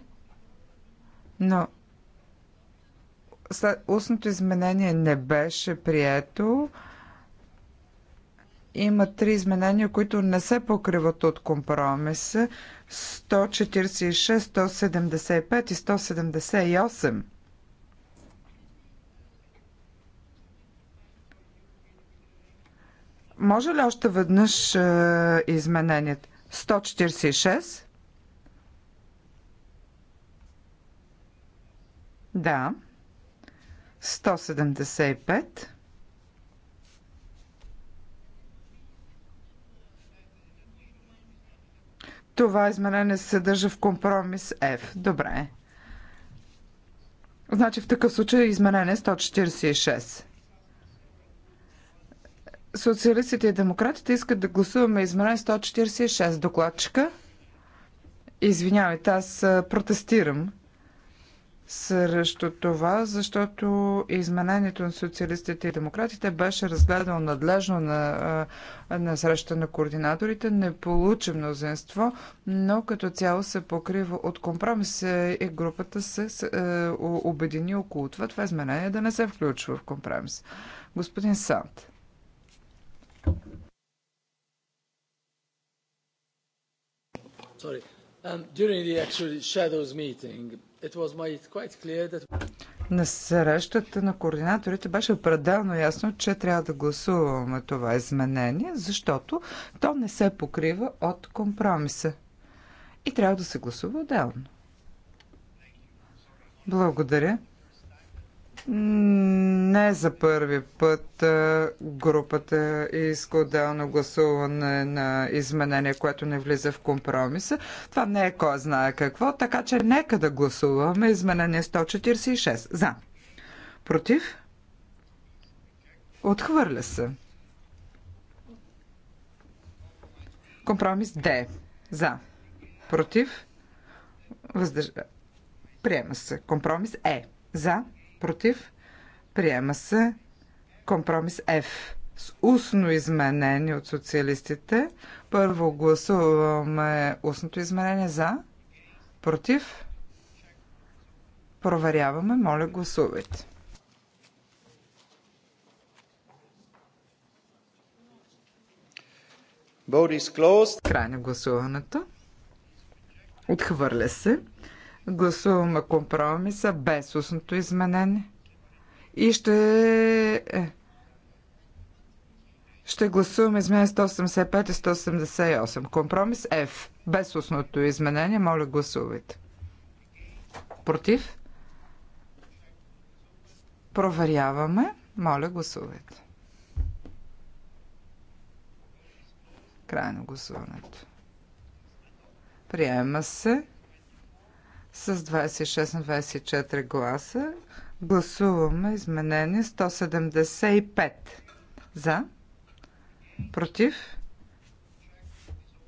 но след устното изменение не беше прието. Има три изменения, които не се покриват от компромиса. 146, 175 и 178. Може ли още веднъж е, изменението? 146? Да. 175? Това изменение се съдържа в компромис F. Добре. Значи в такъв случай изменение 146. Социалистите и демократите искат да гласуваме изменение 146. Докладчика? Извинявайте, аз протестирам срещу това, защото изменението на социалистите и демократите беше разгледано надлежно на, на среща на координаторите. Не получи мнозинство, но като цяло се покрива от компромис и групата се е, обедини около това. Това изменение да не се включва в компромис. Господин Сант. Sorry. Um, during the actual shadows meeting, на срещата на координаторите беше пределно ясно, че трябва да гласуваме това изменение, защото то не се покрива от компромиса. И трябва да се гласува отделно. Благодаря. Не за първи път групата иска отделно гласуване на изменение, което не влиза в компромиса. Това не е кой знае какво, така че нека да гласуваме изменение 146. За. Против? Отхвърля се. Компромис Д. За. Против? Въздържа. Приема се. Компромис Е. За Против. Приема се компромис F. С устно изменение от социалистите. Първо гласуваме устното изменение за. Против. Проверяваме. Моля, гласувайте. Край на гласуването. Отхвърля се. Гласуваме компромиса без устното изменение. И ще... Е, ще гласуваме изменение 185 и 188. Компромис F. Без устното изменение. Моля, гласувайте. Против? Проверяваме. Моля, гласувайте. Край на гласуването. Приема се с 26 на 24 гласа. Гласуваме изменение 175. За? Против?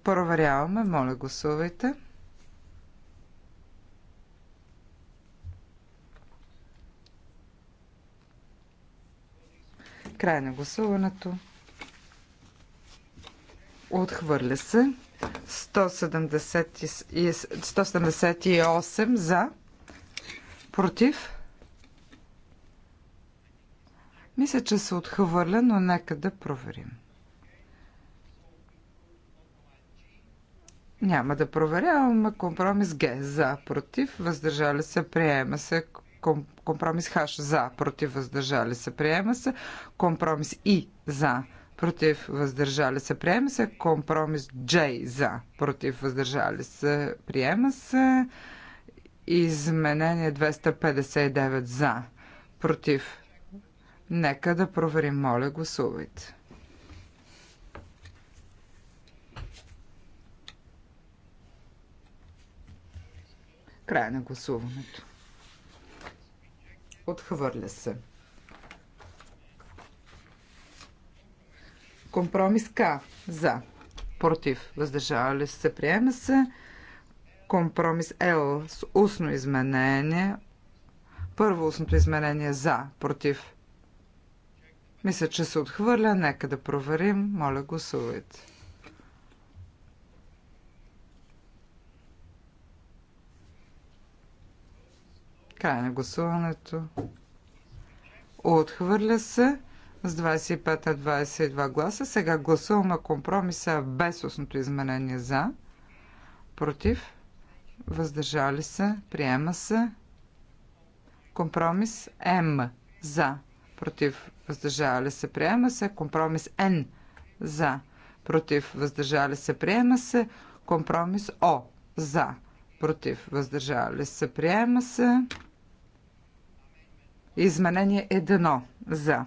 Проверяваме. Моля, гласувайте. Край на гласуването. Отхвърля се. 178 за, против. Мисля, че се отхвърля, но нека да проверим. Няма да проверяваме компромис Г за, против, въздържали се, приема се. Компромис Х за, против, въздържали се, приема се. Компромис И за, против против въздържали се, приема се. Компромис Джей за, против въздържали се, приема се. Изменение 259 за, против. Нека да проверим, моля, гласувайте. Край на гласуването. Отхвърля се. Компромис К. За. Против. Въздържали се. Приема се. Компромис Л. С устно изменение. Първо устното изменение за. Против. Мисля, че се отхвърля. Нека да проверим. Моля, гласувайте. Край на гласуването. Отхвърля се с 25 на 22 гласа. Сега гласуваме компромиса без устното изменение за, против, въздържали се, приема се. Компромис М за, против, въздържали се, приема се. Компромис Н за, против, въздържали се, приема се. Компромис О за, против, въздържали се, приема се. Изменение 1 за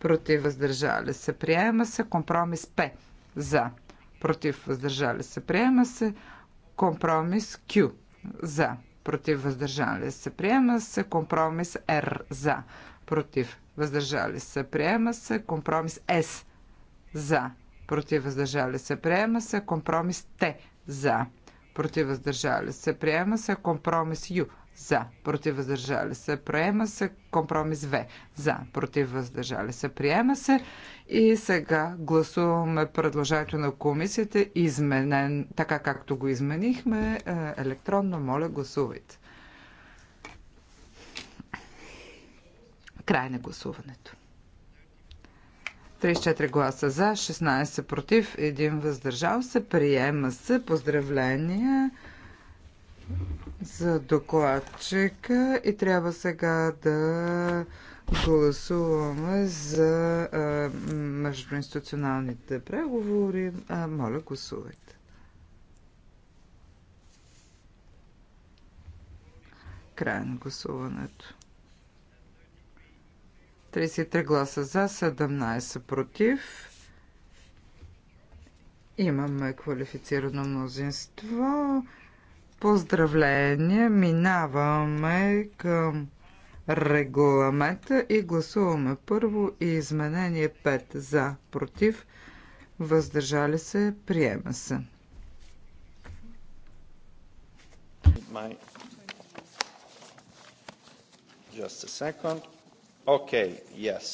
против въздържали се, приема се. Компромис П за, против въздържали се, приема се. Компромис Q за, против въздържали се, приема се. Компромис Р за, против въздържали се, приема се. Компромис С за, против въздържали се, приема се. Компромис Т за, против въздържали се, приема се. Компромис Ю за, против въздържали се, приема се, компромис В, за, против въздържали се, приема се и сега гласуваме предложението на комисията, изменен, така както го изменихме, е, електронно, моля гласувайте. Край на гласуването. 34 гласа за, 16 против, 1 въздържал се, приема се, поздравления за докладчика и трябва сега да гласуваме за междуинституционалните преговори. А, моля, гласувайте. Край на гласуването. 33 гласа за, 17 против. Имаме квалифицирано мнозинство. Поздравление, минаваме към регламента и гласуваме първо и изменение 5 за, против, въздържали се, приема се. Just a second. Okay, yes.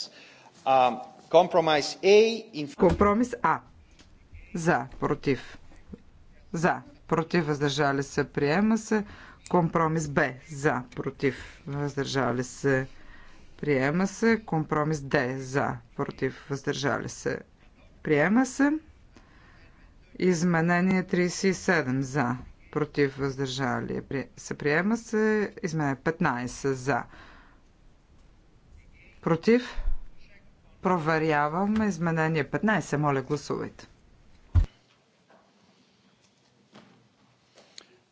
Um, compromise A in... Компромис А. За, против. За, против, въздържали се, приема се. Компромис Б за, против, въздържали се, приема се. Компромис Д за, против, въздържали се, приема се. Изменение 37 за, против, въздържали се, приема се. Изменение 15 за, против, проверявам. Изменение 15, моля гласувайте.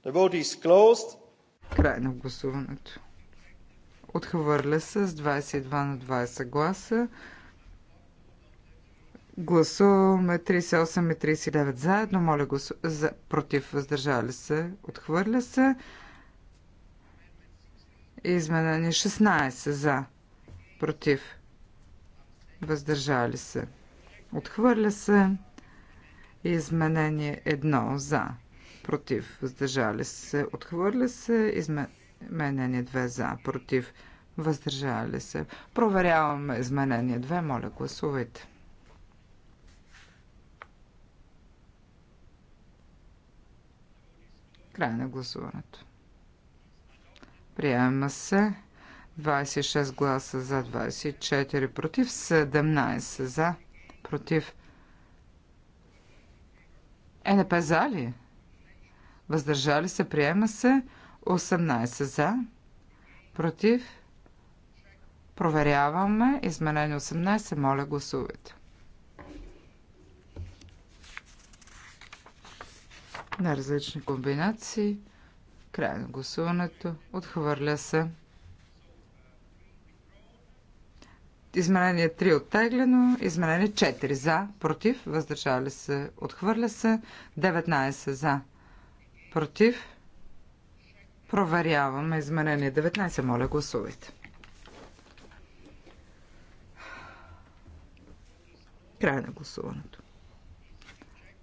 The vote is closed. Край на гласуването. Отхвърля се с 22 на 20 гласа. Гласуваме 38 и 39 заедно. Моля, гласу... за... против, въздържали се. Отхвърля се. Изменение 16 за, против, въздържали се. Отхвърля се. Изменение 1 за, против, въздържали се, отхвърля се, изменение 2 за, против, въздържали се. Проверяваме изменение 2, моля гласувайте. Край на гласуването. Приема се 26 гласа за, 24 против, 17 за, против. Е, не паза ли? въздържали се, приема се. 18 за, против. Проверяваме. Изменение 18. Моля, гласувайте. На различни комбинации. Край на гласуването. Отхвърля се. Изменение 3 оттеглено. Изменение 4 за, против, въздържали се, отхвърля се. 19 за, Против? Проверяваме изменение 19. Моля, гласувайте. Край на гласуването.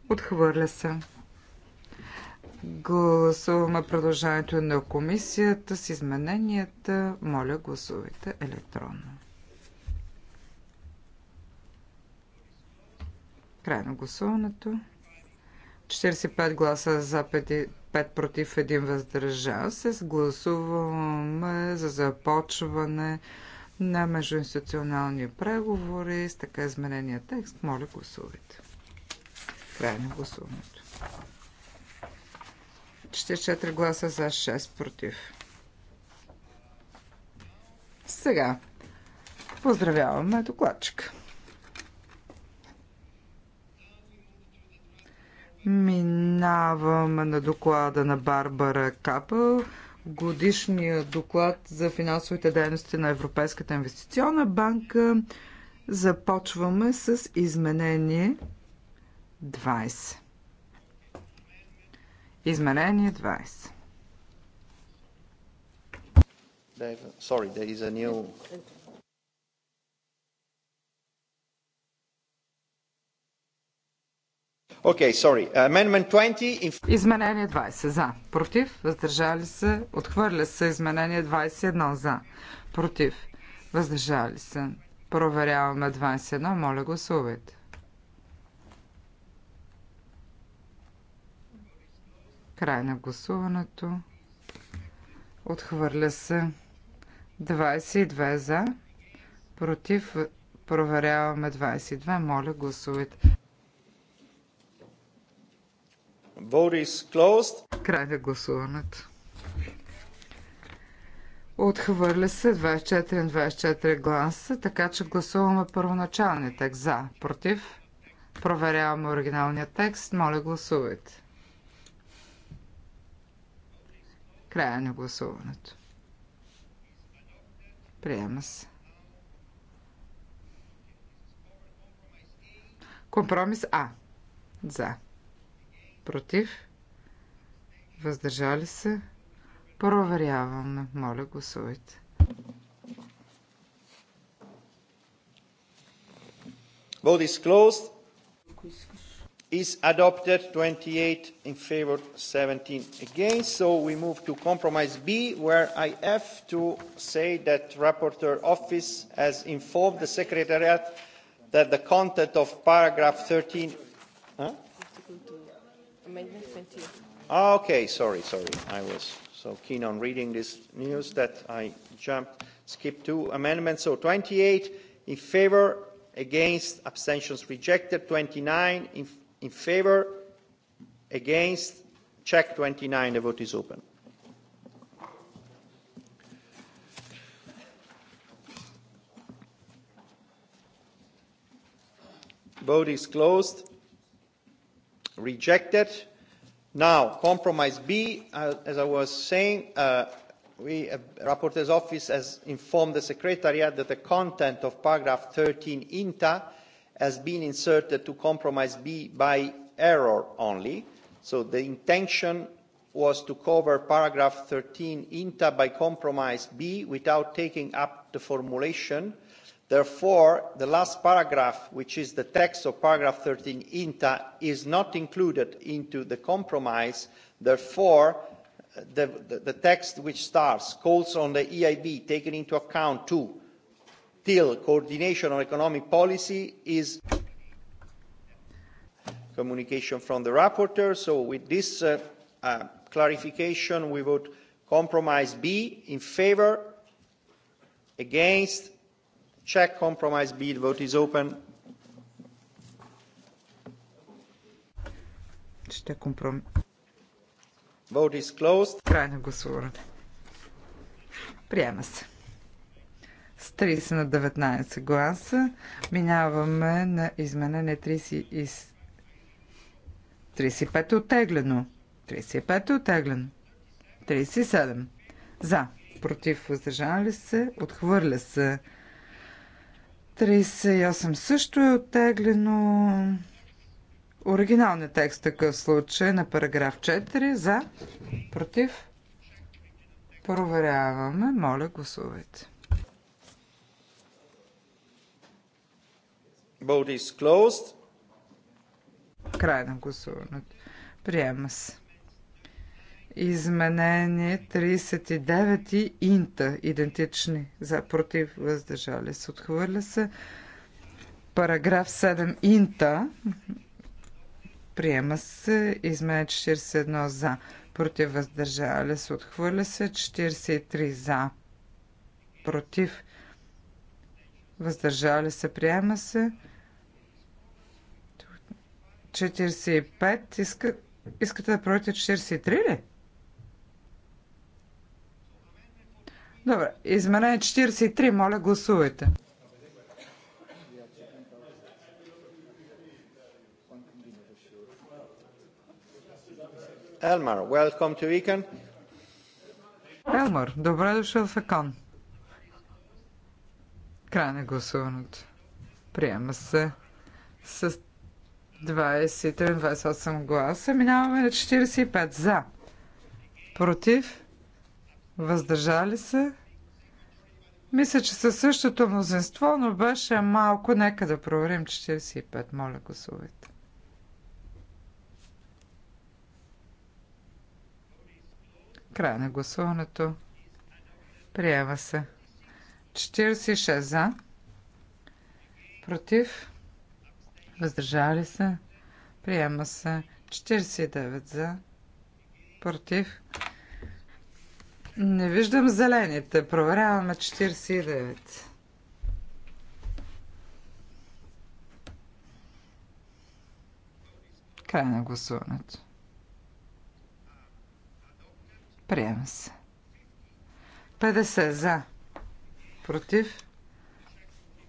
Отхвърля се. Гласуваме продължението на комисията с измененията. Моля, гласувайте електронно. Край на гласуването. 45 гласа за 5 против 1 въздържал се. Гласуваме за започване на междуинституционални преговори с така изменения текст. Моля, гласувайте. Край на гласуването. 44 гласа за 6 против. Сега поздравяваме докладчика. Минаваме на доклада на Барбара Капъл. годишния доклад за финансовите дейности на Европейската инвестиционна банка. Започваме с изменение 20. Изменение 20. Sorry, there is a new... Okay, sorry. Amendment 20... In... Изменение 20 за. Против. Въздържали се. Отхвърля се. Изменение 21 за. Против. Въздържали се. Проверяваме 21. Моля гласувайте. Край на гласуването. Отхвърля се. 22 за. Против. Проверяваме 22. Моля гласувайте. Vote is closed. Край на гласуването. Отхвърля се 24 24 гласа, така че гласуваме първоначалния текст за. Против? Проверяваме оригиналния текст. Моля, гласувайте. Края на гласуването. Приема се. Компромис А. За против, въздържали се, проверяваме. Моля, гласувайте. Vote is closed. Is adopted 28 in favor, 17 against. So we move to compromise B, where I have to say that Rapporteur Office has informed the Secretariat that the content of paragraph 13. Huh? Amendment 20. Okay, sorry, sorry. I was so keen on reading this news that I jumped, skipped two amendments. So 28 in favor, against, abstentions rejected. 29 in, in favor, against, check 29. The vote is open. Vote is closed rejected. Now, compromise B, uh, as I was saying, uh, we, uh, Rapporteur's office has informed the Secretariat that the content of paragraph 13 INTA has been inserted to compromise B by error only. So the intention was to cover paragraph 13 INTA by compromise B without taking up the formulation therefore the last paragraph which is the text of paragraph thirteen inta is not included into the compromise therefore the text which starts calls on the eib taking into account two till coordination on economic policy is communication from the rapporteur so with this clarification we vote compromise b in favour against Check compromise B. The vote is open. Ще компром... Vote is closed. Край на гласуването. Приема се. С 30 на 19 гласа минаваме на изменение 30 из... 35 е оттеглено. 35 е оттеглено. 37. За. Против. Въздържали се. Отхвърля се. 38 също е оттеглено. Оригиналният текст такъв случай на параграф 4. За, против, проверяваме. Моля, гласувайте. Край на гласуването. Приема се. Изменение 39 и инта идентични за против въздържали се. Отхвърля се. Параграф 7 инта приема се. Изменение 41 за против въздържали се. Отхвърля се. 43 за против въздържали се. Приема се. 45 иска Искате да правите 43 ли? Добре, изменение 43, моля гласувайте. Елмар, welcome to Econ. Елмар, добре дошъл в Екон. Край на гласуването. Приема се с 23-28 гласа. Минаваме на 45 за. Против? въздържали се. Мисля, че със същото мнозинство, но беше малко. Нека да проверим 45. Моля, гласувайте. Край на гласуването. Приема се. 46 за. Против. Въздържали се. Приема се. 49 за. Против. Не виждам зелените. Проверяваме 49. Край на гласуването. Приема се. 50 за. Против.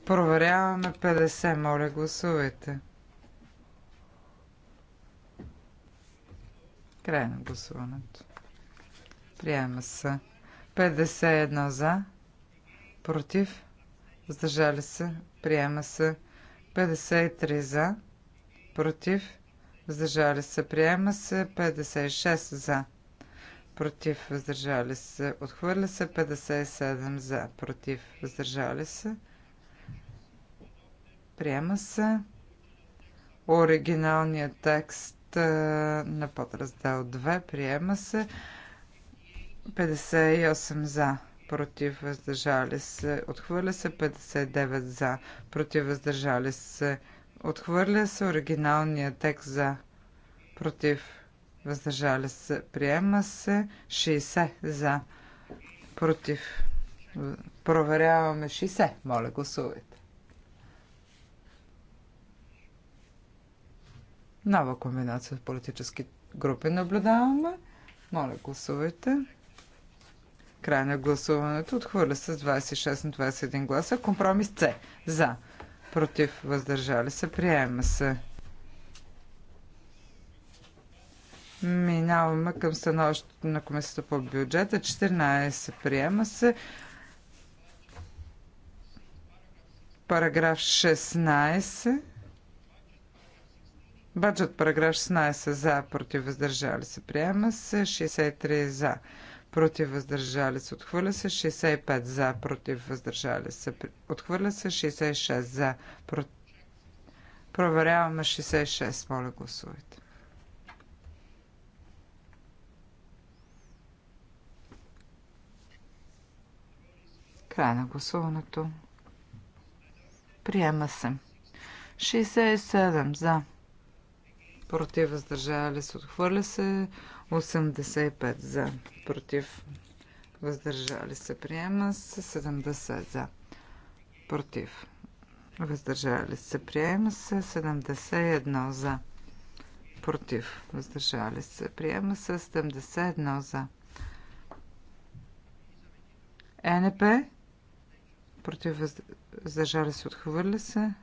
Проверяваме 50. Моля, гласувайте. Край на гласуването. Приема се. 51 за. Против. Въздържали се. Приема се. 53 за. Против. Въздържали се. Приема се. 56 за. Против. Въздържали се. Отхвърля се. 57 за. Против. Въздържали се. Приема се. Оригиналният текст на подраздел 2 приема се. 58 за, против въздържали се, отхвърля се 59 за, против въздържали се, отхвърля се оригиналният текст за, против въздържали се, приема се 60 за, против. Проверяваме 60. Моля, гласувайте. Нова комбинация от политически групи наблюдаваме. Моля, гласувайте. Край на гласуването. Отхвърля се с 26 на 21 гласа. Компромис С. За. Против. Въздържали се. Приема се. Минаваме към становището на Комисията по бюджета. 14 приема се. Параграф 16. Баджет параграф 16 за, против въздържали се. Приема се. 63 за против въздържали се, отхвърля се 65 за, против въздържали се, отхвърля се 66 за. Про... Проверяваме 66, моля гласувайте. Край на гласуването. Приема се. 67 за. Против въздържали се, отхвърля се. 85 за, против, въздържали се, приема се 70 за, против, въздържали се, приема се 71 за, против, въздържали се, приема се 71 за. Е, НП, против, въздържали се, отхвърля се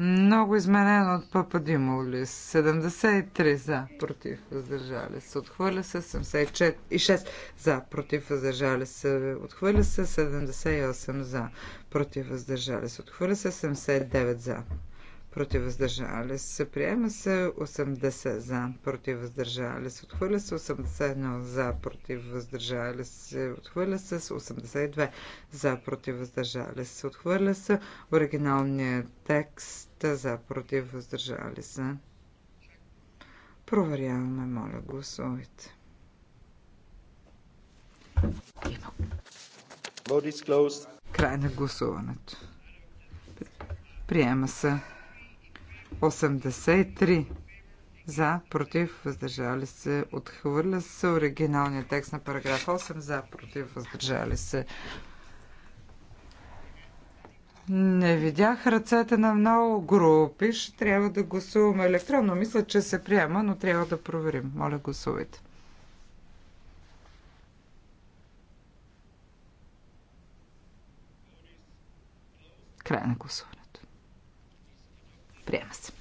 Много изменено от Папа Димолис. 73 за, против, въздържали се. Отхвърля се 76 за, против, въздържали се. Отхвърля се 78 за, против, въздържали се. Отхвърля се 79 за, против въздържали се. Приема се 80 за, против въздържали се. Отхвърля се 81 за, против въздържали се. Отхвърля се 82 за, против въздържали се. Отхвърля се оригиналният текст за, против въздържали се. Проверяваме, моля, гласувайте. Край на гласуването. Приема се. 83 за, против, въздържали се, отхвърля се оригиналния текст на параграф 8 за, против, въздържали се. Не видях ръцете на много групи. Ще трябва да гласуваме електронно. Мисля, че се приема, но трябва да проверим. Моля, гласувайте. Край на гласуване. Приема се.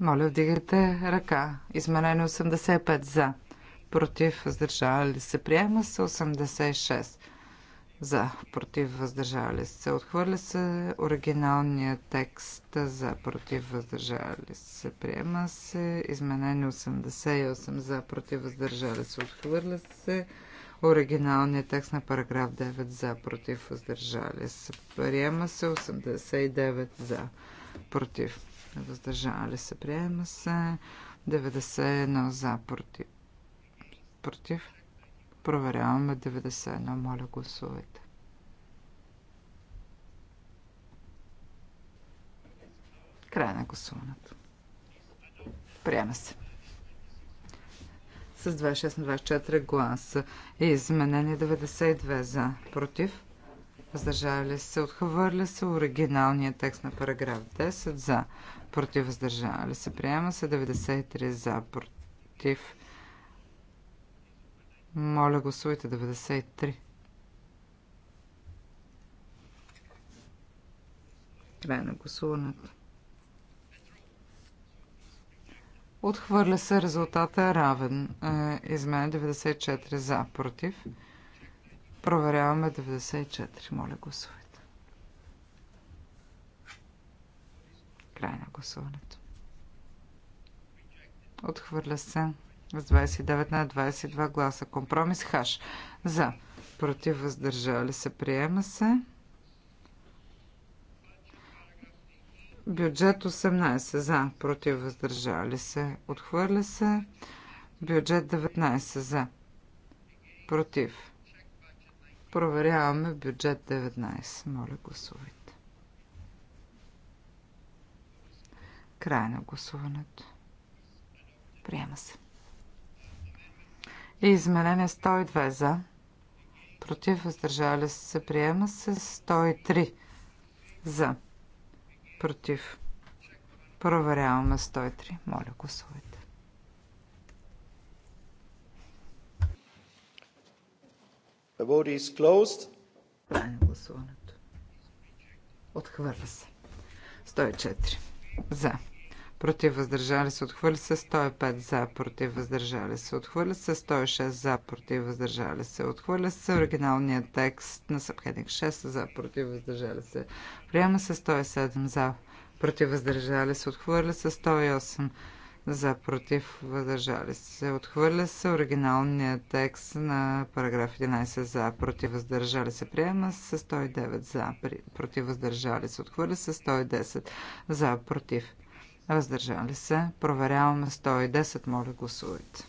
Моля, вдигайте ръка. Изменение 85 за. Против, въздържали се. Приема се 86 за. Против, въздържали се. Отхвърля се оригиналния текст за. Против, въздържали се. Приема се. Изменение 88 за. Против, въздържали се. Отхвърля се. Оригиналният текст на параграф 9 за, против, въздържали се. Приема се 89 за, против, въздържали се. Приема се 91 за, против. Против. Проверяваме 91. Моля, гласувайте. Край на гласуването. Приема се с 26 на 24 гласа. И изменение 92 за. Против. Въздържали се. Отхвърля се оригиналният текст на параграф 10 за. Против. Въздържали се. Приема се 93 за. Против. Моля, гласуйте 93. Край на гласуването. Отхвърля се резултата е равен. Е, Измен 94 за, против. Проверяваме 94. Моля, гласувайте. Край на гласуването. Отхвърля се с 29 на 22 гласа. Компромис Хаш. За. Против въздържали се. Приема се. Бюджет 18 за, против въздържали се, отхвърля се. Бюджет 19 за, против. Проверяваме бюджет 19. Моля, гласувайте. Край на гласуването. Приема се. И изменение 102 за. Против въздържали се. Приема се 103 за Против. Проверяваме 103. Моля, гласувайте. The vote is closed. на гласуването. Отхвърля се. 104. За против въздържали се, отхвърля се 105 за, против въздържали се, отхвърля се 106 за, против въздържали се, отхвърля се оригиналният текст на събхедник 6 за, против въздържали се, приема се 107 за, против въздържали се, отхвърля се 108 за, против въздържали се, отхвърля се оригиналният текст на параграф 11 за, против въздържали се, приема се 109 за, против въздържали се, отхвърля се 110 за, против въздържали се. Проверяваме 110, моля гласувайте.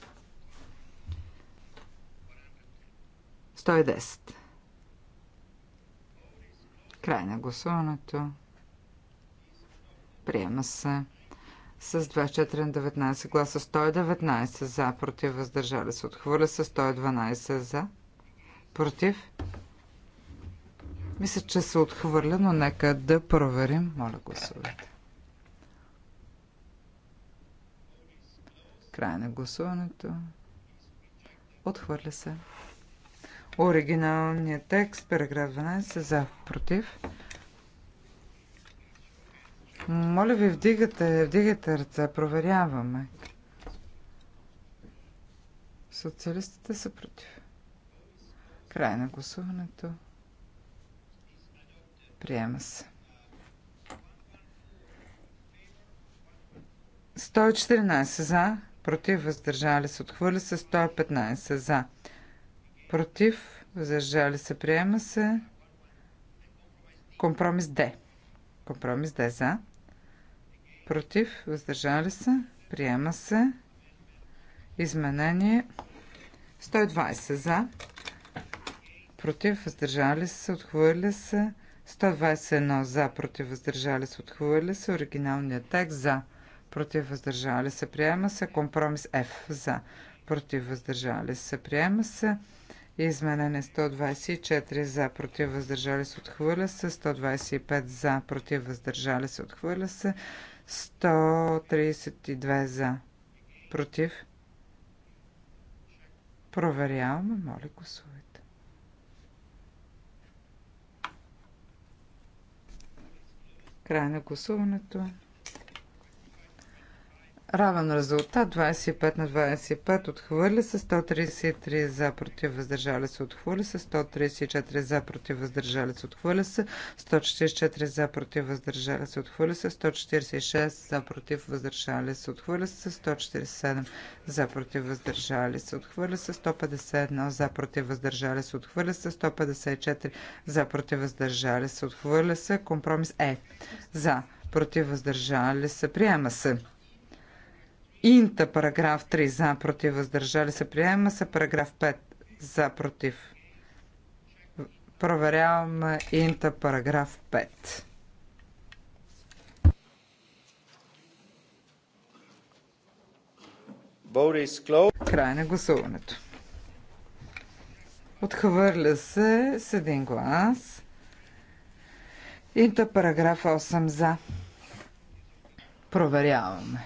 110. Край на гласуването. Приема се с 24 на 19 гласа 119 за, против въздържали се. Отхвърля се 112 за, против. Мисля, че се отхвърля, но нека да проверим. Моля, гласувайте. Край на гласуването. Отхвърля се. Оригиналният текст, параграф 12, е за, против. Моля ви, вдигате, вдигате ръце, проверяваме. Социалистите са против. Край на гласуването. Приема се. 114 за, против, въздържали се, отхвърля се 115 за, против, въздържали се, приема се компромис Д. Компромис Д за, против, въздържали се, приема се изменение 120 за, против, въздържали се, отхвърля се 121 за, против, въздържали се, отхвърля се оригиналният текст за против въздържали се, приема се. Компромис F за, против въздържали се, приема се. Изменение 124 за, против въздържали се, отхвърля се. 125 за, против въздържали се, отхвърля се. 132 за, против. Проверяваме, моля гласувайте. Край на гласуването. Равен резултат 25 на 25 отхвърля се 133 за против въздържали се отхвърля се 134 за против въздържали се отхвърля се 144 за против въздържали се отхвърля се 146 за против въздържали се отхвърля се 147 за против въздържали се отхвърля се 151 за против въздържали се отхвърля се 154 за против въздържали се отхвърля се компромис Е за против въздържали се приема се Инта параграф 3 за против въздържали се приема се. Параграф 5 за против. Проверяваме Инта параграф 5. Край на гласуването. Отхвърля се с един глас. Инта параграф 8 за. Проверяваме.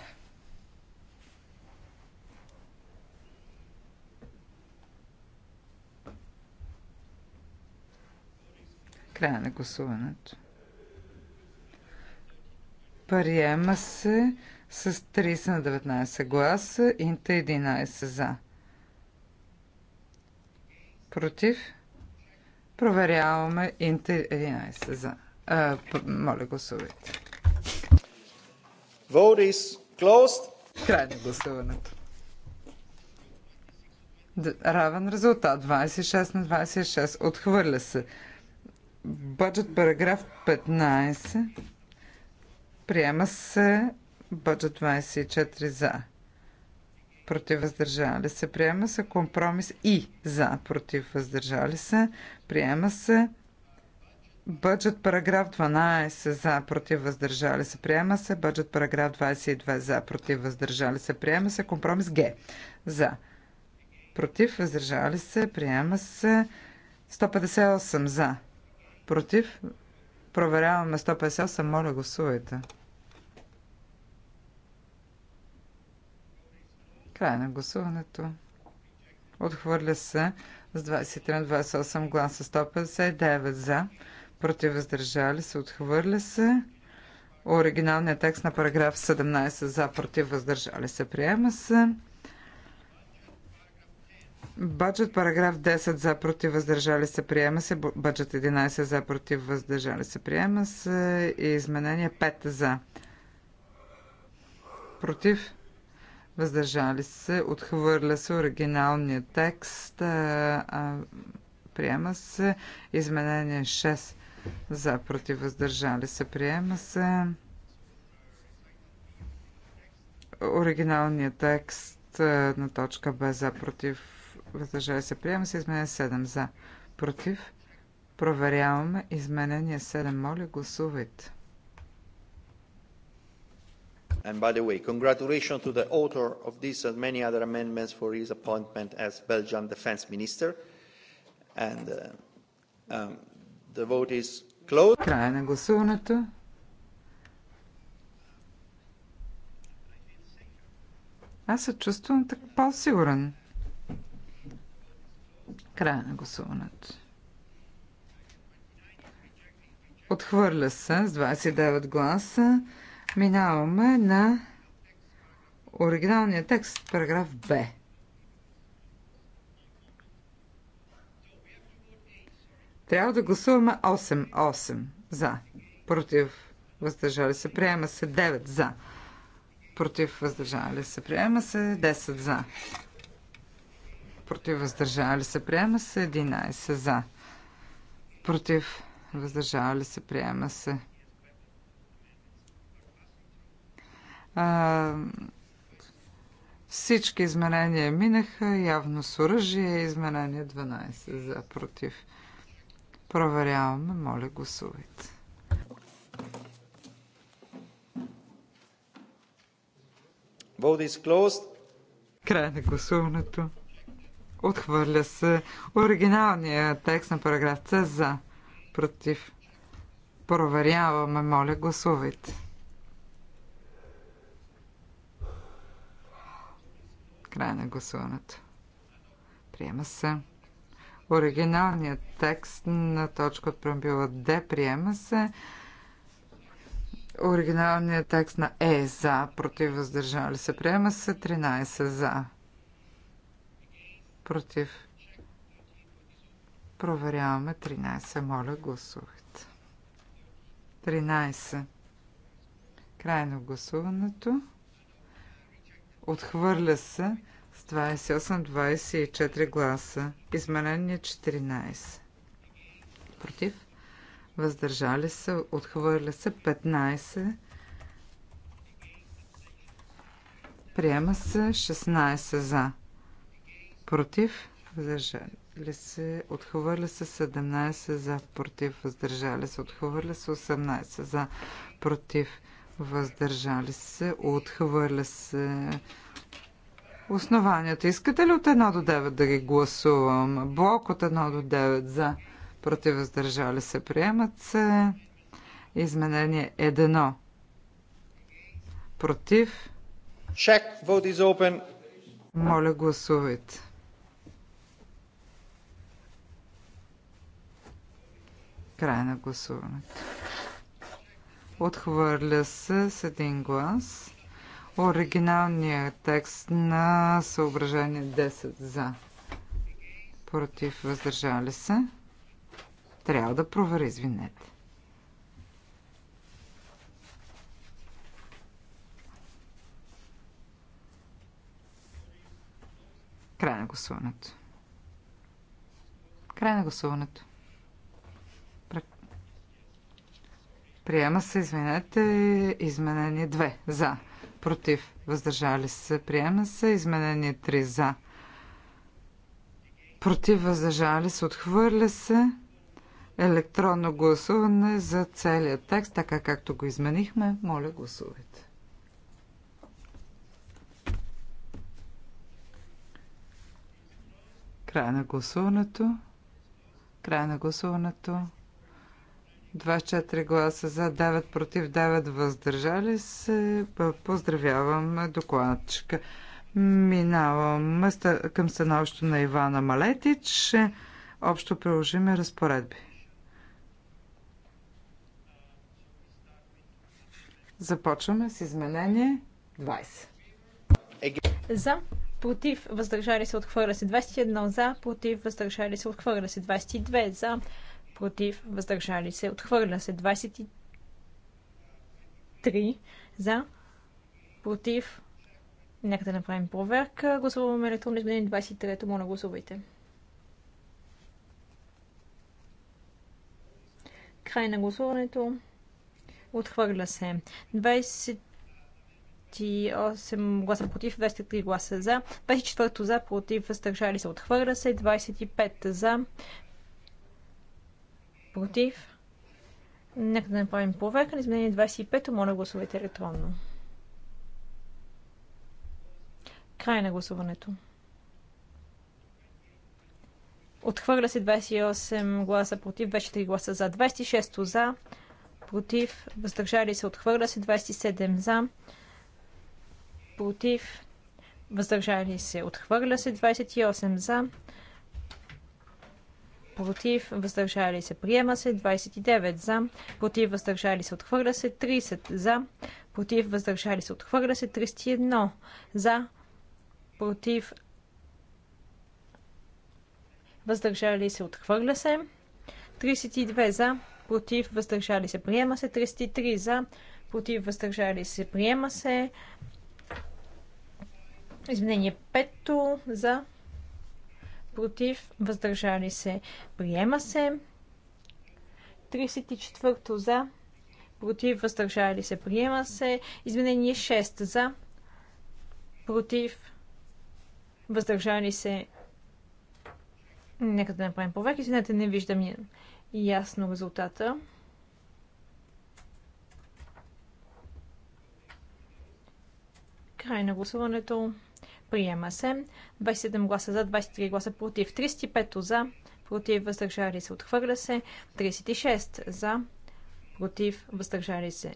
Края на гласуването. Приема се с 30 на 19 гласа, Инта 11 за. Против? Проверяваме Инта 11 за. А, моля, гласувайте. Vote is closed. Край на гласуването. Равен резултат 26 на 26. Отхвърля се. Бъджет параграф 15. Приема се бъджет 24 за. Против въздържали се. Приема се компромис и за. Против въздържали се. Приема се Бъджет параграф 12 за против въздържали се приема се. Бъджет параграф 22 за против въздържали се приема се. Компромис Г за против въздържали се приема се. 158 за Против? Проверяваме 158. Моля, гласувайте. Край на гласуването. Отхвърля се с 23 28 гласа 159 за. Против въздържали се. Отхвърля се. Оригиналният текст на параграф 17 за. Против въздържали се. Приема се. Баджет параграф 10 за против въздържали се приема се. Баджет 11 за против въздържали се приема се. И изменение 5 за. Против въздържали се. Отхвърля се оригиналния текст. А, а, приема се. Изменение 6 за против въздържали се приема се. Оригиналният текст на точка Б за против въздържали се, приема се. Изменение 7 за, против. Проверяваме изменение 7. Моля, гласувайте. And by the way, congratulations to the author of this and many other amendments for his appointment as Belgian Defense Minister. And uh, um, the vote is closed. Края на гласуването. Аз се чувствам така по-сигурен. Края на гласуването. Отхвърля се с 29 гласа. Минаваме на оригиналния текст, параграф Б. Трябва да гласуваме 8. 8 за. Против. Въздържали се. Приема се 9 за. Против. Въздържали се. Приема се 10 за против, въздържали се, приема се. 11 за, против, въздържали се, приема се. А, всички изменения минаха, явно с оръжие, изменение 12 за, против. Проверяваме, моля гласувайте. Vote is closed. Край на гласуването. Отхвърля се оригиналния текст на параграф С за. Против. Проверяваме, моля, гласувайте. Край на гласуването. Приема се. Оригиналният текст на точка от промбила Д приема се. Оригиналният текст на Е за, против въздържали се, приема се 13 за против. Проверяваме 13. Моля, гласувайте. 13. Край на гласуването. Отхвърля се с 28-24 гласа. Изменение 14. Против. Въздържали се. Отхвърля се 15. Приема се 16 за против, въздържали се, отхвърля се 17 за, против, въздържали се, отхвърля се 18 за, против, въздържали се, отхвърля се основанията. Искате ли от 1 до 9 да ги гласувам? Блок от 1 до 9 за, против, въздържали се, приемат се. Изменение 1. Против. Check. Vote is open. Моля, гласувайте. Край на гласуването. Отхвърля се с един глас. Оригиналният текст на съображение 10 за. Против въздържали се. Трябва да проверя, извинете. Край на гласуването. Край на гласуването. Приема се, извинете, изменение 2 за. Против. Въздържали се. Приема се. Изменение 3 за. Против. Въздържали се. Отхвърля се. Електронно гласуване за целия текст, така както го изменихме. Моля, гласувайте. Край на гласуването. Край на гласуването. 24 гласа за, 9 против, 9 въздържали се. Поздравявам докладчика. Минавам към становището на Ивана Малетич. Общо приложиме разпоредби. Започваме с изменение 20. За, против, въздържали се, отхвърля се 21. За, против, въздържали се, отхвърля се 22. За, против, въздържали се, отхвърля се. 23 за, против, нека да направим проверка. Гласуваме електронно изменение 23-то, моля гласувайте. Край на гласуването. Отхвърля се. 20 28 гласа против, 23 гласа за, 24 за, против, въздържали се, отхвърля се, 25 за, Против? Нека да направим проверка на изменение 25. Моля, гласувайте електронно. Край на гласуването. Отхвърля се 28 гласа против, 24 гласа за, 26 за, против, въздържали се, отхвърля се 27 за, против, въздържали се, отхвърля се 28 за, против, въздържали се, приема се, 29 за, против, въздържали се, отхвърля се, 30 за, против, въздържали се, отхвърля се, 31 за, против, въздържали се, отхвърля се, 32 за, против, въздържали се, приема се, 33 за, против, въздържали се, приема се, изменение 5 за, против, въздържали се, приема се. 34 за, против, въздържали се, приема се. Изменение 6 за, против, въздържали се. Нека да направим повек. Извинете, не виждам ясно резултата. Край на гласуването. Приема се. 27 гласа за, 23 гласа против, 35 за, против, въздържали се, отхвърля се. 36 за, против, въздържали се,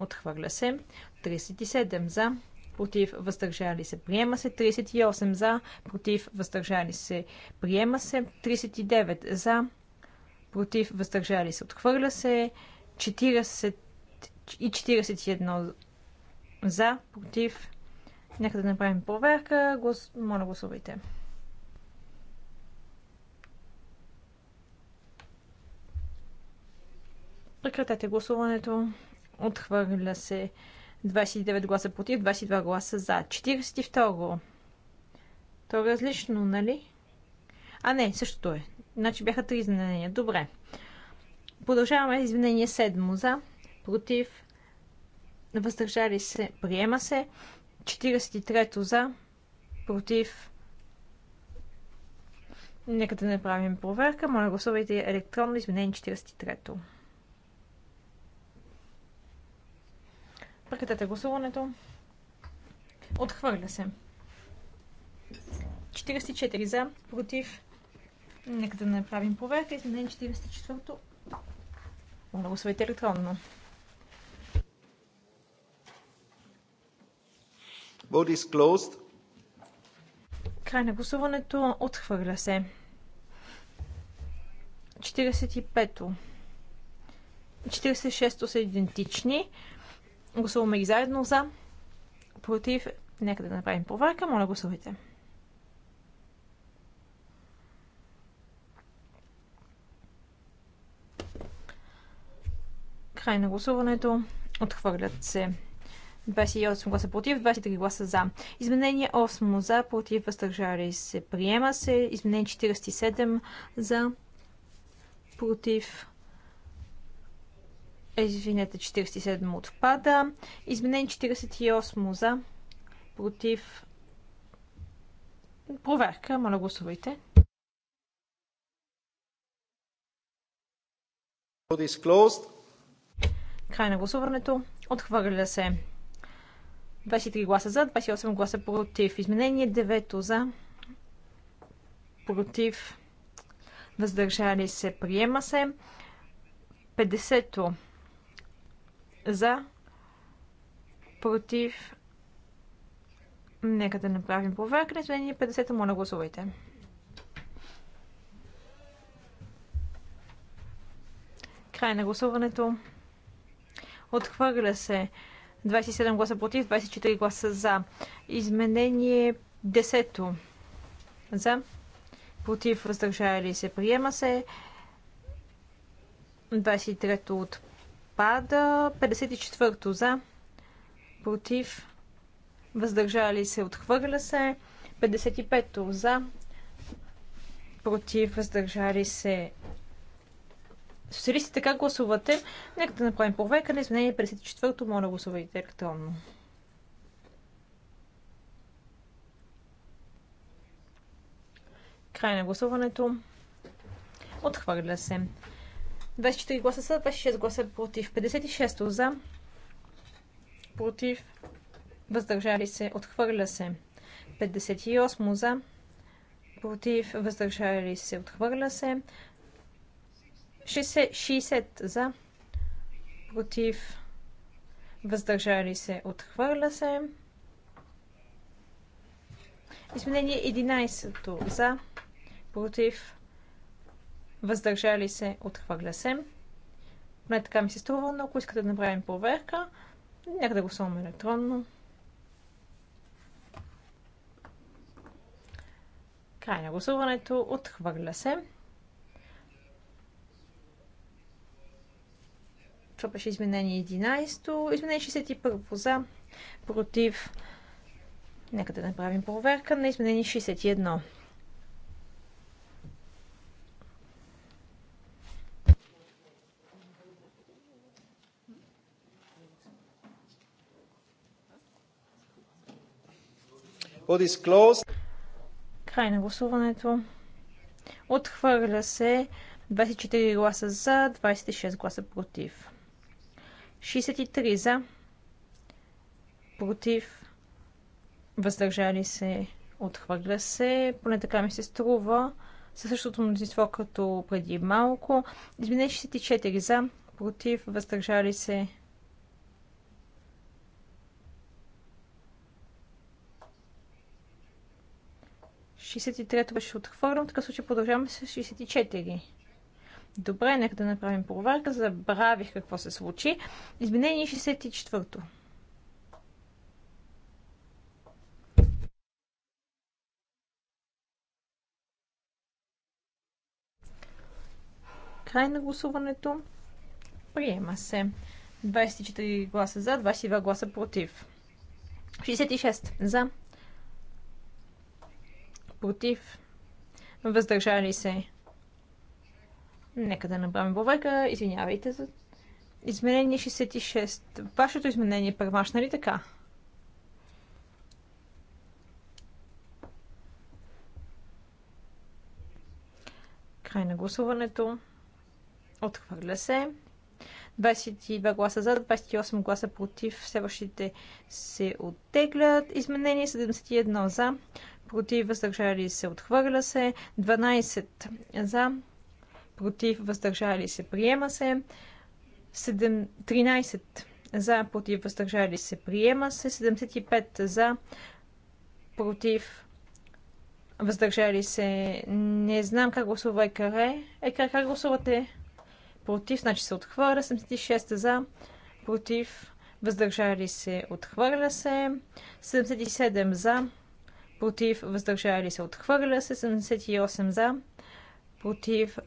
отхвърля се. 37 за, против, въздържали се, приема се. 38 за, против, въздържали се, приема се. 39 за, против, въздържали се, отхвърля се. 40 и 41 за, против, Нека да направим проверка. Глас... Моля, гласувайте. Прекратете гласуването. Отхвърля се 29 гласа против, 22 гласа за. 42. То е различно, нали? А не, същото е. Значи бяха три изменения. Добре. Продължаваме изменение 7 за, против, въздържали се, приема се. 43-то за, против. Нека да направим проверка. Моля, гласувайте електронно изменение 43-то. Прекратете гласуването. Отхвърля се. 44 за, против. Нека да направим проверка. Изменение 44-то. Моля, гласувайте електронно. Vote is closed. Край на гласуването. Отхвърля се. 45-то. 46-то са идентични. Гласуваме ги заедно за. Против. Нека да направим проверка. Моля, гласувайте. Край на гласуването. Отхвърлят се 28 гласа против, 23 гласа за. Изменение 8 за, против, въздържали се. Приема се. Изменение 47 за, против. Извинете, 47 отпада. Изменение 48 за, против. Проверка, моля гласувайте. Край на гласуването. Отхвърля се. 23 гласа за, 28 гласа против. Изменение 9 за, против, въздържали се, приема се. 50 за, против. Нека да направим проверка. Изменение 50, моля гласувайте. Край на гласуването. Отхвърля се 27 гласа против, 24 гласа за. Изменение 10 за. Против, въздържали се, приема се. 23-то отпада. 54-то за. Против, въздържали се, отхвърля се. 55-то за. Против, въздържали се, Социалистите как гласувате? Нека да направим проверка на изменение 54-то. Моля, гласувайте електронно. Край на гласуването. Отхвърля се. 24 гласа са, 26 гласа против, 56 за, против, въздържали се, отхвърля се. 58 за, против, въздържали се, отхвърля се. 60, за, против, въздържали се, отхвърля се. Изменение 11 за, против, въздържали се, отхвърля се. Не така ми се струва, но ако искате да направим проверка, нека да гласуваме електронно. Край на гласуването, отхвърля се. Това беше изменение 11. Изменение 61 за, против. Нека да направим проверка на изменение 61. Край на гласуването. Отхвърля се 24 гласа за, 26 гласа против. 63 за, против, въздържали се, отхвърля се, поне така ми се струва, със същото мнозинство като преди малко. Извинете, 64 за, против, въздържали се. Шестдесет и трето беше отхвърлено, така случай продължаваме с 64. Добре, нека да направим проверка. Забравих какво се случи. Изменение 64-то. Край на гласуването. Приема се. 24 гласа за, 22 гласа против. 66 за. Против. Въздържали се Нека да направим проверка. Извинявайте за... Изменение 66. Вашето изменение е първаш, ли така? Край на гласуването. Отхвърля се. 22 гласа за, 28 гласа против. Следващите се оттеглят. Изменение 71 за, против, въздържали се, отхвърля се. 12 за, против, въздържали се, приема се. 13 за, против, въздържали се, приема се. 75 за, против, въздържали се. Не знам как гласува Екаре. Екаре, как гласувате? Против, значи се отхвърля. 76 за, против, въздържали се, отхвърля се. 77 за, против, въздържали се, отхвърля се. 78 за, против,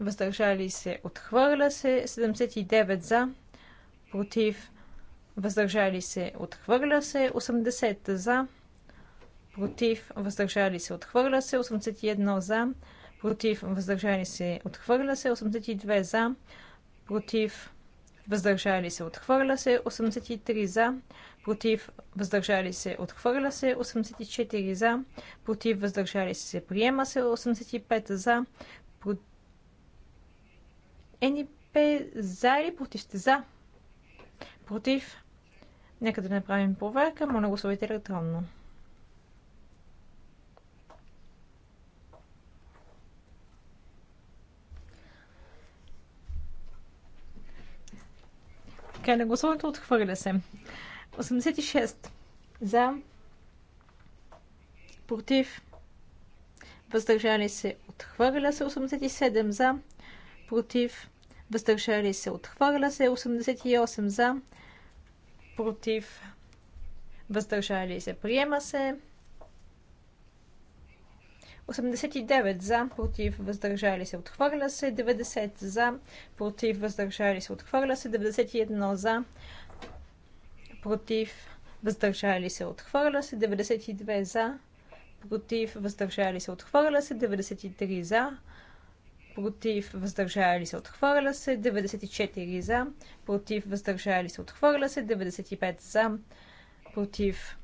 въздържали се, отхвърля се. 79 за, против, въздържали се, отхвърля се. 80 за, против, въздържали се, отхвърля се. 81 за, против, въздържали се, отхвърля се. 82 за, против, въздържали се, отхвърля се, 83 за, против, въздържали се, отхвърля се, 84 за, против, въздържали се, приема се, 85 за, НИП за или против сте за? Против? Нека да направим проверка. Моля гласувайте електронно. Така, на гласуването отхвърля се. 86 за против въздържали се отхвърля се 87 за против, въздържали се, отхвърля се. 88 за, против, въздържали се, приема се. 89 за, против, въздържали се, отхвърля се. 90 за, против, въздържали се, отхвърля се. 91 за, против, въздържали се, отхвърля се. 92 за, против, въздържали се, отхвърля се. 93 за, против, въздържали се, отхвърля се, 94 за, против, въздържали се, отхвърля се, 95 за, против,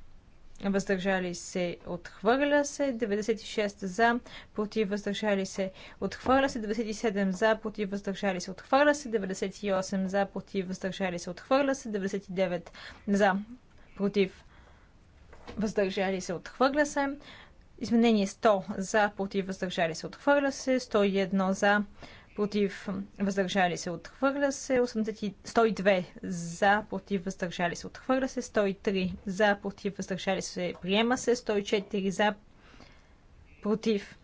въздържали се, отхвърля се, 96 за, против, въздържали се, отхвърля се, 97 за, против, въздържали се, отхвърля се, 98 за, против, въздържали се, отхвърля се, 99 за, против, въздържали се, отхвърля се, Изменение 100 за, против, въздържали се, отхвърля се. 101 за, против, въздържали се, отхвърля се. 102 за, против, въздържали се, отхвърля се. 103 за, против, въздържали се, приема се. 104 за, против,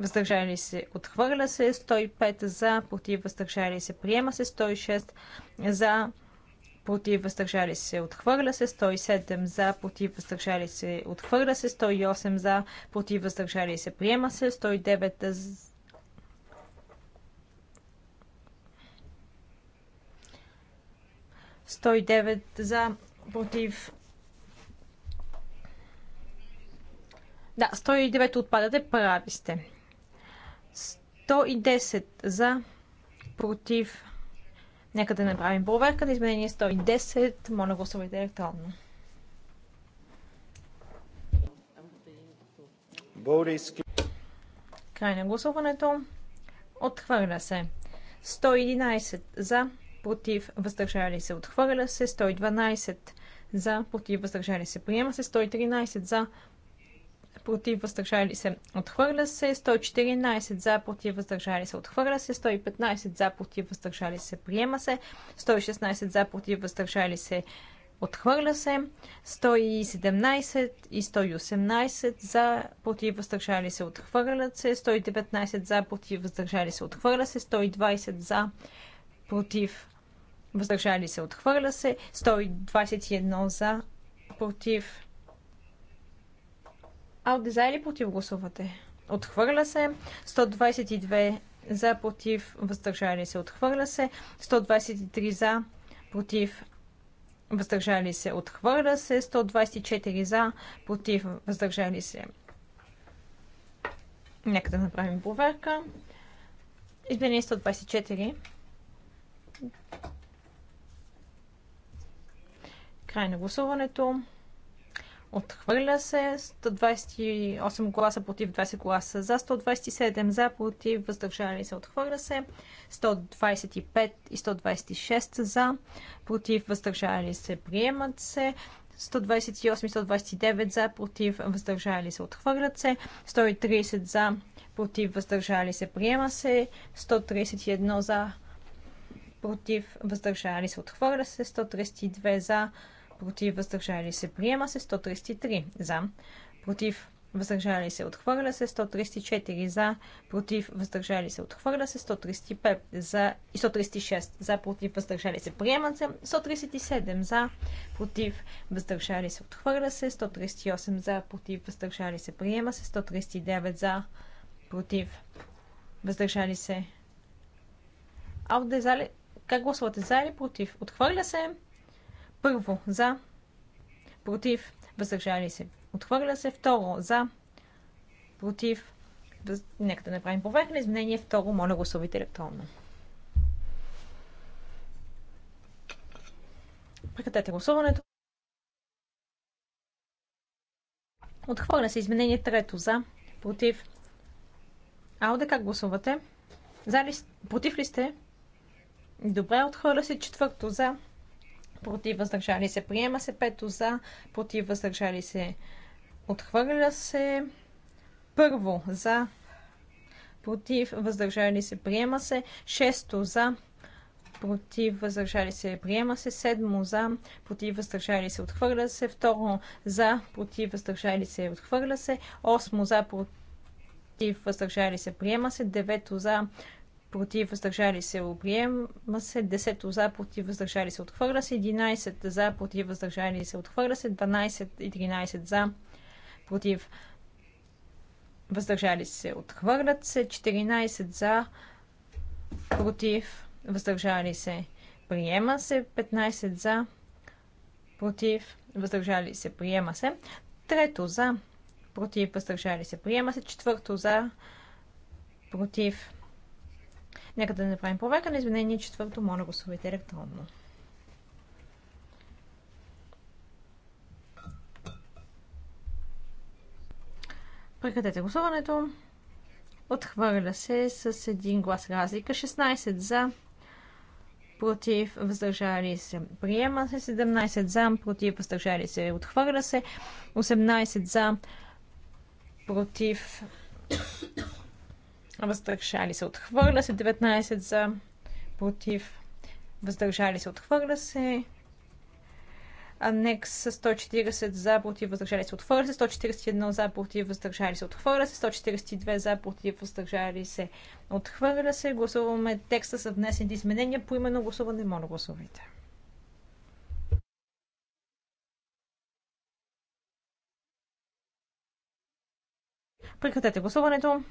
въздържали се, отхвърля се. 105 за, против, въздържали се, приема се. 106 за, против, против въздържали се, отхвърля се 107 за, против въздържали се, отхвърля се 108 за, против въздържали се, приема се 109 за. за, против... Да, 109 отпадате, прави сте. 110 за, против Нека да направим проверка на изменение 110. Моля, гласувайте електронно. Край на гласуването. Отхвърля се. 111 за, против, въздържали се. Отхвърля се. 112 за, против, въздържали се. Приема се. 113 за, против, въздържали се, отхвърля се. 114 за, против, въздържали се, отхвърля се. 115 за, против, въздържали се, приема се. 116 за, против, въздържали се, отхвърля се. 117 и 118 за, против, въздържали се, отхвърлят се. 119 за, против, въздържали се, отхвърля се. 120 за, против, въздържали се, отхвърля се. 121 за, против, Алде за или против гласувате? Отхвърля се. 122 за, против, въздържали се. Отхвърля се. 123 за, против, въздържали се. Отхвърля се. 124 за, против, въздържали се. Нека да направим проверка. Изменение 124. Край на гласуването. Отхвърля се 128 гласа против 20 гласа за, 127 за против, въздържали се. Отхвърля се 125 и 126 за против, въздържали се. Приемат се 128 и 129 за против, въздържали се. Отхвърлят се 130 за против, въздържали се. Приема се 131 за против, въздържали се. Отхвърля се 132 за против, въздържали се, приема се 133 за, против, въздържали се, отхвърля се 134 за, против, въздържали се, отхвърля се 135 за и 136 за, против, въздържали се, приемат се 137 за, против, въздържали се, отхвърля се 138 за, против, въздържали се, приема се 139 за, против, въздържали се. А от дезали... Как гласувате за или против? Отхвърля се първо, за, против, въздържали се. Отхвърля се. Второ, за, против, въз... нека да направим проверка на изменение. Второ, моля гласувайте електронно. Прекратете гласуването. Отхвърля се изменение трето за, против. да как гласувате? За ли, против ли сте? Добре, отхвърля се четвърто за, против въздържали се. Приема се пето за, против въздържали се. Отхвърля се първо за, против въздържали се. Приема се шесто за, против въздържали се. Приема се седмо за, против въздържали се. Отхвърля се второ за, против въздържали се. Отхвърля се осмо за, против въздържали се. Приема се девето за, против, въздържали се, приема се. 10 за, против, въздържали се, отхвърля се. 11 за, против, въздържали се, отхвърля се. 12 и 13 за, против, въздържали се, отхвърлят се. 14 за, против, въздържали се, приема се. 15 за, против, въздържали се, приема се. Трето за, против, въздържали се, приема се. Четвърто за, против, Нека да направим повека на изменение четвърто. Моля, гласувайте електронно. Прекратете гласуването. Отхвърля се с един глас разлика. 16 за, против, въздържали се. Приема се 17 за, против, въздържали се. Отхвърля се 18 за, против, въздържали се, отхвърля се, 19 за, против, въздържали се, отхвърля се, Анекс 140 за против въздържали се отхвърля се, 141 за против въздържали се отхвърля се, 142 за против въздържали се отхвърля се. Гласуваме текста с внесените изменения. По именно гласуване, моля гласувайте. Прекратете гласуването.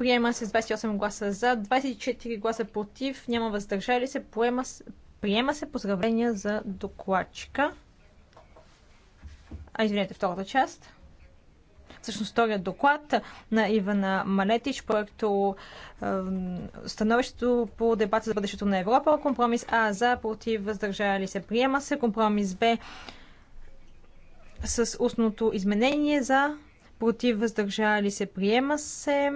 Приема се с 28 гласа за, 24 гласа против, няма въздържали се. Поема, приема се поздравления за докладчика. А, извинете, втората част всъщност вторият доклад на Ивана Малетич, проекто становището по дебата за бъдещето на Европа. Компромис А за, против, въздържали се, приема се. Компромис Б с устното изменение за, против, въздържали се, приема се.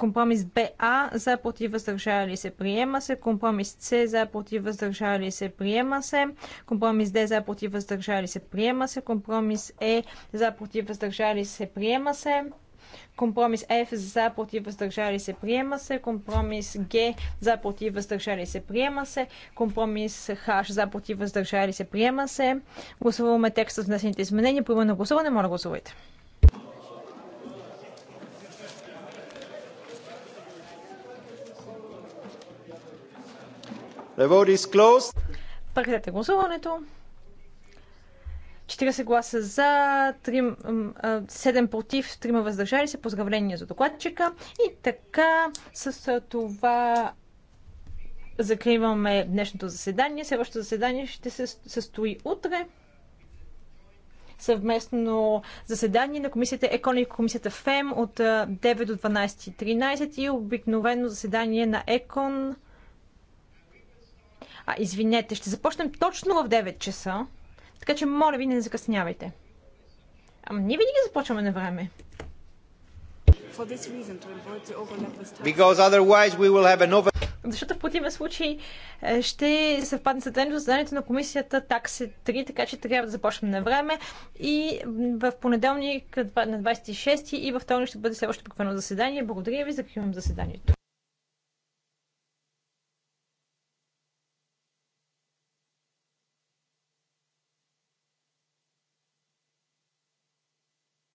Компромис БА за против въздържали се приема се. Компромис С за против въздържали се приема се. Компромис Д за против въздържали се приема се. Компромис Е за против въздържали се приема се. Компромис F за против въздържали се приема се. Компромис Г за против въздържали се приема се. Компромис H за против въздържали се приема се. Гласуваме текста с внесените изменения. Първо на гласуване, моля гласувайте. The vote is closed. Прекратете гласуването. 40 гласа за, 3, 7 против, 3 въздържали се. Поздравления за докладчика. И така, с това закриваме днешното заседание. Следващото заседание ще се състои утре. Съвместно заседание на комисията ЕКОН и комисията ФЕМ от 9 до 12.13 и обикновено заседание на ЕКОН а, извинете, ще започнем точно в 9 часа, така че моля ви не закъснявайте. Ама ние винаги започваме на време. Защото в противен случай е, ще съвпадне за заданието на комисията такси 3, така че трябва да започнем на време. И в понеделник на 26 и във вторник ще бъде следващото поквено заседание. Благодаря ви, закривам заседанието.